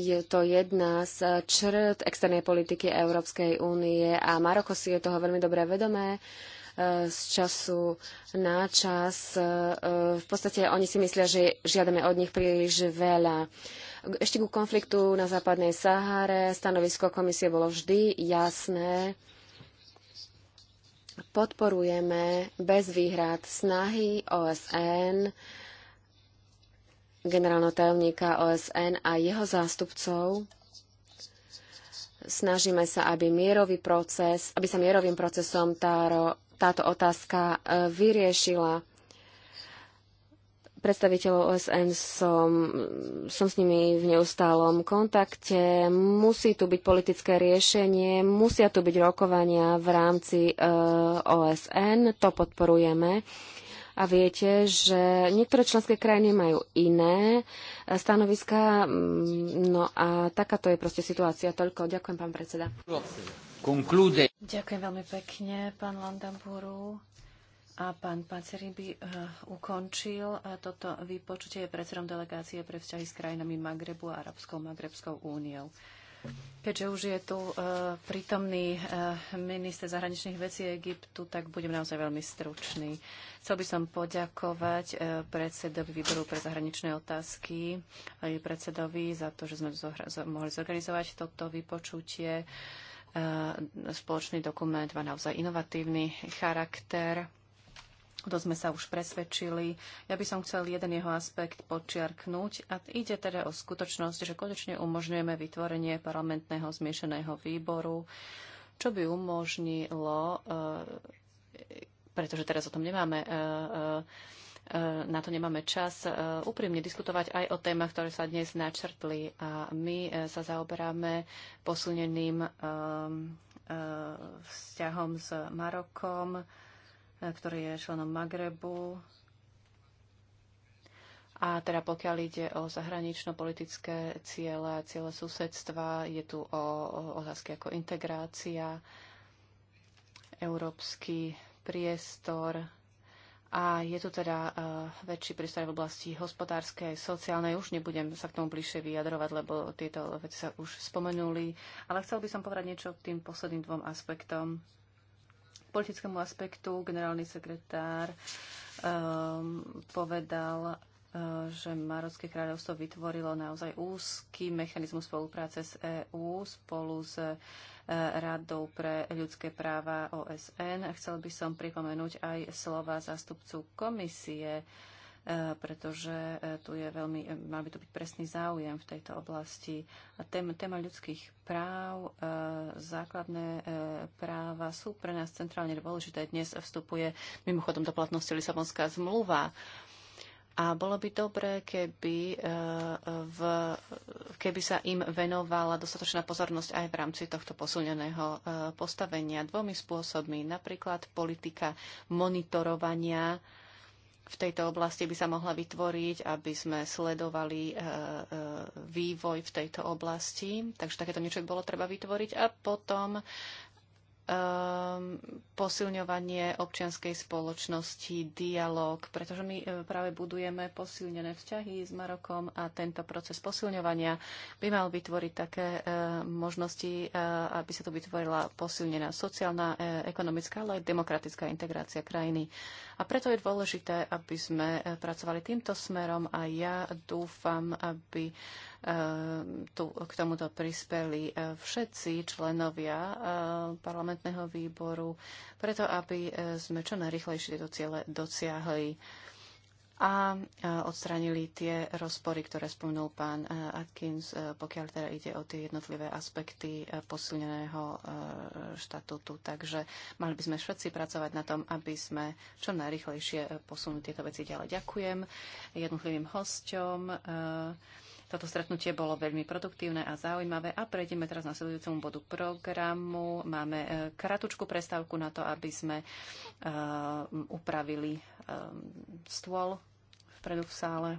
je to jedna z črt externej politiky Európskej únie a Maroko si je toho veľmi dobre vedomé z času na čas. E, v podstate oni si myslia, že žiadame od nich príliš veľa. Ešte ku konfliktu na západnej Sahare stanovisko komisie bolo vždy jasné. Podporujeme bez výhrad snahy OSN, generálneho tajomníka OSN a jeho zástupcov snažíme sa, aby mierový proces, aby sa mierovým procesom Táro táto otázka e, vyriešila. Predstaviteľov OSN som, som s nimi v neustálom kontakte. Musí tu byť politické riešenie, musia tu byť rokovania v rámci e, OSN, to podporujeme. A viete, že niektoré členské krajiny majú iné e, stanoviská. No a takáto je proste situácia. Toľko. Ďakujem, pán predseda conclude. Ďakujem veľmi pekne, pán Landamburu. A pán Paceri by uh, ukončil eh, toto vypočutie predsedom delegácie pre vzťahy s krajinami Magrebu a Arabskou Magrebskou úniou. Keďže už je tu uh, prítomný uh, minister zahraničných vecí Egyptu, tak budem naozaj veľmi stručný. Chcel by som poďakovať uh, predsedovi výboru pre zahraničné otázky aj predsedovi za to, že sme mohli zorganizovať toto vypočutie. Uh, E, spoločný dokument má naozaj inovatívny charakter. To sme sa už presvedčili. Ja by som chcel jeden jeho aspekt počiarknúť a ide teda o skutočnosť, že konečne umožňujeme vytvorenie parlamentného zmiešaného výboru, čo by umožnilo, e, pretože teraz o tom nemáme e, na to nemáme čas e, úprimne diskutovať aj o témach, ktoré sa dnes načrtli. A my e, sa zaoberáme posuneným e, vzťahom s Marokom, ktorý je členom Magrebu. A teda pokiaľ ide o zahranično-politické ciele, ciele susedstva, je tu o, o otázky ako integrácia, európsky priestor, a je tu teda uh, väčší prístroj v oblasti hospodárskej, sociálnej. Už nebudem sa k tomu bližšie vyjadrovať, lebo tieto veci sa už spomenuli. Ale chcel by som povedať niečo k tým posledným dvom aspektom. K politickému aspektu generálny sekretár um, povedal, Eh, že Marocké kráľovstvo vytvorilo naozaj úzky mechanizmus spolupráce s EÚ spolu s eh, Radou pre ľudské práva OSN. A chcel by som pripomenúť aj slova zástupcu komisie, eh, pretože tu je veľmi, mal by tu byť presný záujem v tejto oblasti. A téma, téma ľudských práv, základné práva sú pre nás centrálne dôležité. Dnes vstupuje mimochodom do platnosti Lisabonská zmluva. A bolo by dobré, keby, eh, v, keby sa im venovala dostatočná pozornosť aj v rámci tohto posilneného eh, postavenia dvomi spôsobmi. Napríklad politika monitorovania v tejto oblasti by sa mohla vytvoriť, aby sme sledovali eh, vývoj v tejto oblasti. Takže takéto niečo by bolo treba vytvoriť. A potom Ehm, posilňovanie občianskej spoločnosti, dialog, pretože my e, práve budujeme posilnené vzťahy s Marokom a tento proces posilňovania by mal vytvoriť také e, možnosti, e, aby sa tu vytvorila posilnená sociálna, ekonomická, ale aj demokratická integrácia krajiny. A preto je dôležité, aby sme pracovali týmto smerom a ja dúfam, aby E, tu, k tomuto prispeli e, všetci členovia e, parlamentného výboru, preto aby sme čo najrychlejšie tieto ciele dosiahli a odstranili tie rozpory, ktoré spomenul pán Atkins, pokiaľ teda ide o tie jednotlivé aspekty posilneného štatútu. Takže mali by sme všetci pracovať na tom, aby sme čo najrychlejšie posunuli tieto veci ďalej. Ďakujem jednotlivým hosťom. Toto stretnutie bolo veľmi produktívne a zaujímavé a prejdeme teraz na sledujúcom bodu programu. Máme e, kratučku prestávku na to, aby sme e, upravili e, stôl vpredu v sále.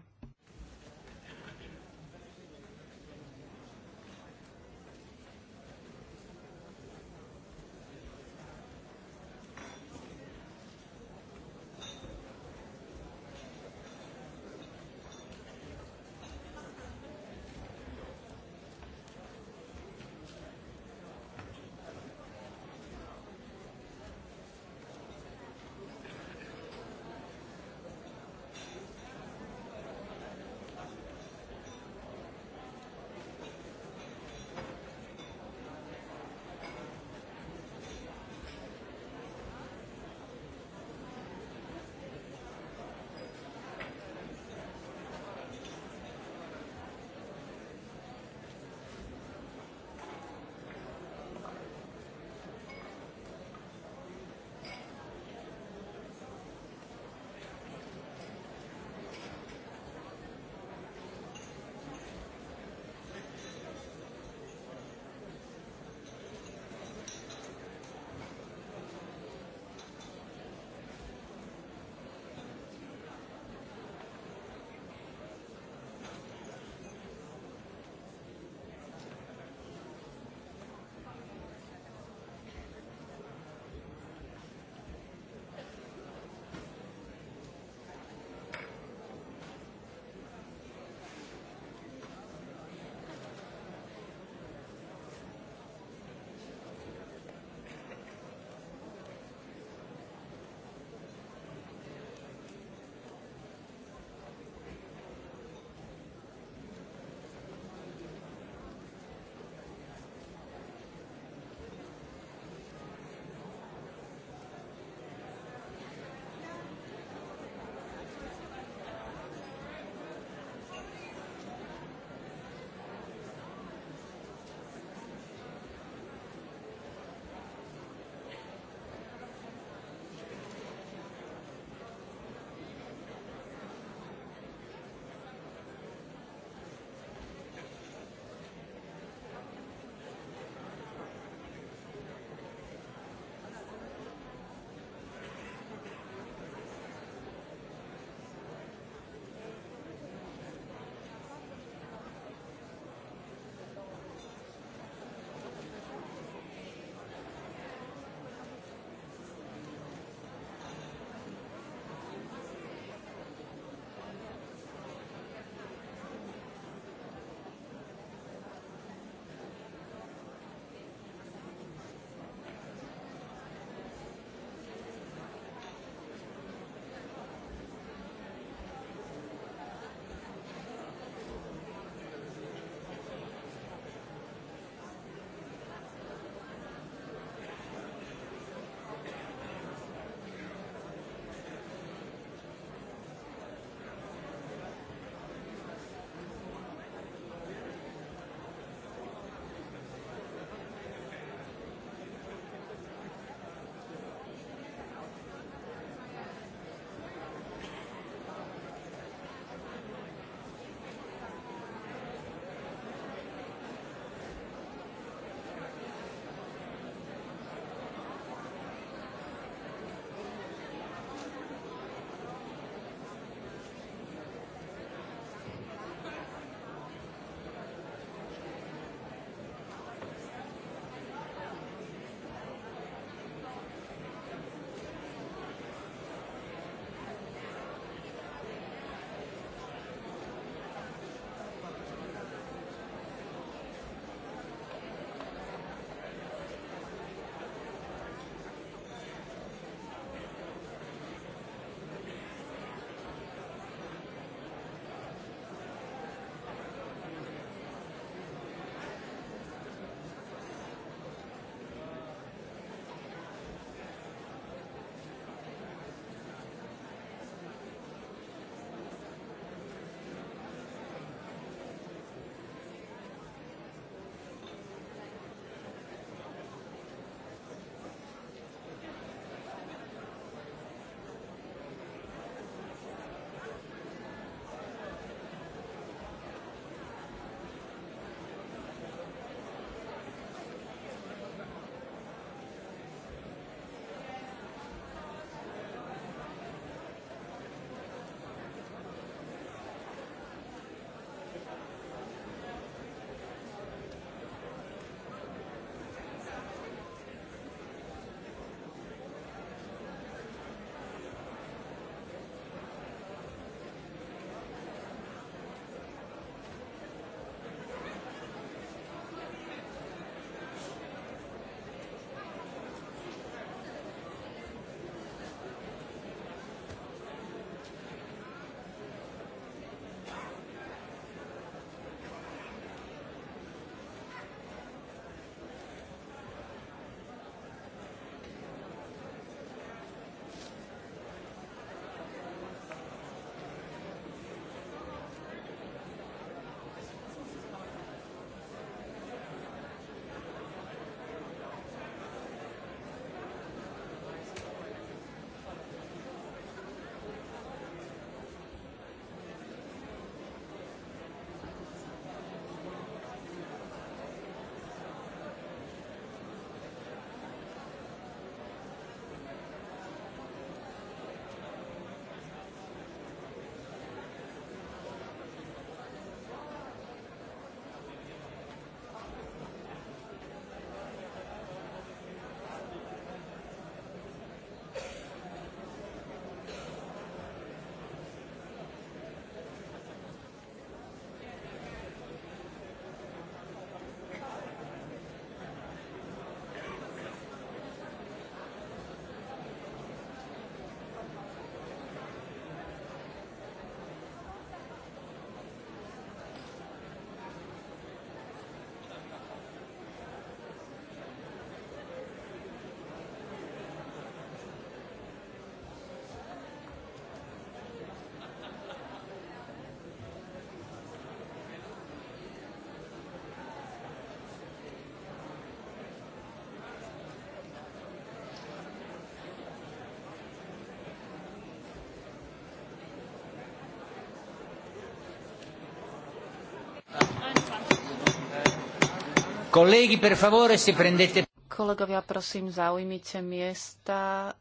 per favore, si prendete... Kolegovia, prosím, zaujmite miesta.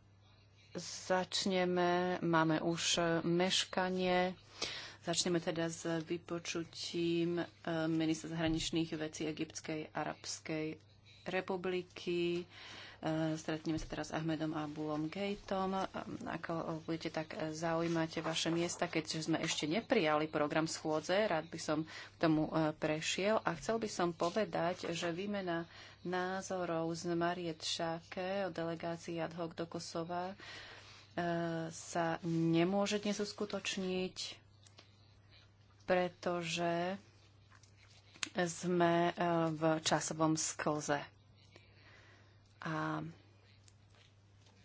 Začneme, máme už e, meškanie. Začneme teda s vypočutím e, ministra zahraničných vecí Egyptskej arabskej republiky. Stretneme sa teraz s Ahmedom a Bulom Gejtom. Ako budete tak zaujímať vaše miesta, keďže sme ešte neprijali program schôdze, rád by som k tomu e, prešiel. A chcel by som povedať, že výmena názorov z Mariet Šáke o delegácii ad hoc do Kosova e, sa nemôže dnes uskutočniť, pretože sme e, v časovom sklze a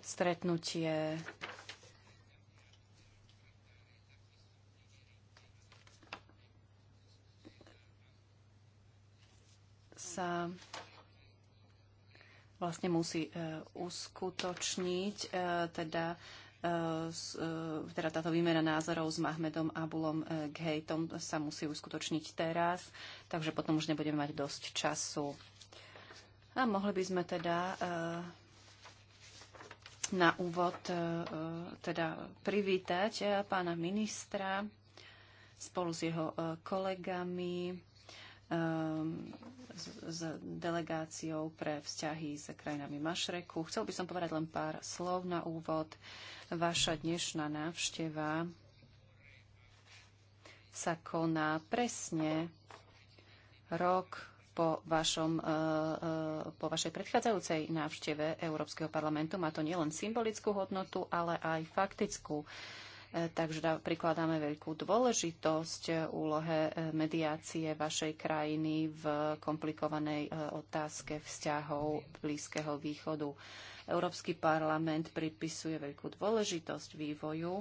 stretnutie sa vlastne musí e, uskutočniť, e, teda e, teda táto výmena názorov s Mahmedom Abulom Gejtom sa musí uskutočniť teraz, takže potom už nebudeme mať dosť času a mohli by sme teda eh, na úvod eh, teda privítať eh, pána ministra spolu s jeho kolegami s delegáciou pre vzťahy s krajinami Mašreku. Chcel by som povedať len pár slov na úvod. Vaša dnešná návšteva sa koná presne rok po, vašom, e, e, po vašej predchádzajúcej návšteve Európskeho parlamentu. Má to nielen symbolickú hodnotu, ale aj faktickú. E, takže prikladáme veľkú dôležitosť úlohe mediácie vašej krajiny v komplikovanej otázke vzťahov Blízkeho východu. Európsky parlament pripisuje veľkú dôležitosť vývoju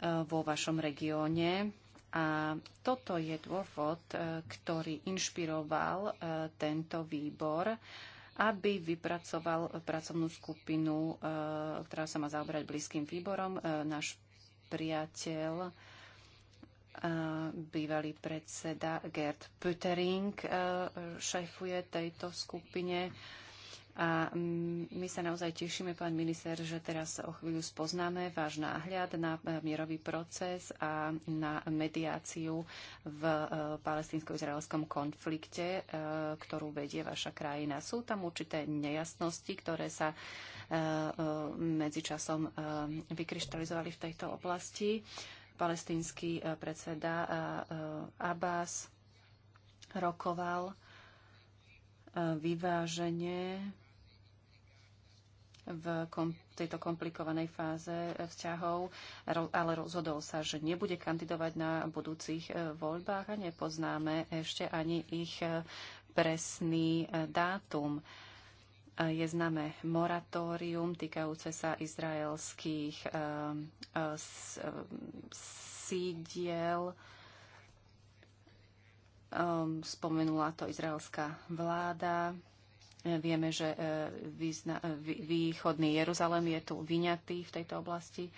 vo vašom regióne a toto je dôvod, e, ktorý inšpiroval e, tento výbor, aby vypracoval pracovnú skupinu, e, ktorá sa má zaoberať blízkym výborom. Náš priateľ, bývalý predseda Gerd Püttering, šéfuje tejto skupine a my sa naozaj tešíme, pán minister, že teraz o chvíľu spoznáme váš náhľad na e, mierový proces a na mediáciu v e, palestínsko-izraelskom konflikte, e, ktorú vedie vaša krajina. Sú tam určité nejasnosti, ktoré sa medzičasom vykryštalizovali v tejto oblasti. Palestínsky predseda Abbas rokoval vyváženie v kom- tejto komplikovanej fáze vzťahov, ale rozhodol sa, že nebude kandidovať na budúcich e, voľbách a nepoznáme ešte ani ich e, presný e, dátum. Je známe moratórium týkajúce sa izraelských sídiel. Ehm, spomenula to izraelská vláda Vieme, že e, e, východný Jeruzalém je tu vyňatý v tejto oblasti. E,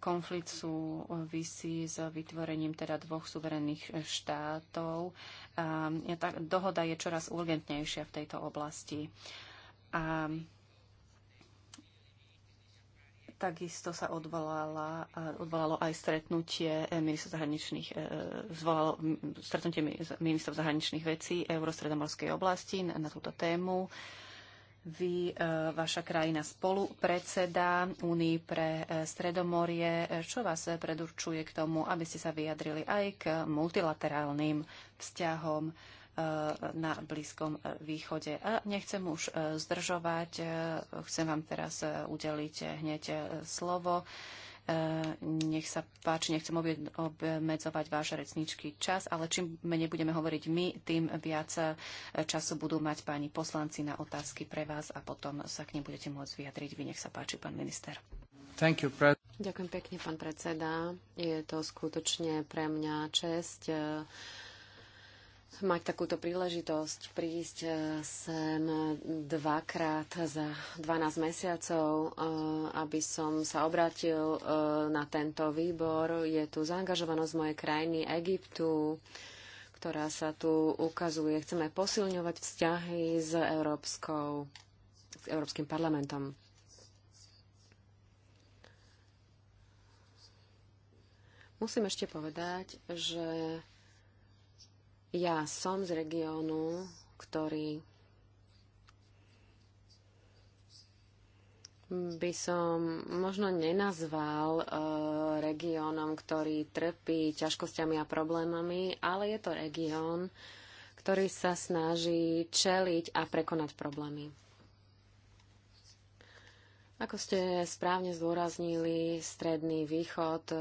konflikt sú vysí s vytvorením teda dvoch suverénnych štátov. A tá dohoda je čoraz urgentnejšia v tejto oblasti. A Takisto sa odvolala, odvolalo aj stretnutie eh, ministrov zahraničných, eh, zvolalo stretnutie ministrov zahraničných vecí Eurostredomorskej oblasti na, na túto tému. Vy, eh, vaša krajina spolu predseda Únii pre Stredomorie. Čo vás predurčuje k tomu, aby ste sa vyjadrili aj k multilaterálnym vzťahom Eh, na Blízkom eh, východe. A nechcem už eh, zdržovať, chcem vám teraz udeliť hneď slovo. Nech sa páči, nechcem obmedzovať váš recničký čas, ale čím menej budeme hovoriť my, tým viac času budú mať páni poslanci na otázky pre vás a potom sa k nim budete môcť vyjadriť. Vy nech sa páči, pán minister. Thank you, pre... Ďakujem pekne, pán predseda. Je to skutočne pre mňa česť mať takúto príležitosť prísť eh, sem dvakrát za 12 mesiacov, eh, aby som sa obratil eh, na tento výbor. Je tu zaangažovanosť mojej krajiny Egyptu, ktorá sa tu ukazuje. Chceme posilňovať vzťahy s, Európskou, s Európskym parlamentom. Musím ešte povedať, že ja som z regiónu, ktorý by som možno nenazval e, regiónom, ktorý trpí ťažkosťami a problémami, ale je to región, ktorý sa snaží čeliť a prekonať problémy. Ako ste správne zdôraznili, Stredný východ, e,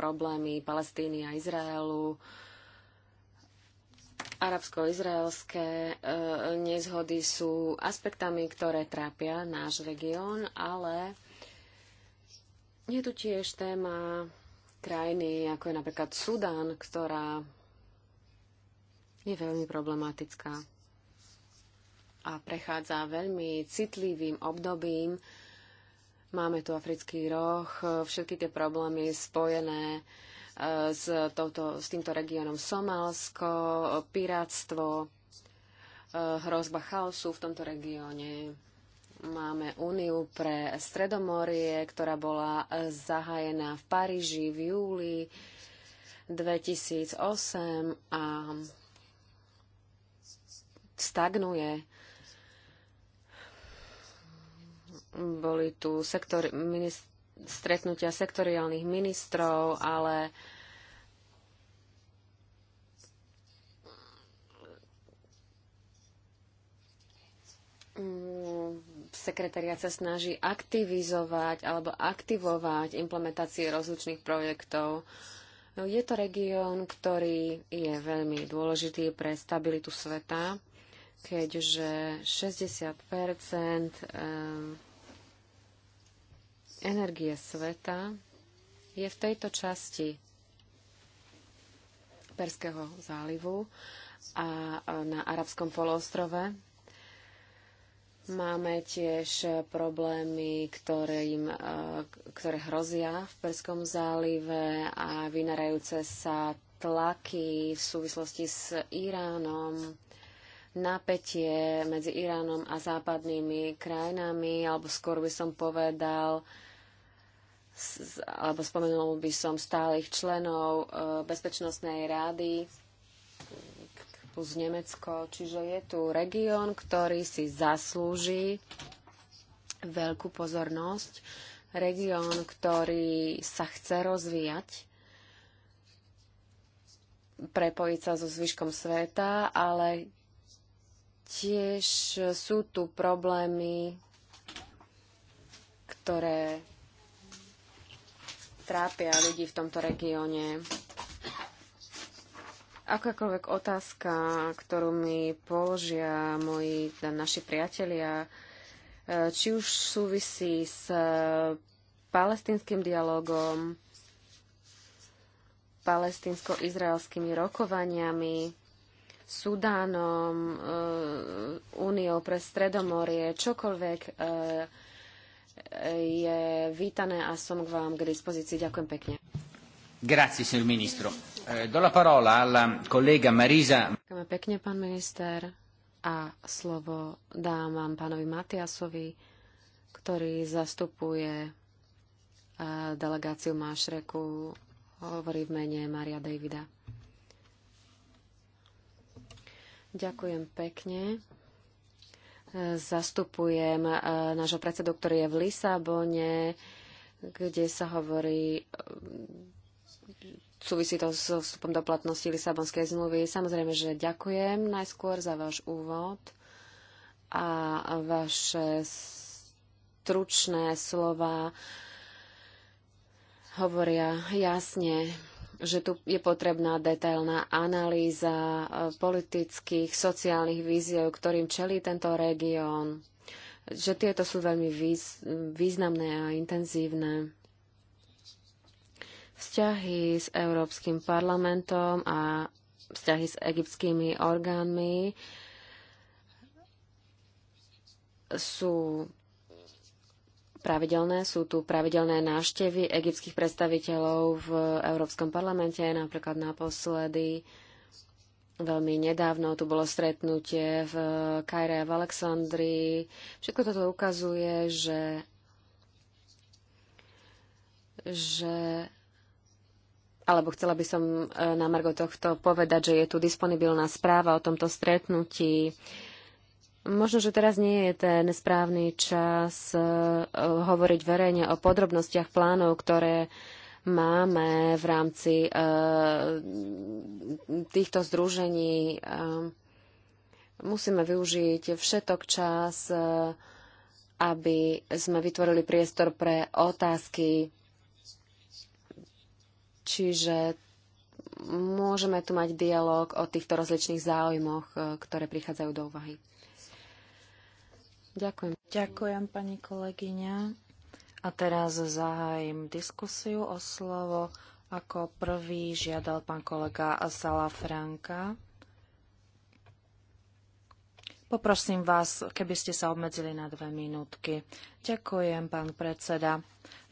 problémy Palestíny a Izraelu, e, Arabsko-izraelské e, nezhody sú aspektami, ktoré trápia náš región, ale je tu tiež téma krajiny, ako je napríklad Sudán, ktorá je veľmi problematická a prechádza veľmi citlivým obdobím. Máme tu africký roh, všetky tie problémy spojené s, touto, s týmto regiónom Somálsko, pirátstvo, e, hrozba chaosu v tomto regióne. Máme úniu pre Stredomorie, ktorá bola zahájená v Paríži v júli 2008 a stagnuje. Boli tu sektory, minist, stretnutia sektoriálnych ministrov, ale mm, sekretariat sa snaží aktivizovať alebo aktivovať implementácie rozličných projektov. Je to región, ktorý je veľmi dôležitý pre stabilitu sveta, keďže 60 energie sveta je v tejto časti Perského zálivu a na Arabskom poloostrove. Máme tiež problémy, im, e, ktoré hrozia v Perskom zálive a vynarajúce sa tlaky v súvislosti s Iránom, napätie medzi Iránom a západnými krajinami, alebo skôr by som povedal, alebo spomenul by som stálych členov e, Bezpečnostnej rády plus Nemecko. Čiže je tu región, ktorý si zaslúži veľkú pozornosť. Región, ktorý sa chce rozvíjať, prepojiť sa so zvyškom sveta, ale tiež sú tu problémy, ktoré trápia ľudí v tomto regióne. Akákoľvek otázka, ktorú mi položia moji naši priatelia, e, či už súvisí s e, palestinským dialogom, palestinsko-izraelskými rokovaniami, Sudánom, e, Úniou pre Stredomorie, čokoľvek je vítané a som k vám k dispozícii. Ďakujem pekne. Grazie, signor ministro. Eh, do la parola alla collega Marisa. Ďakujem pekne, pán minister. A slovo dám vám pánovi Matiasovi, ktorý zastupuje eh, delegáciu Mášreku, hovorí v mene Maria Davida. Ďakujem pekne zastupujem e, nášho predsedu, ktorý je v Lisabone, kde sa hovorí e, súvisí to so vstupom do platnosti Lisabonskej zmluvy. Samozrejme, že ďakujem najskôr za váš úvod a vaše stručné slova hovoria jasne že tu je potrebná detailná analýza eh, politických, sociálnych víziev, ktorým čelí tento región, že tieto sú veľmi významné a intenzívne. Vzťahy s Európskym parlamentom a vzťahy s egyptskými orgánmi sú pravidelné. Sú tu pravidelné návštevy egyptských predstaviteľov v Európskom parlamente, napríklad naposledy veľmi nedávno tu bolo stretnutie v Kajre a v Alexandrii. Všetko toto ukazuje, že, že alebo chcela by som eh, na Margo tohto povedať, že je tu disponibilná správa o tomto stretnutí. Možno, že teraz nie je ten správny čas e, hovoriť verejne o podrobnostiach plánov, ktoré máme v rámci e, týchto združení. E, musíme využiť všetok čas, aby sme vytvorili priestor pre otázky. Čiže môžeme tu mať dialog o týchto rozličných záujmoch, ktoré prichádzajú do úvahy. Ďakujem. Ďakujem, pani kolegyňa. A teraz zahájim diskusiu o slovo. Ako prvý žiadal pán kolega Sala Franka. Poprosím vás, keby ste sa obmedzili na dve minútky. Ďakujem, pán predseda.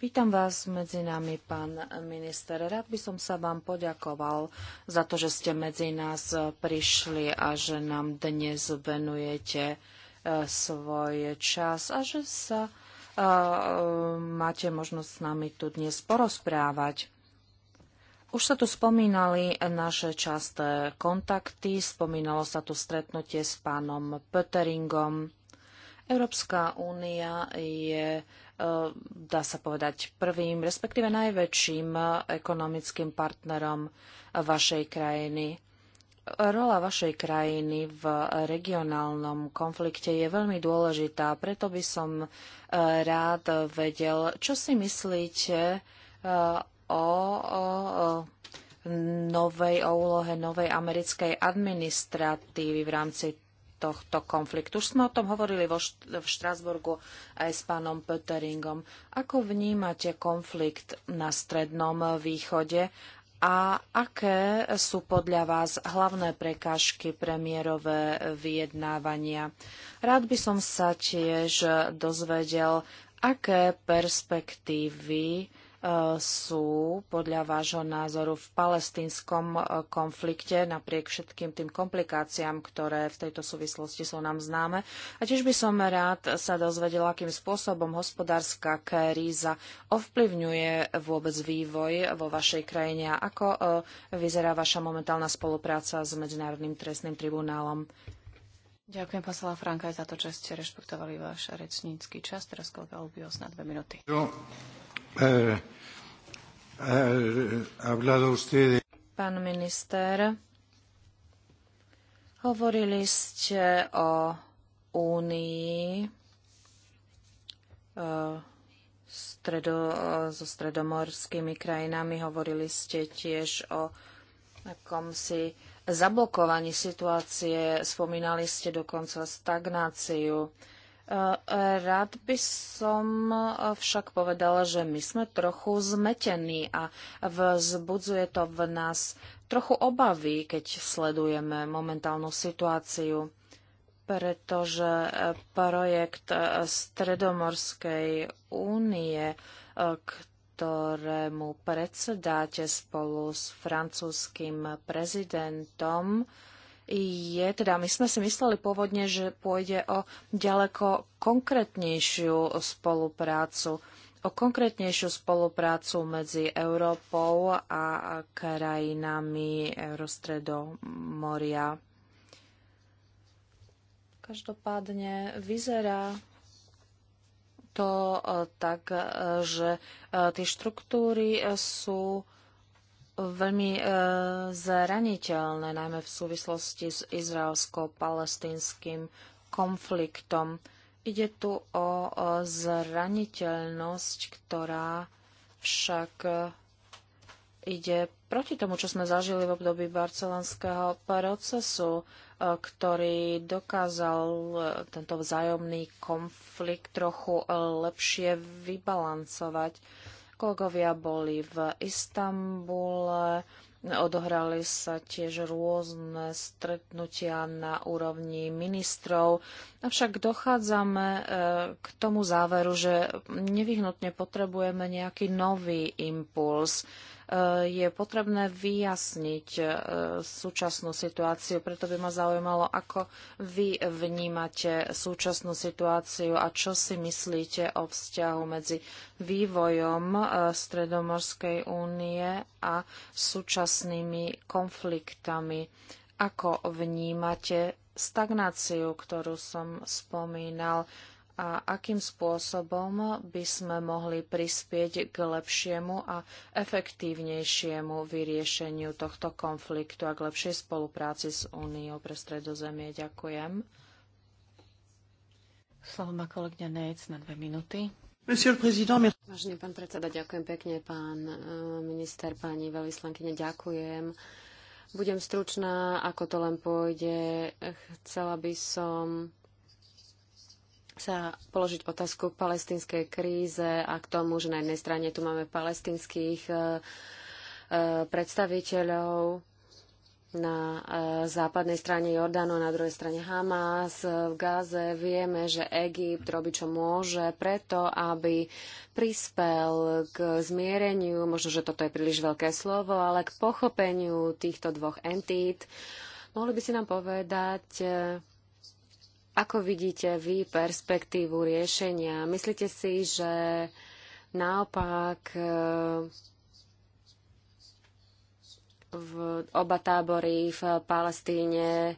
Vítam vás medzi nami, pán minister. Rád by som sa vám poďakoval za to, že ste medzi nás prišli a že nám dnes venujete svoj čas a že sa e, máte možnosť s nami tu dnes porozprávať. Už sa tu spomínali naše časté kontakty, spomínalo sa tu stretnutie s pánom Pöteringom. Európska únia je e, dá sa povedať, prvým, respektíve najväčším ekonomickým partnerom vašej krajiny. Rola vašej krajiny v regionálnom konflikte je veľmi dôležitá, preto by som e, rád vedel, čo si myslíte e, o, o, novej, o úlohe novej americkej administratívy v rámci tohto konfliktu. Už sme o tom hovorili vo, v Štrásburgu aj s pánom Pöteringom. Ako vnímate konflikt na Strednom východe a aké sú podľa vás hlavné prekážky premiérové vyjednávania? Rád by som sa tiež dozvedel, aké perspektívy sú podľa vášho názoru v palestínskom e, konflikte, napriek všetkým tým komplikáciám, ktoré v tejto súvislosti sú nám známe. A tiež by som rád sa dozvedela, akým spôsobom hospodárska kríza ovplyvňuje vôbec vývoj vo vašej krajine a ako e, vyzerá vaša momentálna spolupráca s Medzinárodným trestným tribunálom. Ďakujem, poslala Franka Franka, za to, že ste rešpektovali váš rečnícky čas. Teraz kolega Lubios na dve minúty. Eh, eh, Pán minister, hovorili ste o únii eh, stredo, so stredomorskými krajinami. Hovorili ste tiež o akomsi zablokovaní situácie. Spomínali ste dokonca stagnáciu. Rád by som však povedala, že my sme trochu zmetení a vzbudzuje to v nás trochu obavy, keď sledujeme momentálnu situáciu pretože projekt Stredomorskej únie, ktorému predsedáte spolu s francúzským prezidentom, je, teda my sme si mysleli pôvodne, že pôjde o ďaleko konkrétnejšiu spoluprácu o konkrétnejšiu spoluprácu medzi Európou a krajinami Eurostredomoria. Každopádne vyzerá to eh, tak, eh, že eh, tie štruktúry sú veľmi e, zraniteľné, najmä v súvislosti s izraelsko-palestinským konfliktom. Ide tu o zraniteľnosť, ktorá však e, ide proti tomu, čo sme zažili v období barcelonského procesu, e, ktorý dokázal tento vzájomný konflikt trochu lepšie vybalancovať. Kolegovia boli v Istambule, odohrali sa tiež rôzne stretnutia na úrovni ministrov, avšak dochádzame e, k tomu záveru, že nevyhnutne potrebujeme nejaký nový impuls je potrebné vyjasniť e, súčasnú situáciu. Preto by ma zaujímalo, ako vy vnímate súčasnú situáciu a čo si myslíte o vzťahu medzi vývojom e, Stredomorskej únie a súčasnými konfliktami. Ako vnímate stagnáciu, ktorú som spomínal? a akým spôsobom by sme mohli prispieť k lepšiemu a efektívnejšiemu vyriešeniu tohto konfliktu a k lepšej spolupráci s Úniou pre stredozemie. Ďakujem. Slovo má kolegňa Nejc na dve minúty. Vážený pán predseda, ďakujem pekne, pán eh, minister, pani veľvyslankyne, ďakujem. Budem stručná, ako to len pôjde. Chcela by som sa položiť otázku k palestinskej kríze a k tomu, že na jednej strane tu máme palestinských e, e, predstaviteľov, na e, západnej strane Jordánu, na druhej strane Hamas, v Gáze. Vieme, že Egypt robí, čo môže preto, aby prispel k zmiereniu, možno, že toto je príliš veľké slovo, ale k pochopeniu týchto dvoch entít. Mohli by si nám povedať, ako vidíte vy perspektívu riešenia? Myslíte si, že naopak e, v oba tábory v Palestíne e,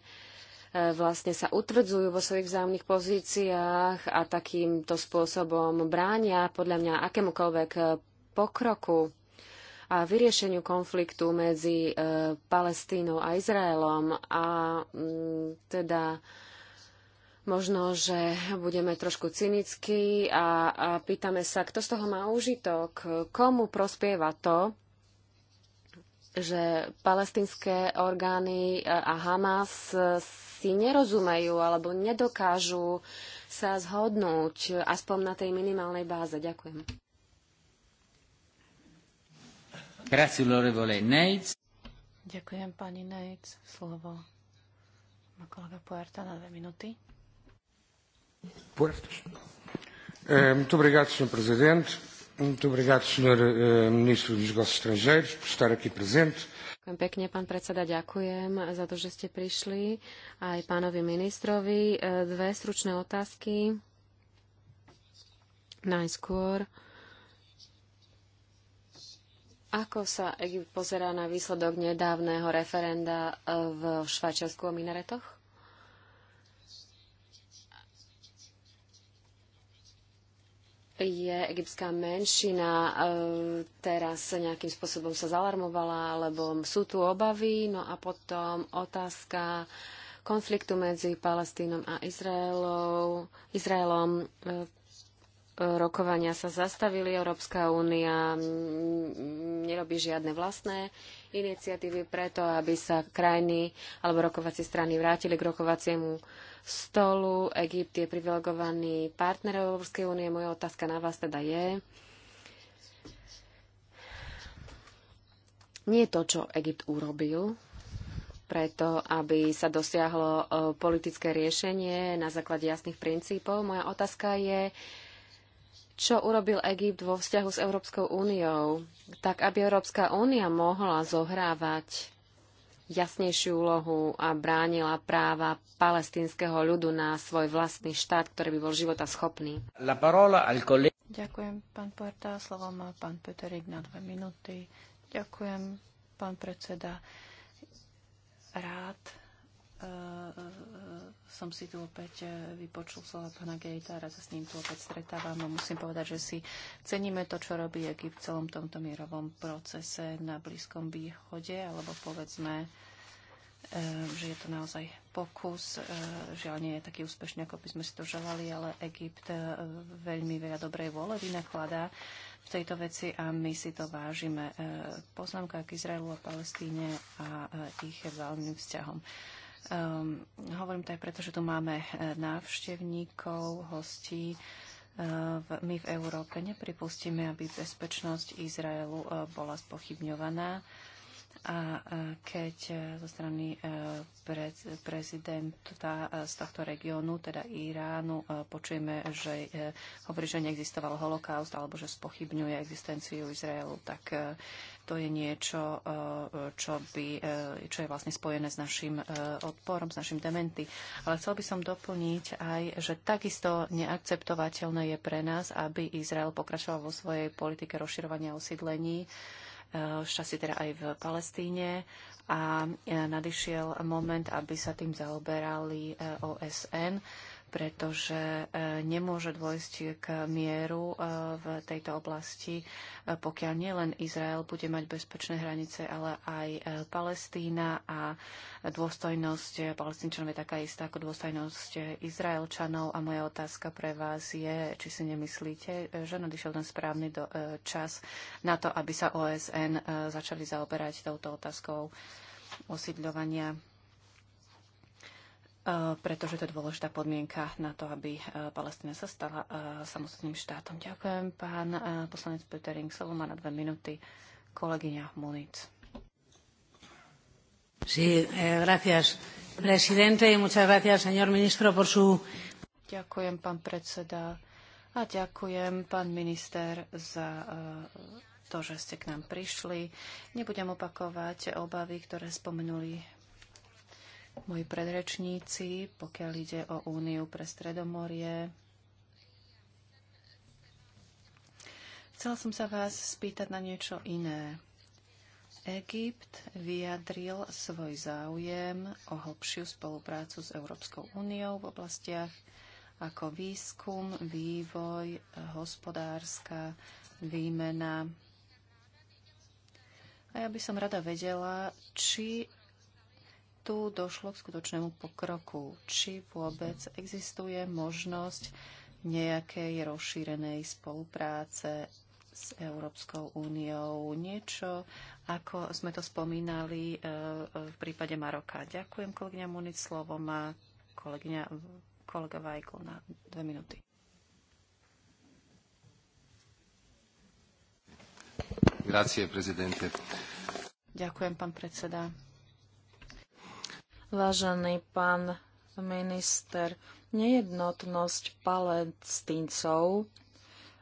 vlastne sa utvrdzujú vo svojich vzájomných pozíciách a takýmto spôsobom bránia podľa mňa akémukoľvek e, pokroku a vyriešeniu konfliktu medzi Palestínou a Izraelom a mm, teda Možno, že budeme trošku cynickí a, a pýtame sa, kto z toho má úžitok, komu prospieva to, že palestinské orgány a Hamas si nerozumejú alebo nedokážu sa zhodnúť aspoň na tej minimálnej báze. Ďakujem. Ďakujem pani Nejc. Slovo má kolega Puerta na dve minúty. Puertos. Muito obrigado, Sr. Presidente. Muito obrigado, Sr. Eh, Ministro dos Negócios Estrangeiros, por estar aqui presente. Ďakujem pekne, pán predseda, ďakujem za to, že ste prišli. Aj pánovi ministrovi eh, dve stručné otázky. Najskôr, ako sa Egypt pozerá na výsledok nedávneho referenda eh, v Švajčiarsku o minaretoch? je egyptská menšina eh, teraz nejakým spôsobom sa zalarmovala, lebo sú tu obavy. No a potom otázka konfliktu medzi Palestínom a Izraelom. Izraelom eh, rokovania sa zastavili, Európska únia nerobí žiadne vlastné iniciatívy preto, aby sa krajiny alebo rokovacie strany vrátili k rokovaciemu stolu. Egypt je privilegovaný partner Európskej únie. Moja otázka na vás teda je. Nie je to, čo Egypt urobil, preto, aby sa dosiahlo e, politické riešenie na základe jasných princípov. Moja otázka je, čo urobil Egypt vo vzťahu s Európskou úniou, tak aby Európska únia mohla zohrávať jasnejšiu úlohu a bránila práva palestínskeho ľudu na svoj vlastný štát, ktorý by bol života schopný. Ďakujem, pán Puerta. Slovo má pán Peterik na dve minúty. Ďakujem, pán predseda. Rád eh, som si tu opäť e, vypočul slova pána Gejta, a sa s ním tu opäť stretávam. musím povedať, že si ceníme to, čo robí Egypt v celom tomto mierovom procese na Blízkom východe, alebo povedzme, e, že je to naozaj pokus. E, žiaľ, nie je taký úspešný, ako by sme si to želali, ale Egypt veľmi veľa dobrej vôle vynakladá v tejto veci a my si to vážime. Poznámka k Izraelu a Palestíne a ich veľmi vzťahom. Um, hovorím to aj preto, že tu máme eh, návštevníkov, hostí. Uh, my v Európe nepripustíme, aby bezpečnosť Izraelu uh, bola spochybňovaná. Uh, a e, keď e, zo strany e, prezidenta z tohto regiónu, teda Iránu, počujeme, že hovorí, že neexistoval holokaust alebo že spochybňuje existenciu Izraelu, tak to je niečo, čo, by, čo je vlastne spojené s našim odporom, s našim dementy. Ale chcel by som doplniť aj, že takisto neakceptovateľné je pre nás, aby Izrael pokračoval vo svojej politike rozširovania osídlení šťastie eh, teda aj v Palestíne a eh, nadišiel moment, aby sa tým zaoberali eh, OSN pretože e, nemôže dôjsť k mieru e, v tejto oblasti, e, pokiaľ nielen Izrael bude mať bezpečné hranice, ale aj Palestína a dôstojnosť palestínčanov je taká istá ako dôstojnosť Izraelčanov. A moja otázka pre vás je, či si nemyslíte, že nadišiel ten správny do, čas na to, aby sa OSN začali zaoberať touto otázkou osídľovania E, pretože to je dôležitá podmienka na to, aby e, Palestina sa stala e, samostatným štátom. Ďakujem, pán poslanec Peter Ringsel, má na dve minúty kolegyňa Munic. Sí, eh, gracias, presidente, y muchas gracias, señor ministro, por su... Ďakujem, pán predseda, a ďakujem, pán minister, za to, že ste k nám prišli. Nebudem opakovať obavy, ktoré spomenuli moji predrečníci, pokiaľ ide o Úniu pre Stredomorie. Chcela som sa vás spýtať na niečo iné. Egypt vyjadril svoj záujem o hlbšiu spoluprácu s Európskou úniou v oblastiach ako výskum, vývoj, hospodárska výmena. A ja by som rada vedela, či tu došlo k skutočnému pokroku? Či vôbec existuje možnosť nejakej rozšírenej spolupráce s Európskou úniou? Niečo, ako sme to spomínali e, e, v prípade Maroka. Ďakujem, kolegyňa Munic. Slovo má kolegyňa, kolega Vajkl na dve minúty. Grazie, Ďakujem, pán predseda. Vážený pán minister, nejednotnosť palestíncov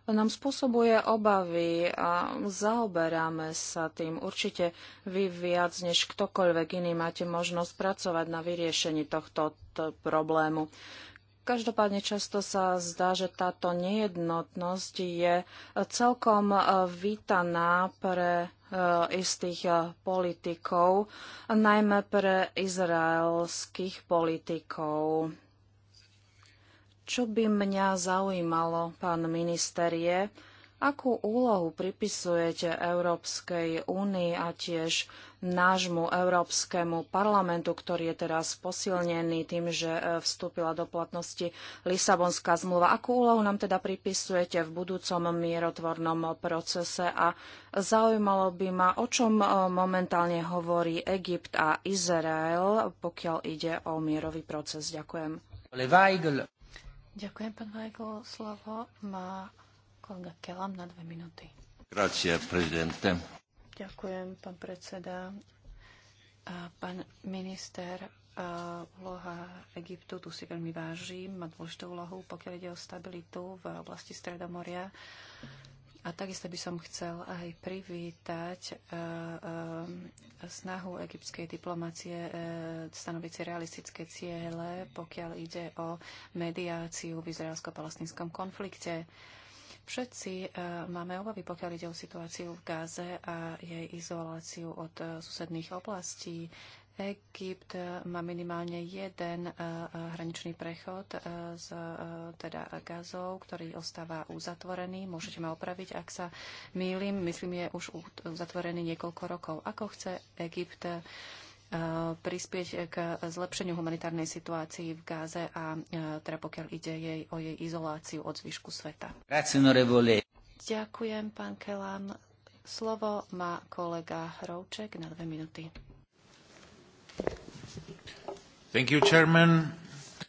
nám spôsobuje obavy a zaoberáme sa tým. Určite vy viac než ktokoľvek iný máte možnosť pracovať na vyriešení tohto problému. Každopádne často sa zdá, že táto nejednotnosť je celkom e, vítaná pre Eh, istých eh, politikov, najmä pre izraelských politikov. Čo by mňa zaujímalo, pán minister, je, Akú úlohu pripisujete Európskej únii a tiež nášmu Európskemu parlamentu, ktorý je teraz posilnený tým, že e, vstúpila do platnosti Lisabonská zmluva? Akú úlohu nám teda pripisujete v budúcom mierotvornom procese? A zaujímalo by ma, o čom e, momentálne hovorí Egypt a Izrael, pokiaľ ide o mierový proces. Ďakujem. Ďakujem, pán Weigl. Slovo má Kolega Kelam na dve minúty. Grazie, prezidente. Ďakujem, pán predseda. pán minister, úloha Egyptu, tu si veľmi vážim, má dôležitú úlohu, pokiaľ ide o stabilitu v oblasti Stredomoria. A takisto by som chcel aj privítať snahu egyptskej diplomácie e, stanoviť si realistické ciele, pokiaľ ide o mediáciu v izraelsko-palestinskom konflikte. Všetci e, máme obavy, pokiaľ ide o situáciu v Gáze a jej izoláciu od e, susedných oblastí. Egypt e, má minimálne jeden hraničný prechod s teda gazou, ktorý ostáva uzatvorený. Môžete ma opraviť, ak sa mýlim. Myslím, je už uzatvorený niekoľko rokov. Ako chce Egypt prispieť k zlepšeniu humanitárnej situácii v Gáze a e, teda pokiaľ ide jej o jej izoláciu od zvyšku sveta. Ďakujem, pán Kelam. Slovo má kolega Hrovček na dve minúty. Thank you, chairman.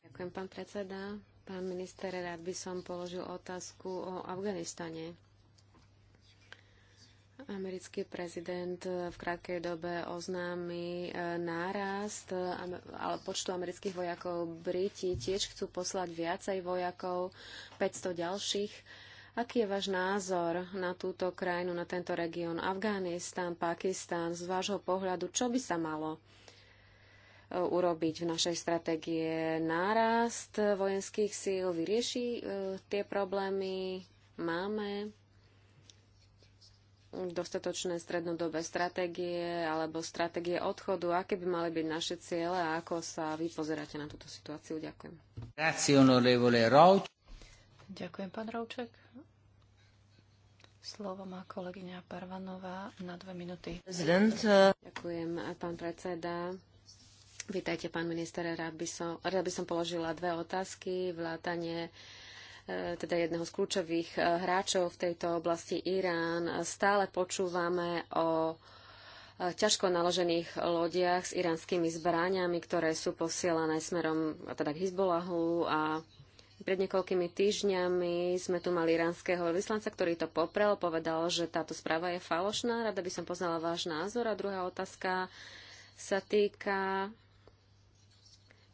Ďakujem, pán predseda. Pán minister, rád by som položil otázku o Afganistane. Americký prezident eh, v krátkej dobe oznámi eh, nárast eh, ale počtu amerických vojakov. Briti tiež chcú poslať viacej vojakov, 500 ďalších. Aký je váš názor na túto krajinu, na tento región, Afganistan, Pakistan, z vášho pohľadu, čo by sa malo urobiť v našej stratégie? Nárast vojenských síl vyrieši tie problémy? Máme dostatočné strednodobé stratégie alebo stratégie odchodu? Aké by mali byť naše ciele a ako sa vy pozeráte na túto situáciu? Ďakujem. Ďakujem, pán Rouček. Slovo má kolegyňa Parvanová na dve minúty. Eh, Ďakujem, pán predseda. Vítajte, pán minister. Rád by som, rád by som položila dve otázky. Vlátanie E, teda jedného z kľúčových e, hráčov v tejto oblasti Irán. E, stále počúvame o ťažko naložených lodiach s iránskymi zbráňami, ktoré sú posielané smerom teda k Hizbolahu a pred niekoľkými týždňami sme tu mali iránskeho vyslanca, ktorý to poprel, povedal, že táto správa je falošná. Rada by som poznala váš názor. A druhá otázka sa týka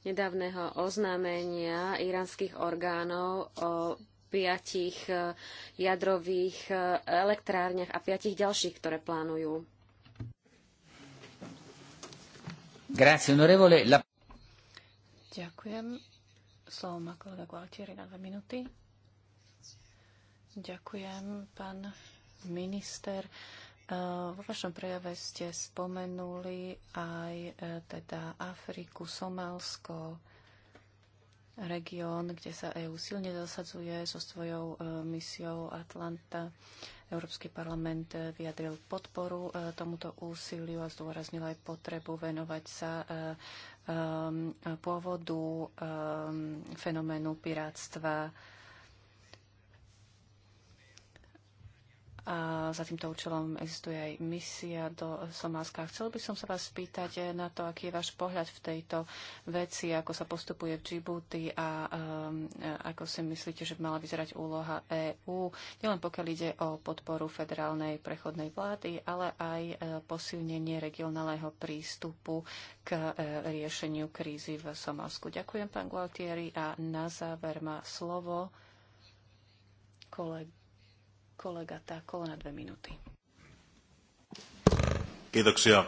nedávneho oznámenia iránskych orgánov o piatich e, jadrových e, elektrárniach a piatich ďalších, ktoré plánujú. Grazie, onorevole. La... Ďakujem. Slovo má kolega Gualtieri na dve minúty. Ďakujem, pán minister. Vo vašom prejave ste spomenuli aj e, teda Afriku, Somálsko, región, kde sa EÚ silne zasadzuje so svojou e, misiou Atlanta. Európsky parlament e, vyjadril podporu tomuto úsiliu a zdôraznil aj potrebu venovať sa pôvodu fenoménu pirátstva a za týmto účelom existuje aj misia do Somálska. Chcel by som sa vás spýtať na to, aký je váš pohľad v tejto veci, ako sa postupuje v Džibuti a um, ako si myslíte, že by mala vyzerať úloha EÚ, nielen pokiaľ ide o podporu federálnej prechodnej vlády, ale aj e, posilnenie regionálneho prístupu k e, riešeniu krízy v Somálsku. Ďakujem, pán Gualtieri, a na záver má slovo kolega kolega na dve minúty. Kiitoksia,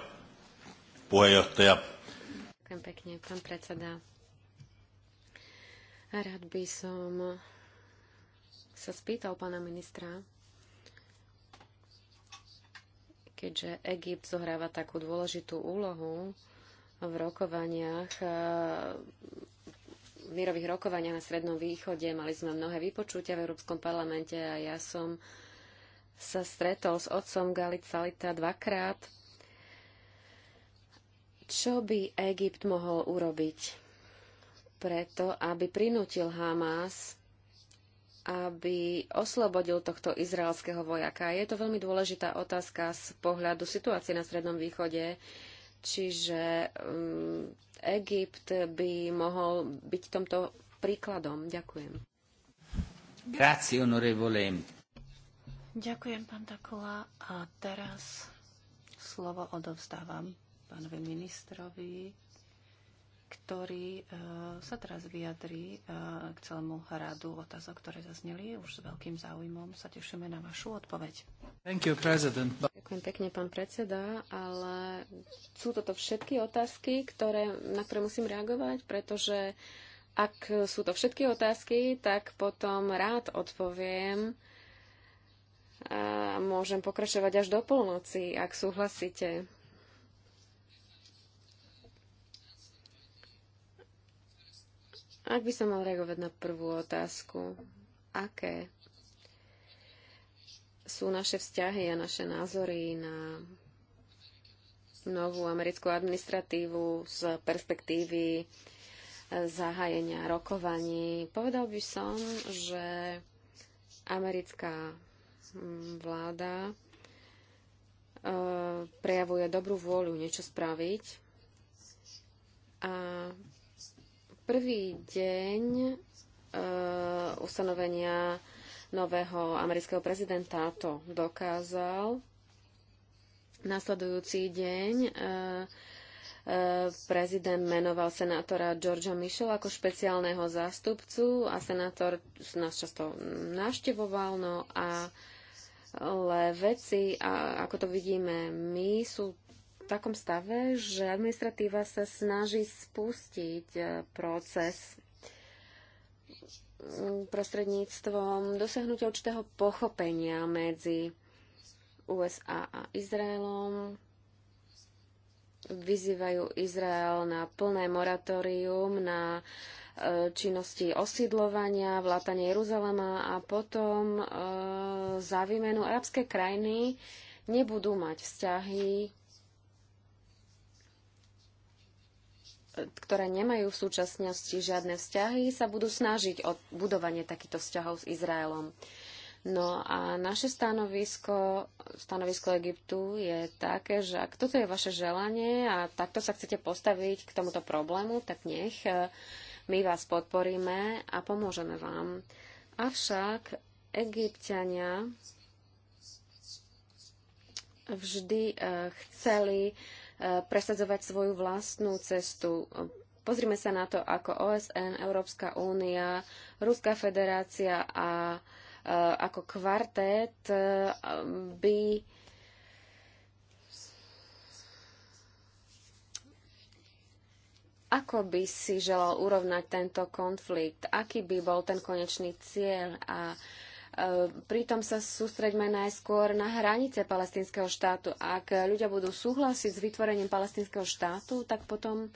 puheenjohtaja. Ďakujem pekne, pán predseda. Rád by som sa spýtal pána ministra, keďže Egypt zohráva takú dôležitú úlohu v rokovaniach e, v mierových rokovaniach na Strednom východe. Mali sme mnohé vypočutia v Európskom parlamente a ja som sa stretol s otcom Galicalita dvakrát. Čo by Egypt mohol urobiť preto, aby prinútil Hamas, aby oslobodil tohto izraelského vojaka? Je to veľmi dôležitá otázka z pohľadu situácie na Strednom východe. Čiže um, Egypt by mohol byť tomto príkladom. Ďakujem. Grazie, onorevole Ďakujem, pán Takola A teraz slovo odovzdávam pánovi ministrovi, ktorý uh, sa teraz vyjadrí uh, k celému radu otázok, ktoré zazneli. Už s veľkým záujmom sa tešíme na vašu odpoveď. Thank you, president. Ďakujem pekne, pán predseda, ale sú toto všetky otázky, ktoré, na ktoré musím reagovať, pretože ak sú to všetky otázky, tak potom rád odpoviem a môžem pokračovať až do polnoci, ak súhlasíte. Ak by som mal reagovať na prvú otázku, aké sú naše vzťahy a naše názory na novú americkú administratívu z perspektívy zahájenia rokovaní. Povedal by som, že americká vláda e, prejavuje dobrú vôľu niečo spraviť. A prvý deň e, ustanovenia nového amerického prezidenta to dokázal. Nasledujúci deň e, prezident menoval senátora Georgia Michela ako špeciálneho zástupcu a senátor nás často navštevoval, no a ale veci, a ako to vidíme my, sú v takom stave, že administratíva sa snaží spustiť e, proces prostredníctvom dosiahnutia určitého pochopenia medzi USA a Izraelom. Vyzývajú Izrael na plné moratórium na uh, činnosti osídlovania, vlátanie Jeruzalema a potom e, za výmenu arabské krajiny nebudú mať vzťahy, ktoré nemajú v súčasnosti žiadne vzťahy, sa budú snažiť o budovanie takýchto vzťahov s Izraelom. No a naše stanovisko, stanovisko Egyptu je také, že ak toto je vaše želanie a takto sa chcete postaviť k tomuto problému, tak nech. My vás podporíme a pomôžeme vám. Avšak egyptiania vždy eh, chceli eh, presadzovať svoju vlastnú cestu. Pozrime sa na to, ako OSN, Európska únia, Ruská federácia a eh, ako kvartét by Ako by si želal urovnať tento konflikt? Aký by bol ten konečný cieľ? A e, pritom sa sústreďme najskôr na hranice palestinského štátu. Ak ľudia budú súhlasiť s vytvorením palestinského štátu, tak potom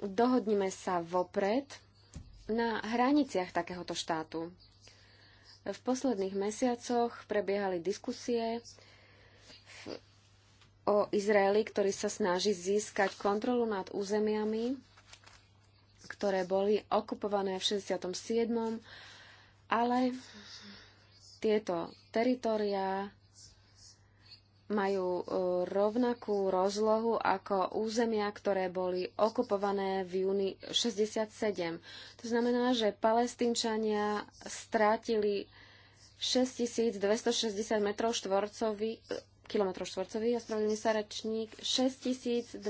dohodnime sa vopred na hraniciach takéhoto štátu. V posledných mesiacoch prebiehali diskusie o Izraeli, ktorý sa snaží získať kontrolu nad územiami, ktoré boli okupované v 67. Ale tieto teritoriá majú e, rovnakú rozlohu ako územia, ktoré boli okupované v júni 67. To znamená, že palestínčania strátili 6260 m štvorcových km štvorcových, ospravedlňujem sa rečník, 6260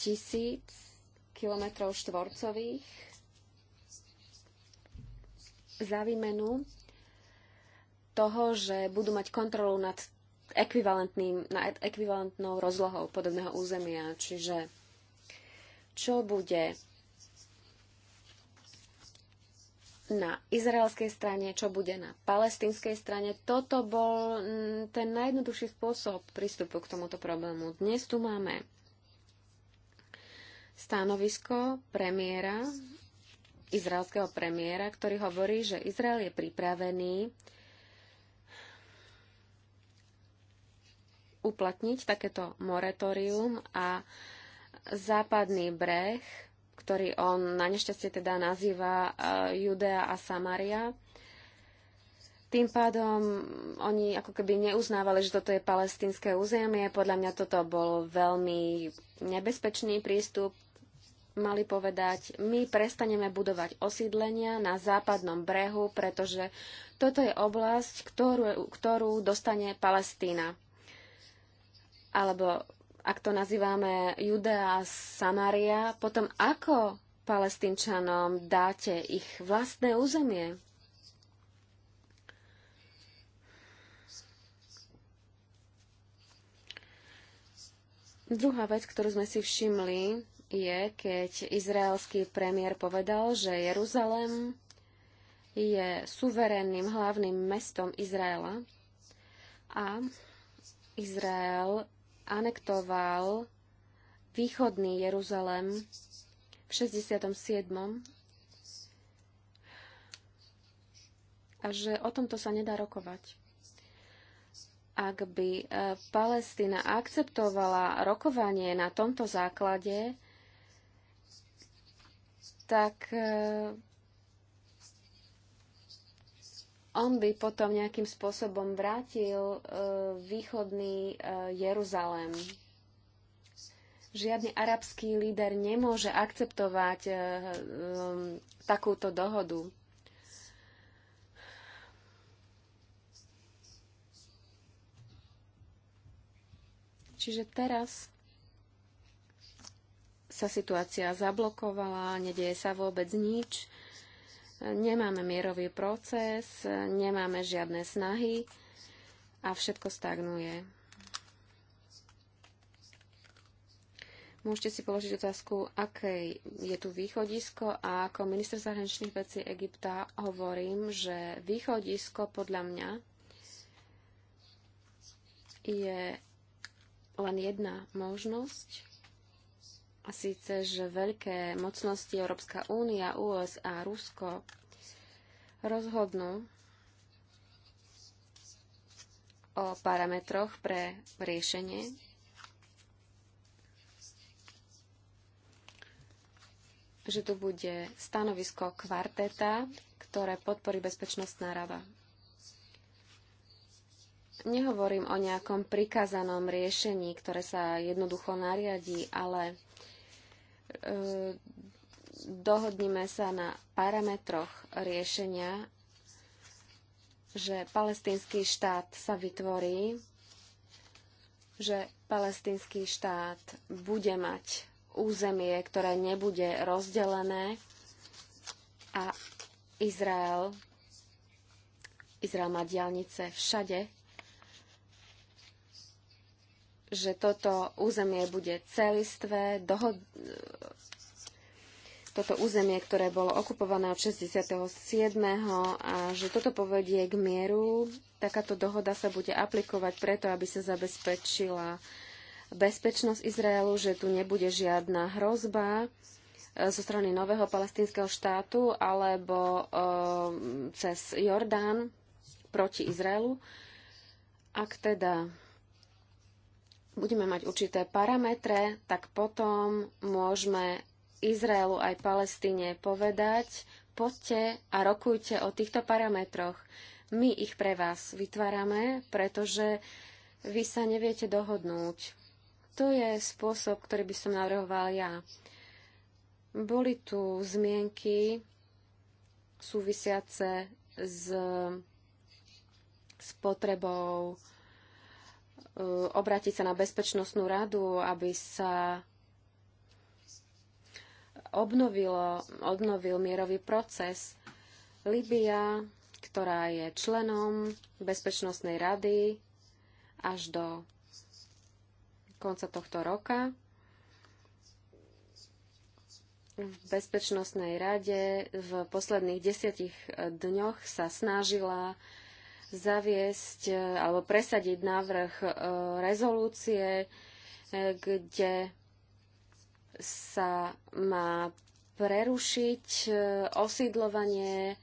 tisíc km štvorcových za výmenu toho, že budú mať kontrolu nad ekvivalentným, na e- ekvivalentnou rozlohou podobného územia. Čiže čo bude na izraelskej strane, čo bude na palestinskej strane. Toto bol mm, ten najjednoduchší spôsob prístupu k tomuto problému. Dnes tu máme stanovisko premiéra, izraelského premiéra, ktorý hovorí, že Izrael je pripravený uplatniť takéto moratórium a západný breh ktorý on na nešťastie teda nazýva eh, Judea a Samaria. Tým pádom oni ako keby neuznávali, že toto je palestínske územie. Podľa mňa toto bol veľmi nebezpečný prístup. Mali povedať, my prestaneme budovať osídlenia na západnom brehu, pretože toto je oblasť, ktorú, ktorú dostane Palestína. Alebo ak to nazývame Judea a Samária, potom ako palestínčanom dáte ich vlastné územie? Druhá vec, ktorú sme si všimli, je, keď izraelský premiér povedal, že Jeruzalem je suverénnym hlavným mestom Izraela a Izrael anektoval východný Jeruzalem v 67. a že o tomto sa nedá rokovať. Ak by e, Palestina akceptovala rokovanie na tomto základe, tak e, on by potom nejakým spôsobom vrátil e, východný e, Jeruzalém. Žiadny arabský líder nemôže akceptovať e, e, takúto dohodu. Čiže teraz sa situácia zablokovala, nedieje sa vôbec nič Nemáme mierový proces, nemáme žiadne snahy a všetko stagnuje. Môžete si položiť otázku, aké je tu východisko a ako minister zahraničných vecí Egypta hovorím, že východisko podľa mňa je len jedna možnosť a síce, že veľké mocnosti Európska únia, USA, Rusko rozhodnú o parametroch pre riešenie že tu bude stanovisko kvarteta, ktoré podporí Bezpečnostná rada. Nehovorím o nejakom prikázanom riešení, ktoré sa jednoducho nariadí, ale E, dohodnime sa na parametroch riešenia, že palestínsky štát sa vytvorí, že palestínsky štát bude mať územie, ktoré nebude rozdelené a Izrael, Izrael má diálnice všade, že toto územie bude celistvé, dohod... toto územie, ktoré bolo okupované od 67. a že toto povedie k mieru. Takáto dohoda sa bude aplikovať preto, aby sa zabezpečila bezpečnosť Izraelu, že tu nebude žiadna hrozba eh, zo strany nového palestinského štátu alebo e, cez Jordán proti Izraelu. Ak teda budeme mať určité parametre, tak potom môžeme Izraelu aj Palestíne povedať, poďte a rokujte o týchto parametroch. My ich pre vás vytvárame, pretože vy sa neviete dohodnúť. To je spôsob, ktorý by som navrhoval ja. Boli tu zmienky súvisiace s, s potrebou Eh, obrátiť sa na Bezpečnostnú radu, aby sa obnovilo, obnovil mierový proces. Libia, ktorá je členom Bezpečnostnej rady až do konca tohto roka. V Bezpečnostnej rade v posledných desiatich dňoch sa snažila zaviesť e, alebo presadiť návrh e, rezolúcie, e, kde sa má prerušiť osídlovanie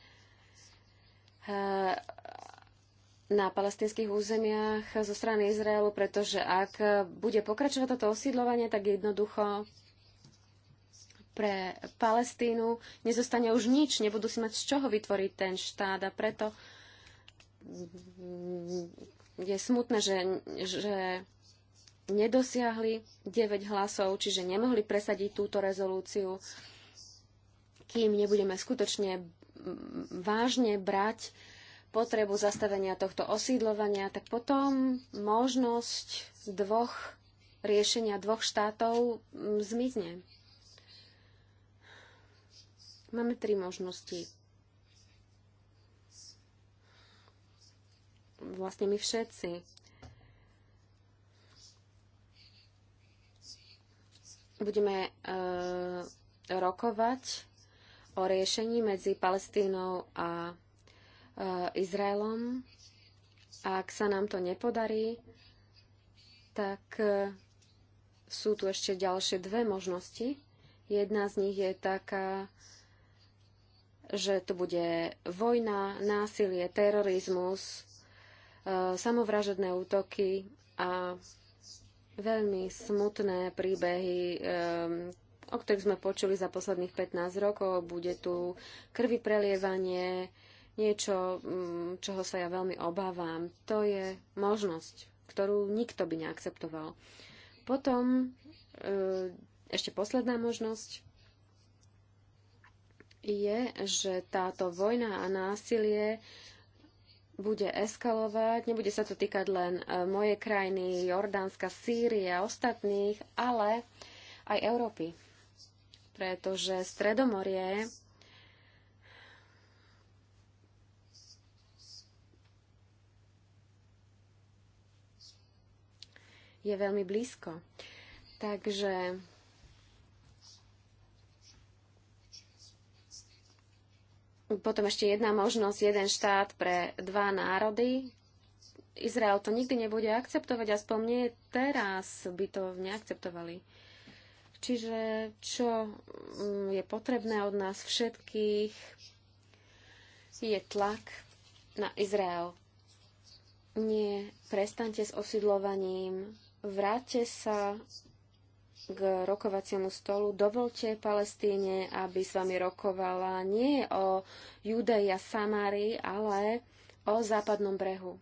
na palestinských územiach zo strany Izraelu, pretože ak bude pokračovať toto osídlovanie, tak jednoducho pre Palestínu nezostane už nič, nebudú si mať z čoho vytvoriť ten štát a preto je smutné, že, že nedosiahli 9 hlasov, čiže nemohli presadiť túto rezolúciu, kým nebudeme skutočne vážne brať potrebu zastavenia tohto osídlovania, tak potom možnosť dvoch riešenia dvoch štátov mm, zmizne. Máme tri možnosti vlastne my všetci. budeme uh, rokovať o riešení medzi Palestínou a uh, Izraelom. A ak sa nám to nepodarí, tak uh, sú tu ešte ďalšie dve možnosti. Jedna z nich je taká, že to bude vojna, násilie, terorizmus, samovražedné útoky a veľmi smutné príbehy, o ktorých sme počuli za posledných 15 rokov. Bude tu krvi prelievanie, niečo, mm, čoho sa ja veľmi obávam. To je možnosť, ktorú nikto by neakceptoval. Potom e, ešte posledná možnosť je, že táto vojna a násilie bude eskalovať. Nebude sa to týkať len e, mojej krajiny, Jordánska, Sýrie a ostatných, ale aj Európy. Pretože Stredomorie je veľmi blízko. Takže Potom ešte jedna možnosť, jeden štát pre dva národy. Izrael to nikdy nebude akceptovať, aspoň nie teraz by to neakceptovali. Čiže čo mm, je potrebné od nás všetkých, je tlak na Izrael. Nie, prestante s osidlovaním, vráťte sa k rokovaciemu stolu. Dovolte Palestíne, aby s vami rokovala nie o Judei a Samári, ale o západnom brehu.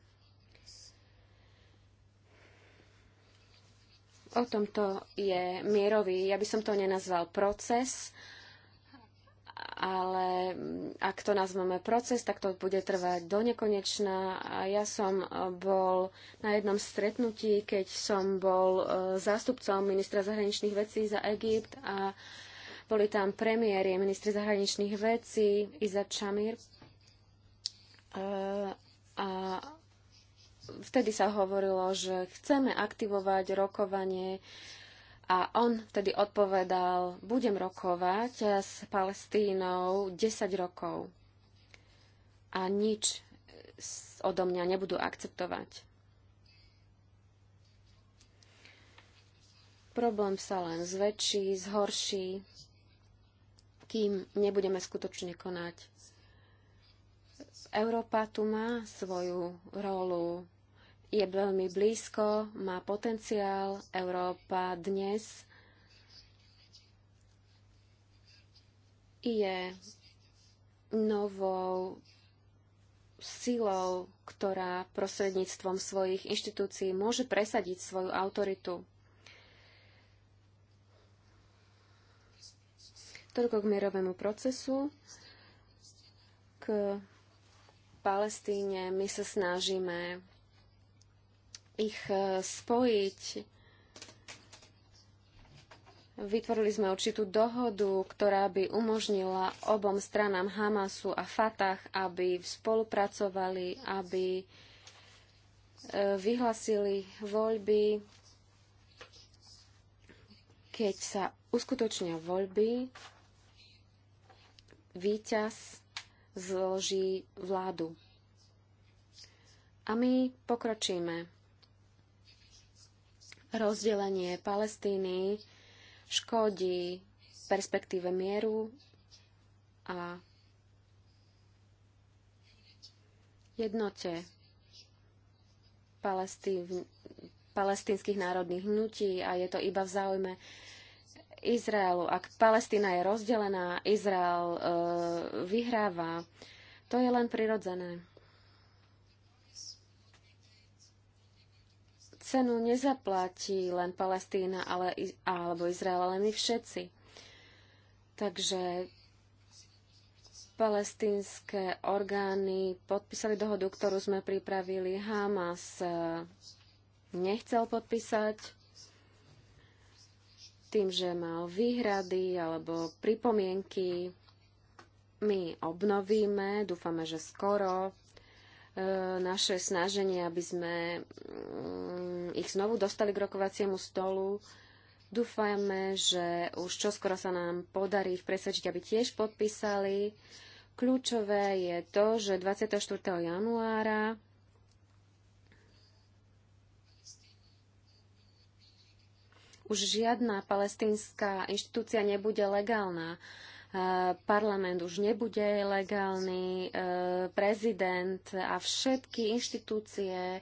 O tomto je mierový, ja by som to nenazval proces, ale ak to nazveme proces, tak to bude trvať do nekonečná. A ja som eh, bol na jednom stretnutí, keď som bol eh, zástupcom ministra zahraničných vecí za Egypt a boli tam premiéry, ministri zahraničných vecí, Iza Čamír. Eh, a vtedy sa hovorilo, že chceme aktivovať rokovanie a on tedy odpovedal, budem rokovať eh, s Palestínou 10 rokov a nič eh, odo mňa nebudú akceptovať. Problém sa len zväčší, zhorší, kým nebudeme skutočne konať. Európa tu má svoju rolu je veľmi blízko, má potenciál. Európa dnes je novou silou, ktorá prostredníctvom svojich inštitúcií môže presadiť svoju autoritu. Toľko k mierovému procesu. K Palestíne my sa snažíme ich e, spojiť. Vytvorili sme určitú dohodu, ktorá by umožnila obom stranám Hamasu a Fatah, aby spolupracovali, aby e, vyhlasili voľby. Keď sa uskutočnia voľby, víťaz zloží vládu. A my pokročíme. Rozdelenie Palestíny škodí perspektíve mieru a jednote palestínskych národných hnutí a je to iba v záujme Izraelu. Ak Palestína je rozdelená, Izrael e, vyhráva. To je len prirodzené. cenu nezaplatí len Palestína ale, alebo Izrael, ale my všetci. Takže palestínske orgány podpísali dohodu, ktorú sme pripravili. Hamas eh, nechcel podpísať tým, že mal výhrady alebo pripomienky. My obnovíme, dúfame, že skoro E, naše snaženie, aby sme mm, ich znovu dostali k rokovaciemu stolu. Dúfajme, že už čoskoro sa nám podarí ich presvedčiť, aby tiež podpísali. Kľúčové je to, že 24. januára už žiadna palestínska inštitúcia nebude legálna Eh, parlament už nebude legálny, eh, prezident a všetky inštitúcie eh,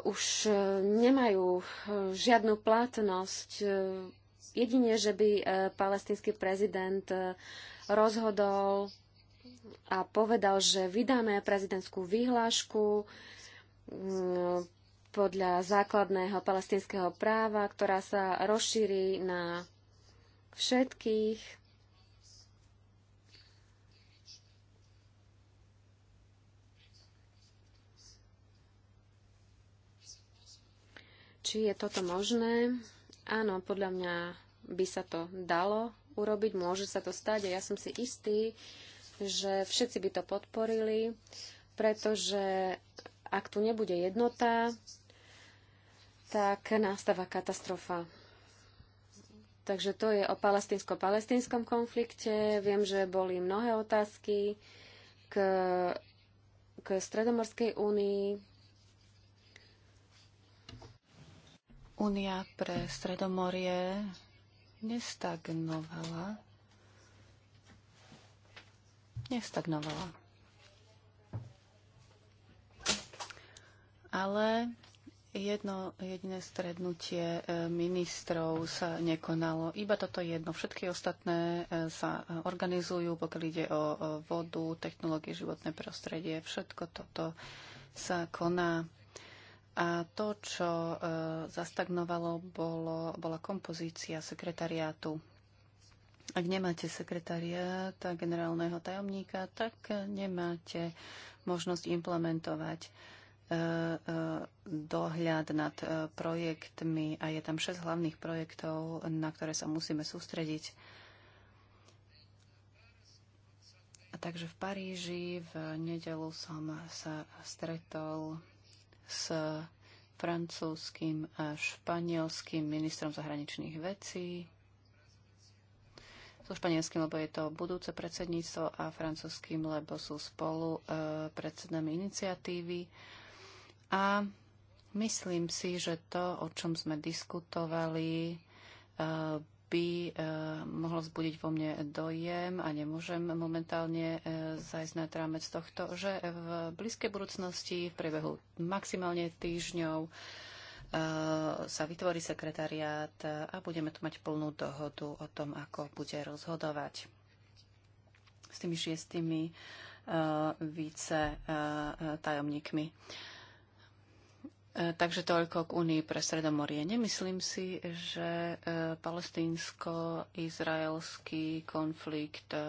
už nemajú žiadnu platnosť. Jedine, že by palestinský prezident rozhodol a povedal, že vydáme prezidentskú výhlášku mm, podľa základného palestinského práva, ktorá sa rozšíri na všetkých. Či je toto možné? Áno, podľa mňa by sa to dalo urobiť, môže sa to stať a ja som si istý, že všetci by to podporili, pretože ak tu nebude jednota, tak nastáva katastrofa. Takže to je o palestinsko palestinskom konflikte. Viem, že boli mnohé otázky k, k Stredomorskej únii. Únia pre Stredomorie nestagnovala. Nestagnovala. Ale Jedno jediné strednutie e, ministrov sa nekonalo. Iba toto jedno. Všetky ostatné e, sa organizujú, pokiaľ ide o vodu, technológie, životné prostredie. Všetko toto sa koná. A to, čo e, zastagnovalo, bolo, bola kompozícia sekretariátu. Ak nemáte sekretariáta generálneho tajomníka, tak nemáte možnosť implementovať E, e, dohľad nad e, projektmi a je tam 6 hlavných projektov, na ktoré sa musíme sústrediť. A takže v Paríži v nedelu som sa stretol s francúzským a španielským ministrom zahraničných vecí, so španielským, lebo je to budúce predsedníctvo a francúzským, lebo sú spolu e, iniciatívy a myslím si, že to, o čom sme diskutovali, eh, by eh, mohlo vzbudiť vo mne dojem a nemôžem momentálne eh, zajsť na rámec tohto, že v blízkej budúcnosti, v priebehu maximálne týždňov, sa vytvorí sekretariát a budeme tu mať plnú dohodu o tom, ako bude rozhodovať s tými šiestimi více tajomníkmi. E, takže toľko k Únii pre Stredomorie. Nemyslím si, že e, palestínsko-izraelský konflikt e,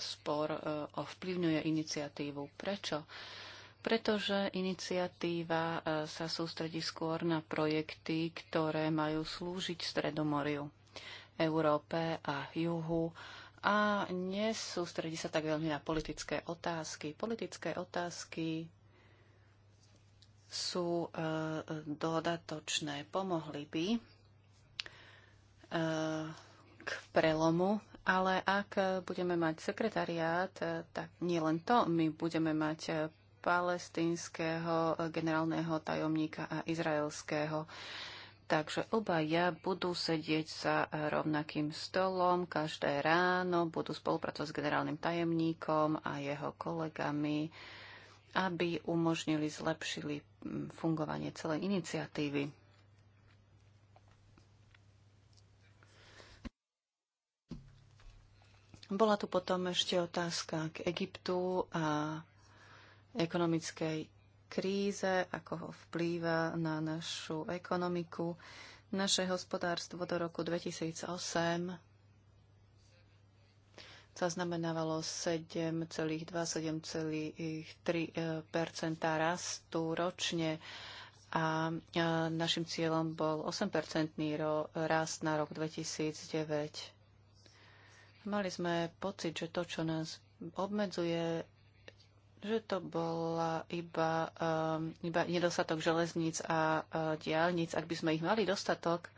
spor ovplyvňuje iniciatívu. Prečo? Pretože iniciatíva sa sústredí skôr na projekty, ktoré majú slúžiť Stredomoriu, Európe a juhu a nesústredí sa tak veľmi na politické otázky. Politické otázky sú e, dodatočné. Pomohli by e, k prelomu, ale ak budeme mať sekretariát, e, tak nie len to, my budeme mať palestinského generálneho tajomníka a izraelského. Takže oba ja budú sedieť za rovnakým stolom každé ráno, budú spolupracovať s generálnym tajemníkom a jeho kolegami aby umožnili, zlepšili mm, fungovanie celej iniciatívy. Bola tu potom ešte otázka k Egyptu a ekonomickej kríze, ako ho vplýva na našu ekonomiku. Naše hospodárstvo do roku 2008 zaznamenávalo 7,2, 7,3 rastu ročne a našim cieľom bol 8-percentný rast na rok 2009. Mali sme pocit, že to, čo nás obmedzuje, že to bola iba, um, iba nedostatok železníc a diálnic. Ak by sme ich mali dostatok,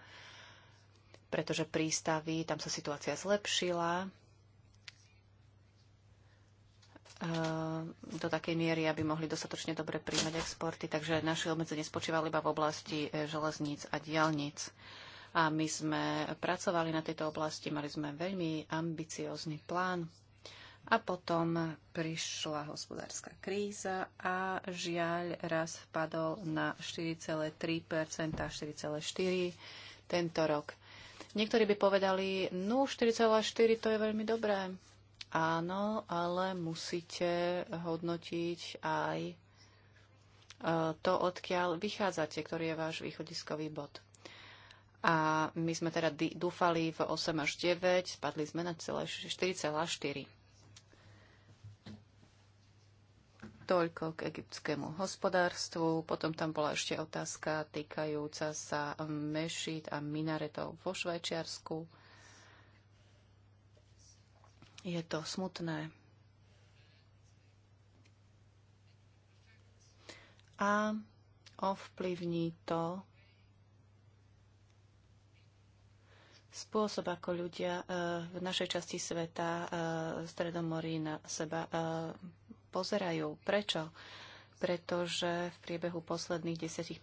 pretože prístavy, tam sa situácia zlepšila, do takej miery, aby mohli dostatočne dobre príjmať exporty. Takže naše obmedzenie spočívalo iba v oblasti eh, železníc a diálnic. A my sme pracovali na tejto oblasti, mali sme veľmi ambiciózny plán. A potom prišla hospodárska kríza a žiaľ raz vpadol na 4,3 a 4,4 tento rok. Niektorí by povedali, no 4,4 to je veľmi dobré Áno, ale musíte hodnotiť aj e, to, odkiaľ vychádzate, ktorý je váš východiskový bod. A my sme teda dúfali v 8 až 9, spadli sme na 4,4. Toľko k egyptskému hospodárstvu. Potom tam bola ešte otázka týkajúca sa mešít a minaretov vo Švajčiarsku. Je to smutné. A ovplyvní to spôsob, ako ľudia e, v našej časti sveta e, Stredomorí na seba e, pozerajú. Prečo? Pretože v priebehu posledných 10-15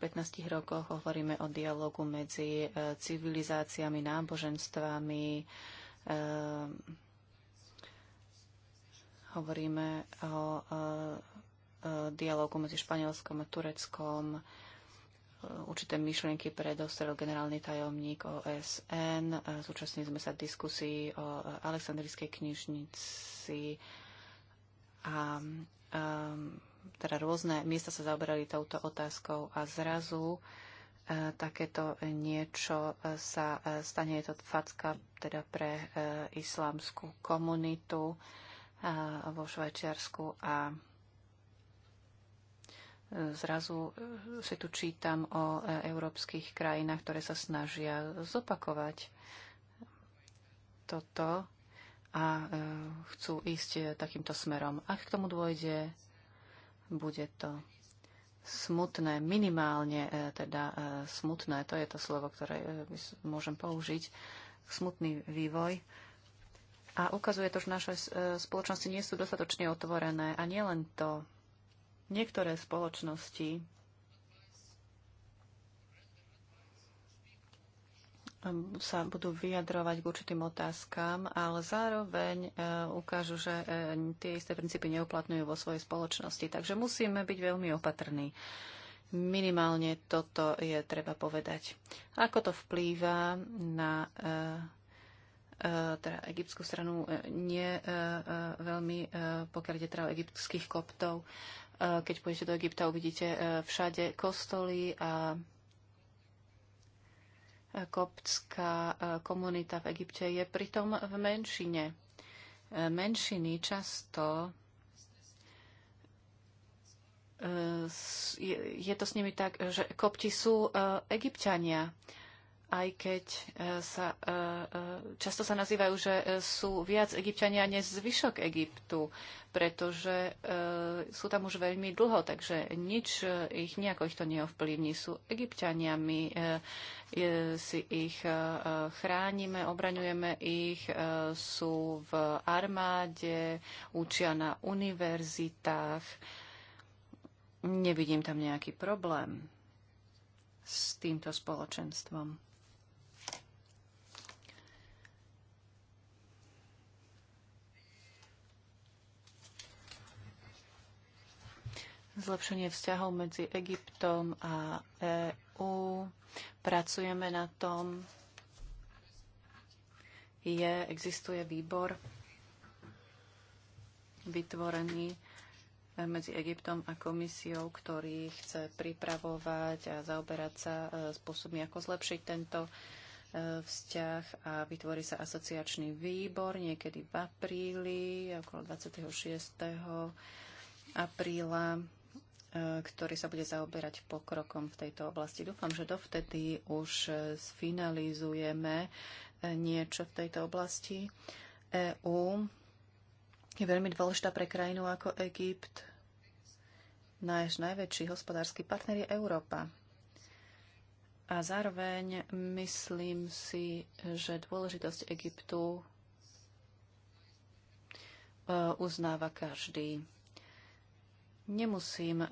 rokov hovoríme o dialogu medzi civilizáciami, náboženstvami, Hovoríme o dialogu medzi Španielskom a Tureckom, určité myšlienky predostrel generálny tajomník OSN. Zúčastnili sme sa diskusí o Aleksandrijskej knižnici a um, teda rôzne miesta sa zaoberali touto otázkou a zrazu takéto niečo sa stane. Je to facka teda pre uh, islamskú komunitu. Uh, vo Švajčiarsku a e, zrazu e, si tu čítam o e, európskych krajinách, ktoré sa snažia zopakovať toto a chcú ísť takýmto smerom. Ak k tomu dôjde, bude to smutné, minimálne teda smutné, to je to slovo, ktoré môžem použiť, smutný vývoj a ukazuje to, že naše e, spoločnosti nie sú dostatočne otvorené. A nielen to. Niektoré spoločnosti sa budú vyjadrovať k určitým otázkam, ale zároveň e, ukážu, že e, tie isté princípy neuplatňujú vo svojej spoločnosti. Takže musíme byť veľmi opatrní. Minimálne toto je treba povedať. Ako to vplýva na E, teda egyptskú stranu e, nie e, veľmi, pokiaľ ide teda o egyptských koptov. Keď pôjdete do Egypta, uvidíte všade kostoly a koptská komunita v Egypte je pritom v menšine. Menšiny často je to s nimi tak, že kopti sú egyptiania aj keď e, sa, e, e, často sa nazývajú, že sú viac egyptiania než zvyšok Egyptu, pretože sú tam už veľmi dlho, takže nič ich, nejako ich to neovplyvní. Sú egyptianiami, si ich chránime, obraňujeme ich, sú v armáde, učia na univerzitách. Nevidím tam nejaký problém s týmto spoločenstvom. zlepšenie vzťahov medzi Egyptom a EÚ. Pracujeme na tom. Je, existuje výbor vytvorený medzi Egyptom a komisiou, ktorý chce pripravovať a zaoberať sa e, spôsobmi, ako zlepšiť tento e, vzťah a vytvorí sa asociačný výbor niekedy v apríli, okolo 26. apríla ktorý sa bude zaoberať pokrokom v tejto oblasti. Dúfam, že dovtedy už sfinalizujeme eh, niečo v tejto oblasti. EÚ je veľmi dôležitá pre krajinu ako Egypt. Náš najväčší hospodársky partner je Európa. A zároveň myslím si, že dôležitosť Egyptu eh, uznáva každý. Nemusím eh, eh,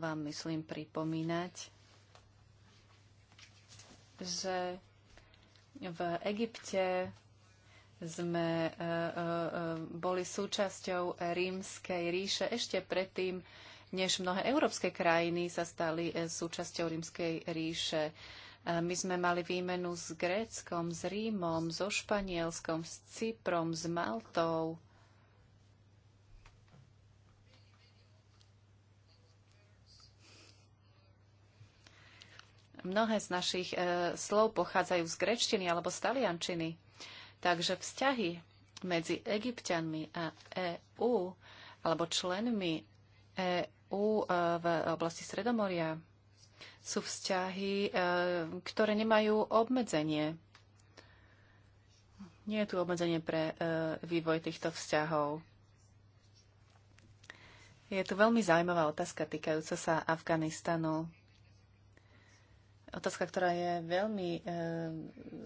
vám, myslím, pripomínať, že v Egypte sme eh, boli súčasťou rímskej ríše ešte predtým, než mnohé európske krajiny sa stali súčasťou rímskej ríše. My sme mali výmenu s Gréckom, s Rímom, so Španielskom, s Cyprom, s Maltou. Mnohé z našich e, slov pochádzajú z grečtiny alebo z taliančiny. Takže vzťahy medzi egyptianmi a EÚ alebo členmi EÚ e, v oblasti Stredomoria sú vzťahy, e, ktoré nemajú obmedzenie. Nie je tu obmedzenie pre e, vývoj týchto vzťahov. Je tu veľmi zaujímavá otázka týkajúca sa Afganistanu. Otázka, ktorá je veľmi e,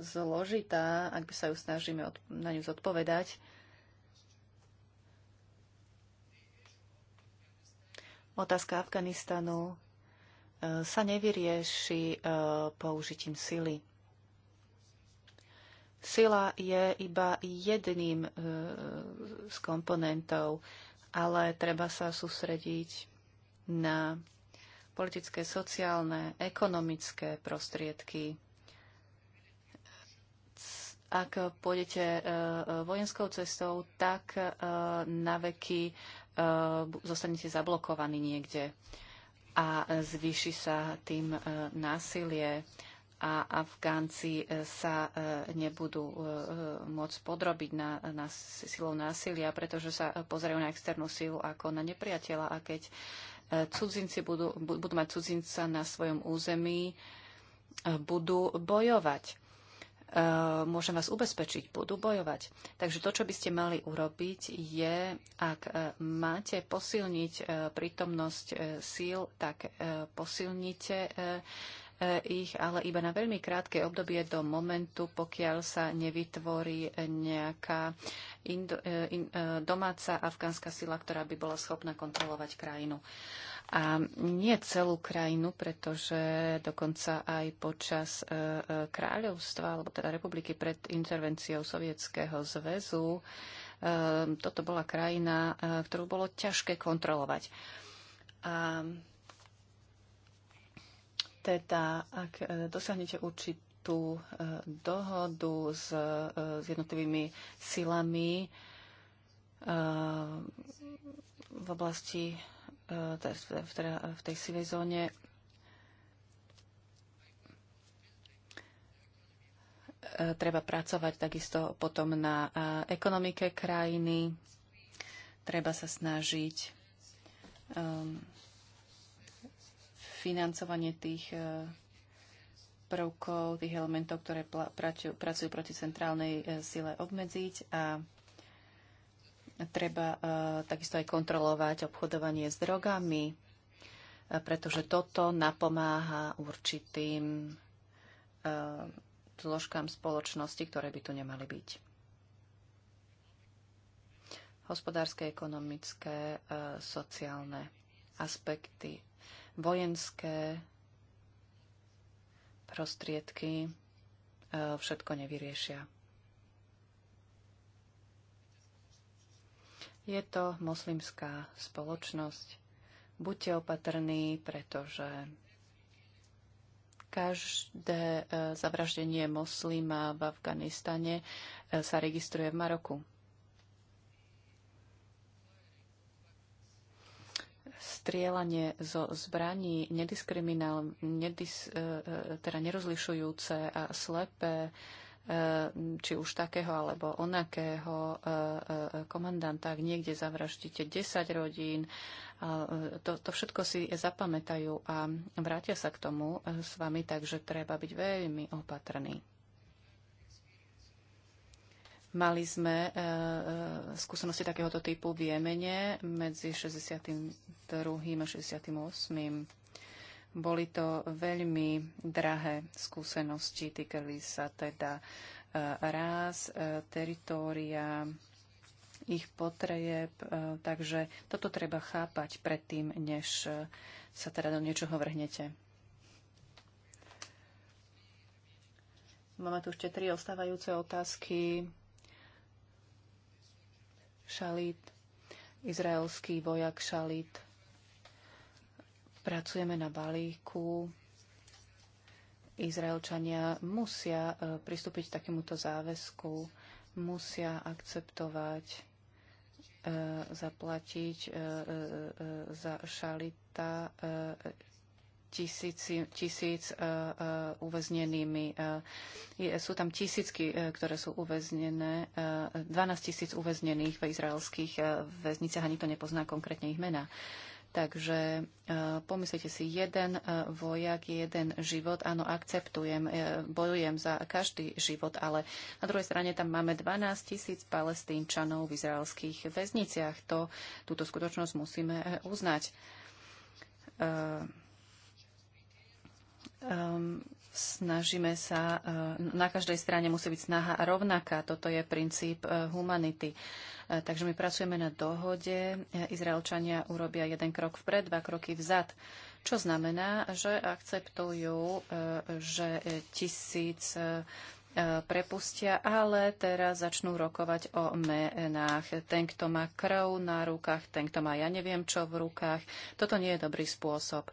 zložitá, ak by sa ju snažíme od, na ňu zodpovedať. Otázka Afganistanu e, sa nevyrieši e, použitím sily. Sila je iba jedným e, z komponentov, ale treba sa sústrediť na politické, sociálne, ekonomické prostriedky. Ak pôjdete e, e, vojenskou cestou, tak e, na veky zostanete zablokovaní niekde a zvýši sa tým násilie a Afgánci sa nebudú môcť podrobiť na, na silou násilia, pretože sa pozerajú na externú silu ako na nepriateľa. A keď cudzinci budú, budú mať cudzinca na svojom území, budú bojovať. E, môžem vás ubezpečiť, budú bojovať. Takže to, čo by ste mali urobiť, je, ak e, máte posilniť e, prítomnosť síl, tak posilnite ich ale iba na veľmi krátke obdobie do momentu, pokiaľ sa nevytvorí nejaká indo, e, in, e, domáca afgánska sila, ktorá by bola schopná kontrolovať krajinu. A nie celú krajinu, pretože dokonca aj počas e, kráľovstva, alebo teda republiky pred intervenciou Sovietskeho zväzu, toto bola krajina, ktorú bolo ťažké kontrolovať. A teda, ak e, dosiahnete určitú e, dohodu s, e, s jednotlivými silami v oblasti teda, teda v tej sivej zóne, treba pracovať takisto potom na ekonomike krajiny, treba sa snažiť financovanie tých e, prvkov, tých elementov, ktoré pracujú proti centrálnej e, sile obmedziť a treba e, takisto aj kontrolovať obchodovanie s drogami, pretože toto napomáha určitým zložkám spoločnosti, ktoré by tu nemali byť. Hospodárske, ekonomické, sociálne aspekty vojenské prostriedky e, všetko nevyriešia. Je to moslimská spoločnosť. Buďte opatrní, pretože každé e, zavraždenie moslima v Afganistane e, sa registruje v Maroku. strielanie zo zbraní nediskriminál, nedis, e, e, teda nerozlišujúce a slepé, e, či už takého alebo onakého komandanta, ak niekde zavraždíte 10 rodín, to, to všetko si zapamätajú a vrátia sa k tomu s vami, takže treba byť veľmi opatrný. Mali sme e, e, skúsenosti takéhoto typu v Jemene medzi 62. a 68. Boli to veľmi drahé skúsenosti, týkali sa teda e, ráz, e, teritória, ich potrieb, e, takže toto treba chápať predtým, než e, sa teda do niečoho vrhnete. Máme tu ešte tri ostávajúce otázky. Šalit, izraelský vojak Šalit. Pracujeme na balíku. Izraelčania musia e, pristúpiť k takémuto záväzku, musia akceptovať e, zaplatiť e, za šalita tisíc, tisíc e, e, uväznenými. E, sú tam tisícky, ktoré sú uväznené, 12 tisíc uväznených v izraelských väzniciach a to nepozná konkrétne ich mená. Takže pomyslite si, jeden vojak, jeden život, áno, akceptujem, bojujem za každý život, ale na druhej strane tam máme 12 tisíc palestínčanov v izraelských väzniciach. To, túto skutočnosť musíme uznať. Uh, um, snažíme sa, ehm, na každej strane musí byť snaha rovnaká. Toto je princíp ehm, humanity. Takže my pracujeme na dohode. Izraelčania urobia jeden krok vpred, dva kroky vzad. Čo znamená, že akceptujú, že tisíc E, prepustia, ale teraz začnú rokovať o menách. Ten, kto má krv na rukách, ten, kto má ja neviem čo v rukách. Toto nie je dobrý spôsob. E,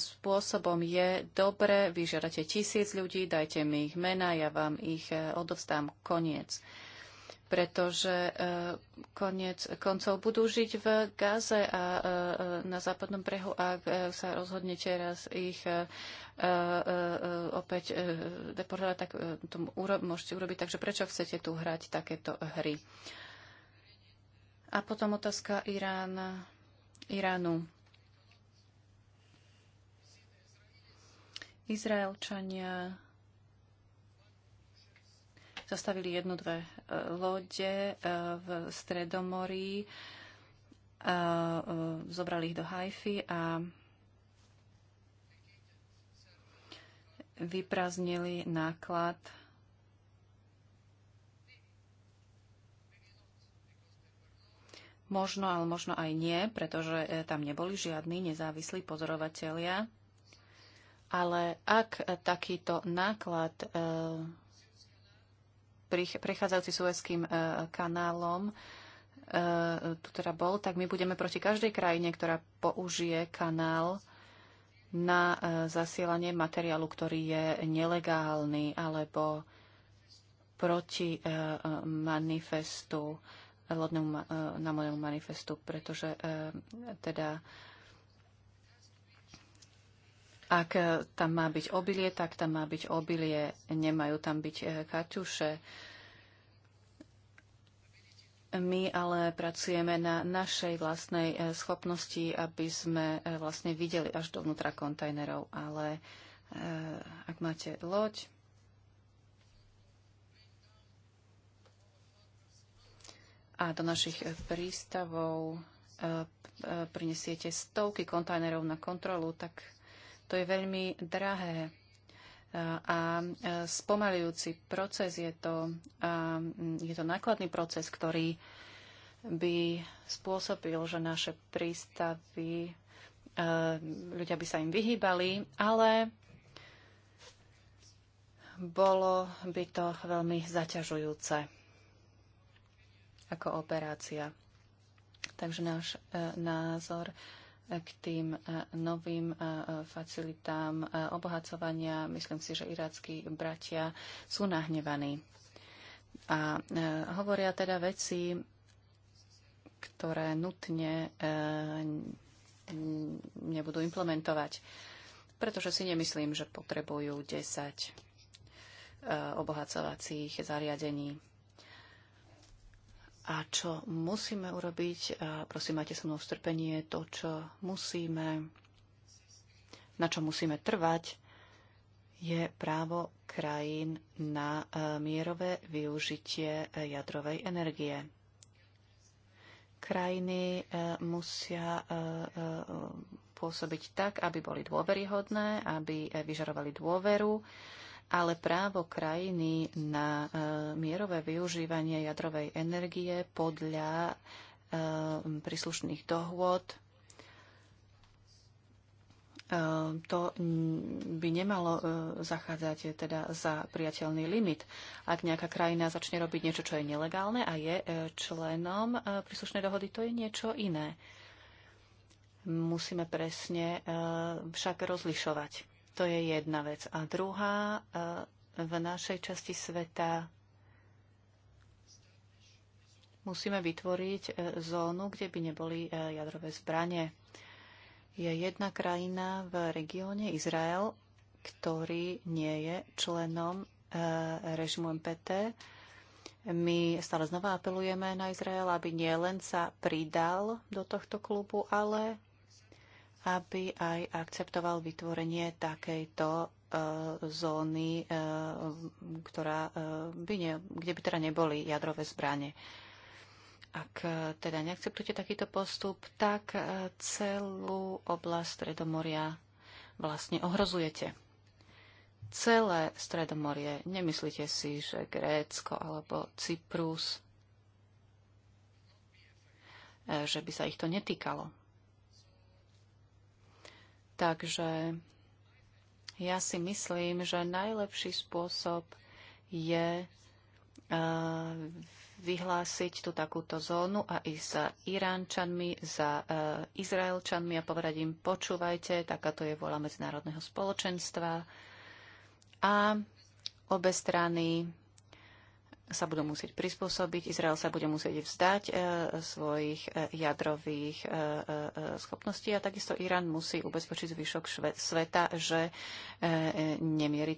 spôsobom je dobre, vyžiadate tisíc ľudí, dajte mi ich mena, ja vám ich e, odovzdám. Koniec pretože e, koniec koncov budú žiť v Gaze a e, e, na západnom brehu, ak sa rozhodnete raz ich opäť deportovať, tak to môžete urobiť. Takže prečo chcete tu hrať takéto hry? A potom otázka Irán, Iránu. Izraelčania zastavili jednu, dve lode e, v Stredomorí, e, e, zobrali ich do Haify a vypraznili náklad Možno, ale možno aj nie, pretože tam neboli žiadni nezávislí pozorovatelia. Ale ak takýto náklad prechádzajúci Suezkým e, kanálom e, tu teda bol, tak my budeme proti každej krajine, ktorá použije kanál na e, zasielanie materiálu, ktorý je nelegálny alebo proti manifestu, lodnému, manifestu, pretože teda ak tam má byť obilie, tak tam má byť obilie. Nemajú tam byť eh, kaťuše. My ale pracujeme na našej vlastnej eh, schopnosti, aby sme eh, vlastne videli až dovnútra kontajnerov. Ale ak máte loď, a do našich prístavov prinesiete stovky kontajnerov na kontrolu, tak to je veľmi drahé a spomalujúci proces je to, je to nákladný proces, ktorý by spôsobil, že naše prístavy, ľudia by sa im vyhýbali, ale bolo by to veľmi zaťažujúce ako operácia. Takže náš e, názor k tým e, novým e, facilitám e, obohacovania. Myslím si, že iráckí bratia sú nahnevaní. A hovoria teda veci, ktoré nutne nebudú implementovať, pretože si nemyslím, že potrebujú 10 obohacovacích zariadení a čo musíme urobiť. A prosím, máte so mnou strpenie to, čo musíme, na čo musíme trvať, je právo krajín na e, mierové využitie e, jadrovej energie. Krajiny e, musia pôsobiť tak, aby boli dôveryhodné, aby vyžarovali dôveru ale právo krajiny na e, mierové využívanie jadrovej energie podľa e, príslušných dohôd e, to by nemalo zachádzať teda za priateľný limit. Ak nejaká krajina začne robiť niečo, čo je nelegálne a je členom príslušnej dohody, to je niečo iné. Musíme presne však rozlišovať. To je jedna vec. A druhá, e, v našej časti sveta musíme vytvoriť e, zónu, kde by neboli e, jadrové zbranie. Je jedna krajina v regióne Izrael, ktorý nie je členom režimu MPT. My stále znova apelujeme na Izrael, aby nielen sa pridal do tohto klubu, ale aby aj akceptoval vytvorenie takejto e, zóny, e, ktorá e, by ne, kde by teda neboli jadrové zbranie. Ak teda neakceptujete takýto postup, tak celú oblasť Stredomoria vlastne ohrozujete. Celé Stredomorie. Nemyslíte si, že Grécko alebo Cyprus, že by sa ich to netýkalo. Takže ja si myslím, že najlepší spôsob je eh, vyhlásiť tú takúto zónu a ísť za Iránčanmi, za eh, Izraelčanmi a povedať im, počúvajte, takáto je vola medzinárodného spoločenstva. A obe strany sa budú musieť prispôsobiť, Izrael sa bude musieť vzdať e, svojich e, jadrových e, e, e schopností a takisto Irán musí ubezpečiť zvyšok šve, sveta, že e, nemierí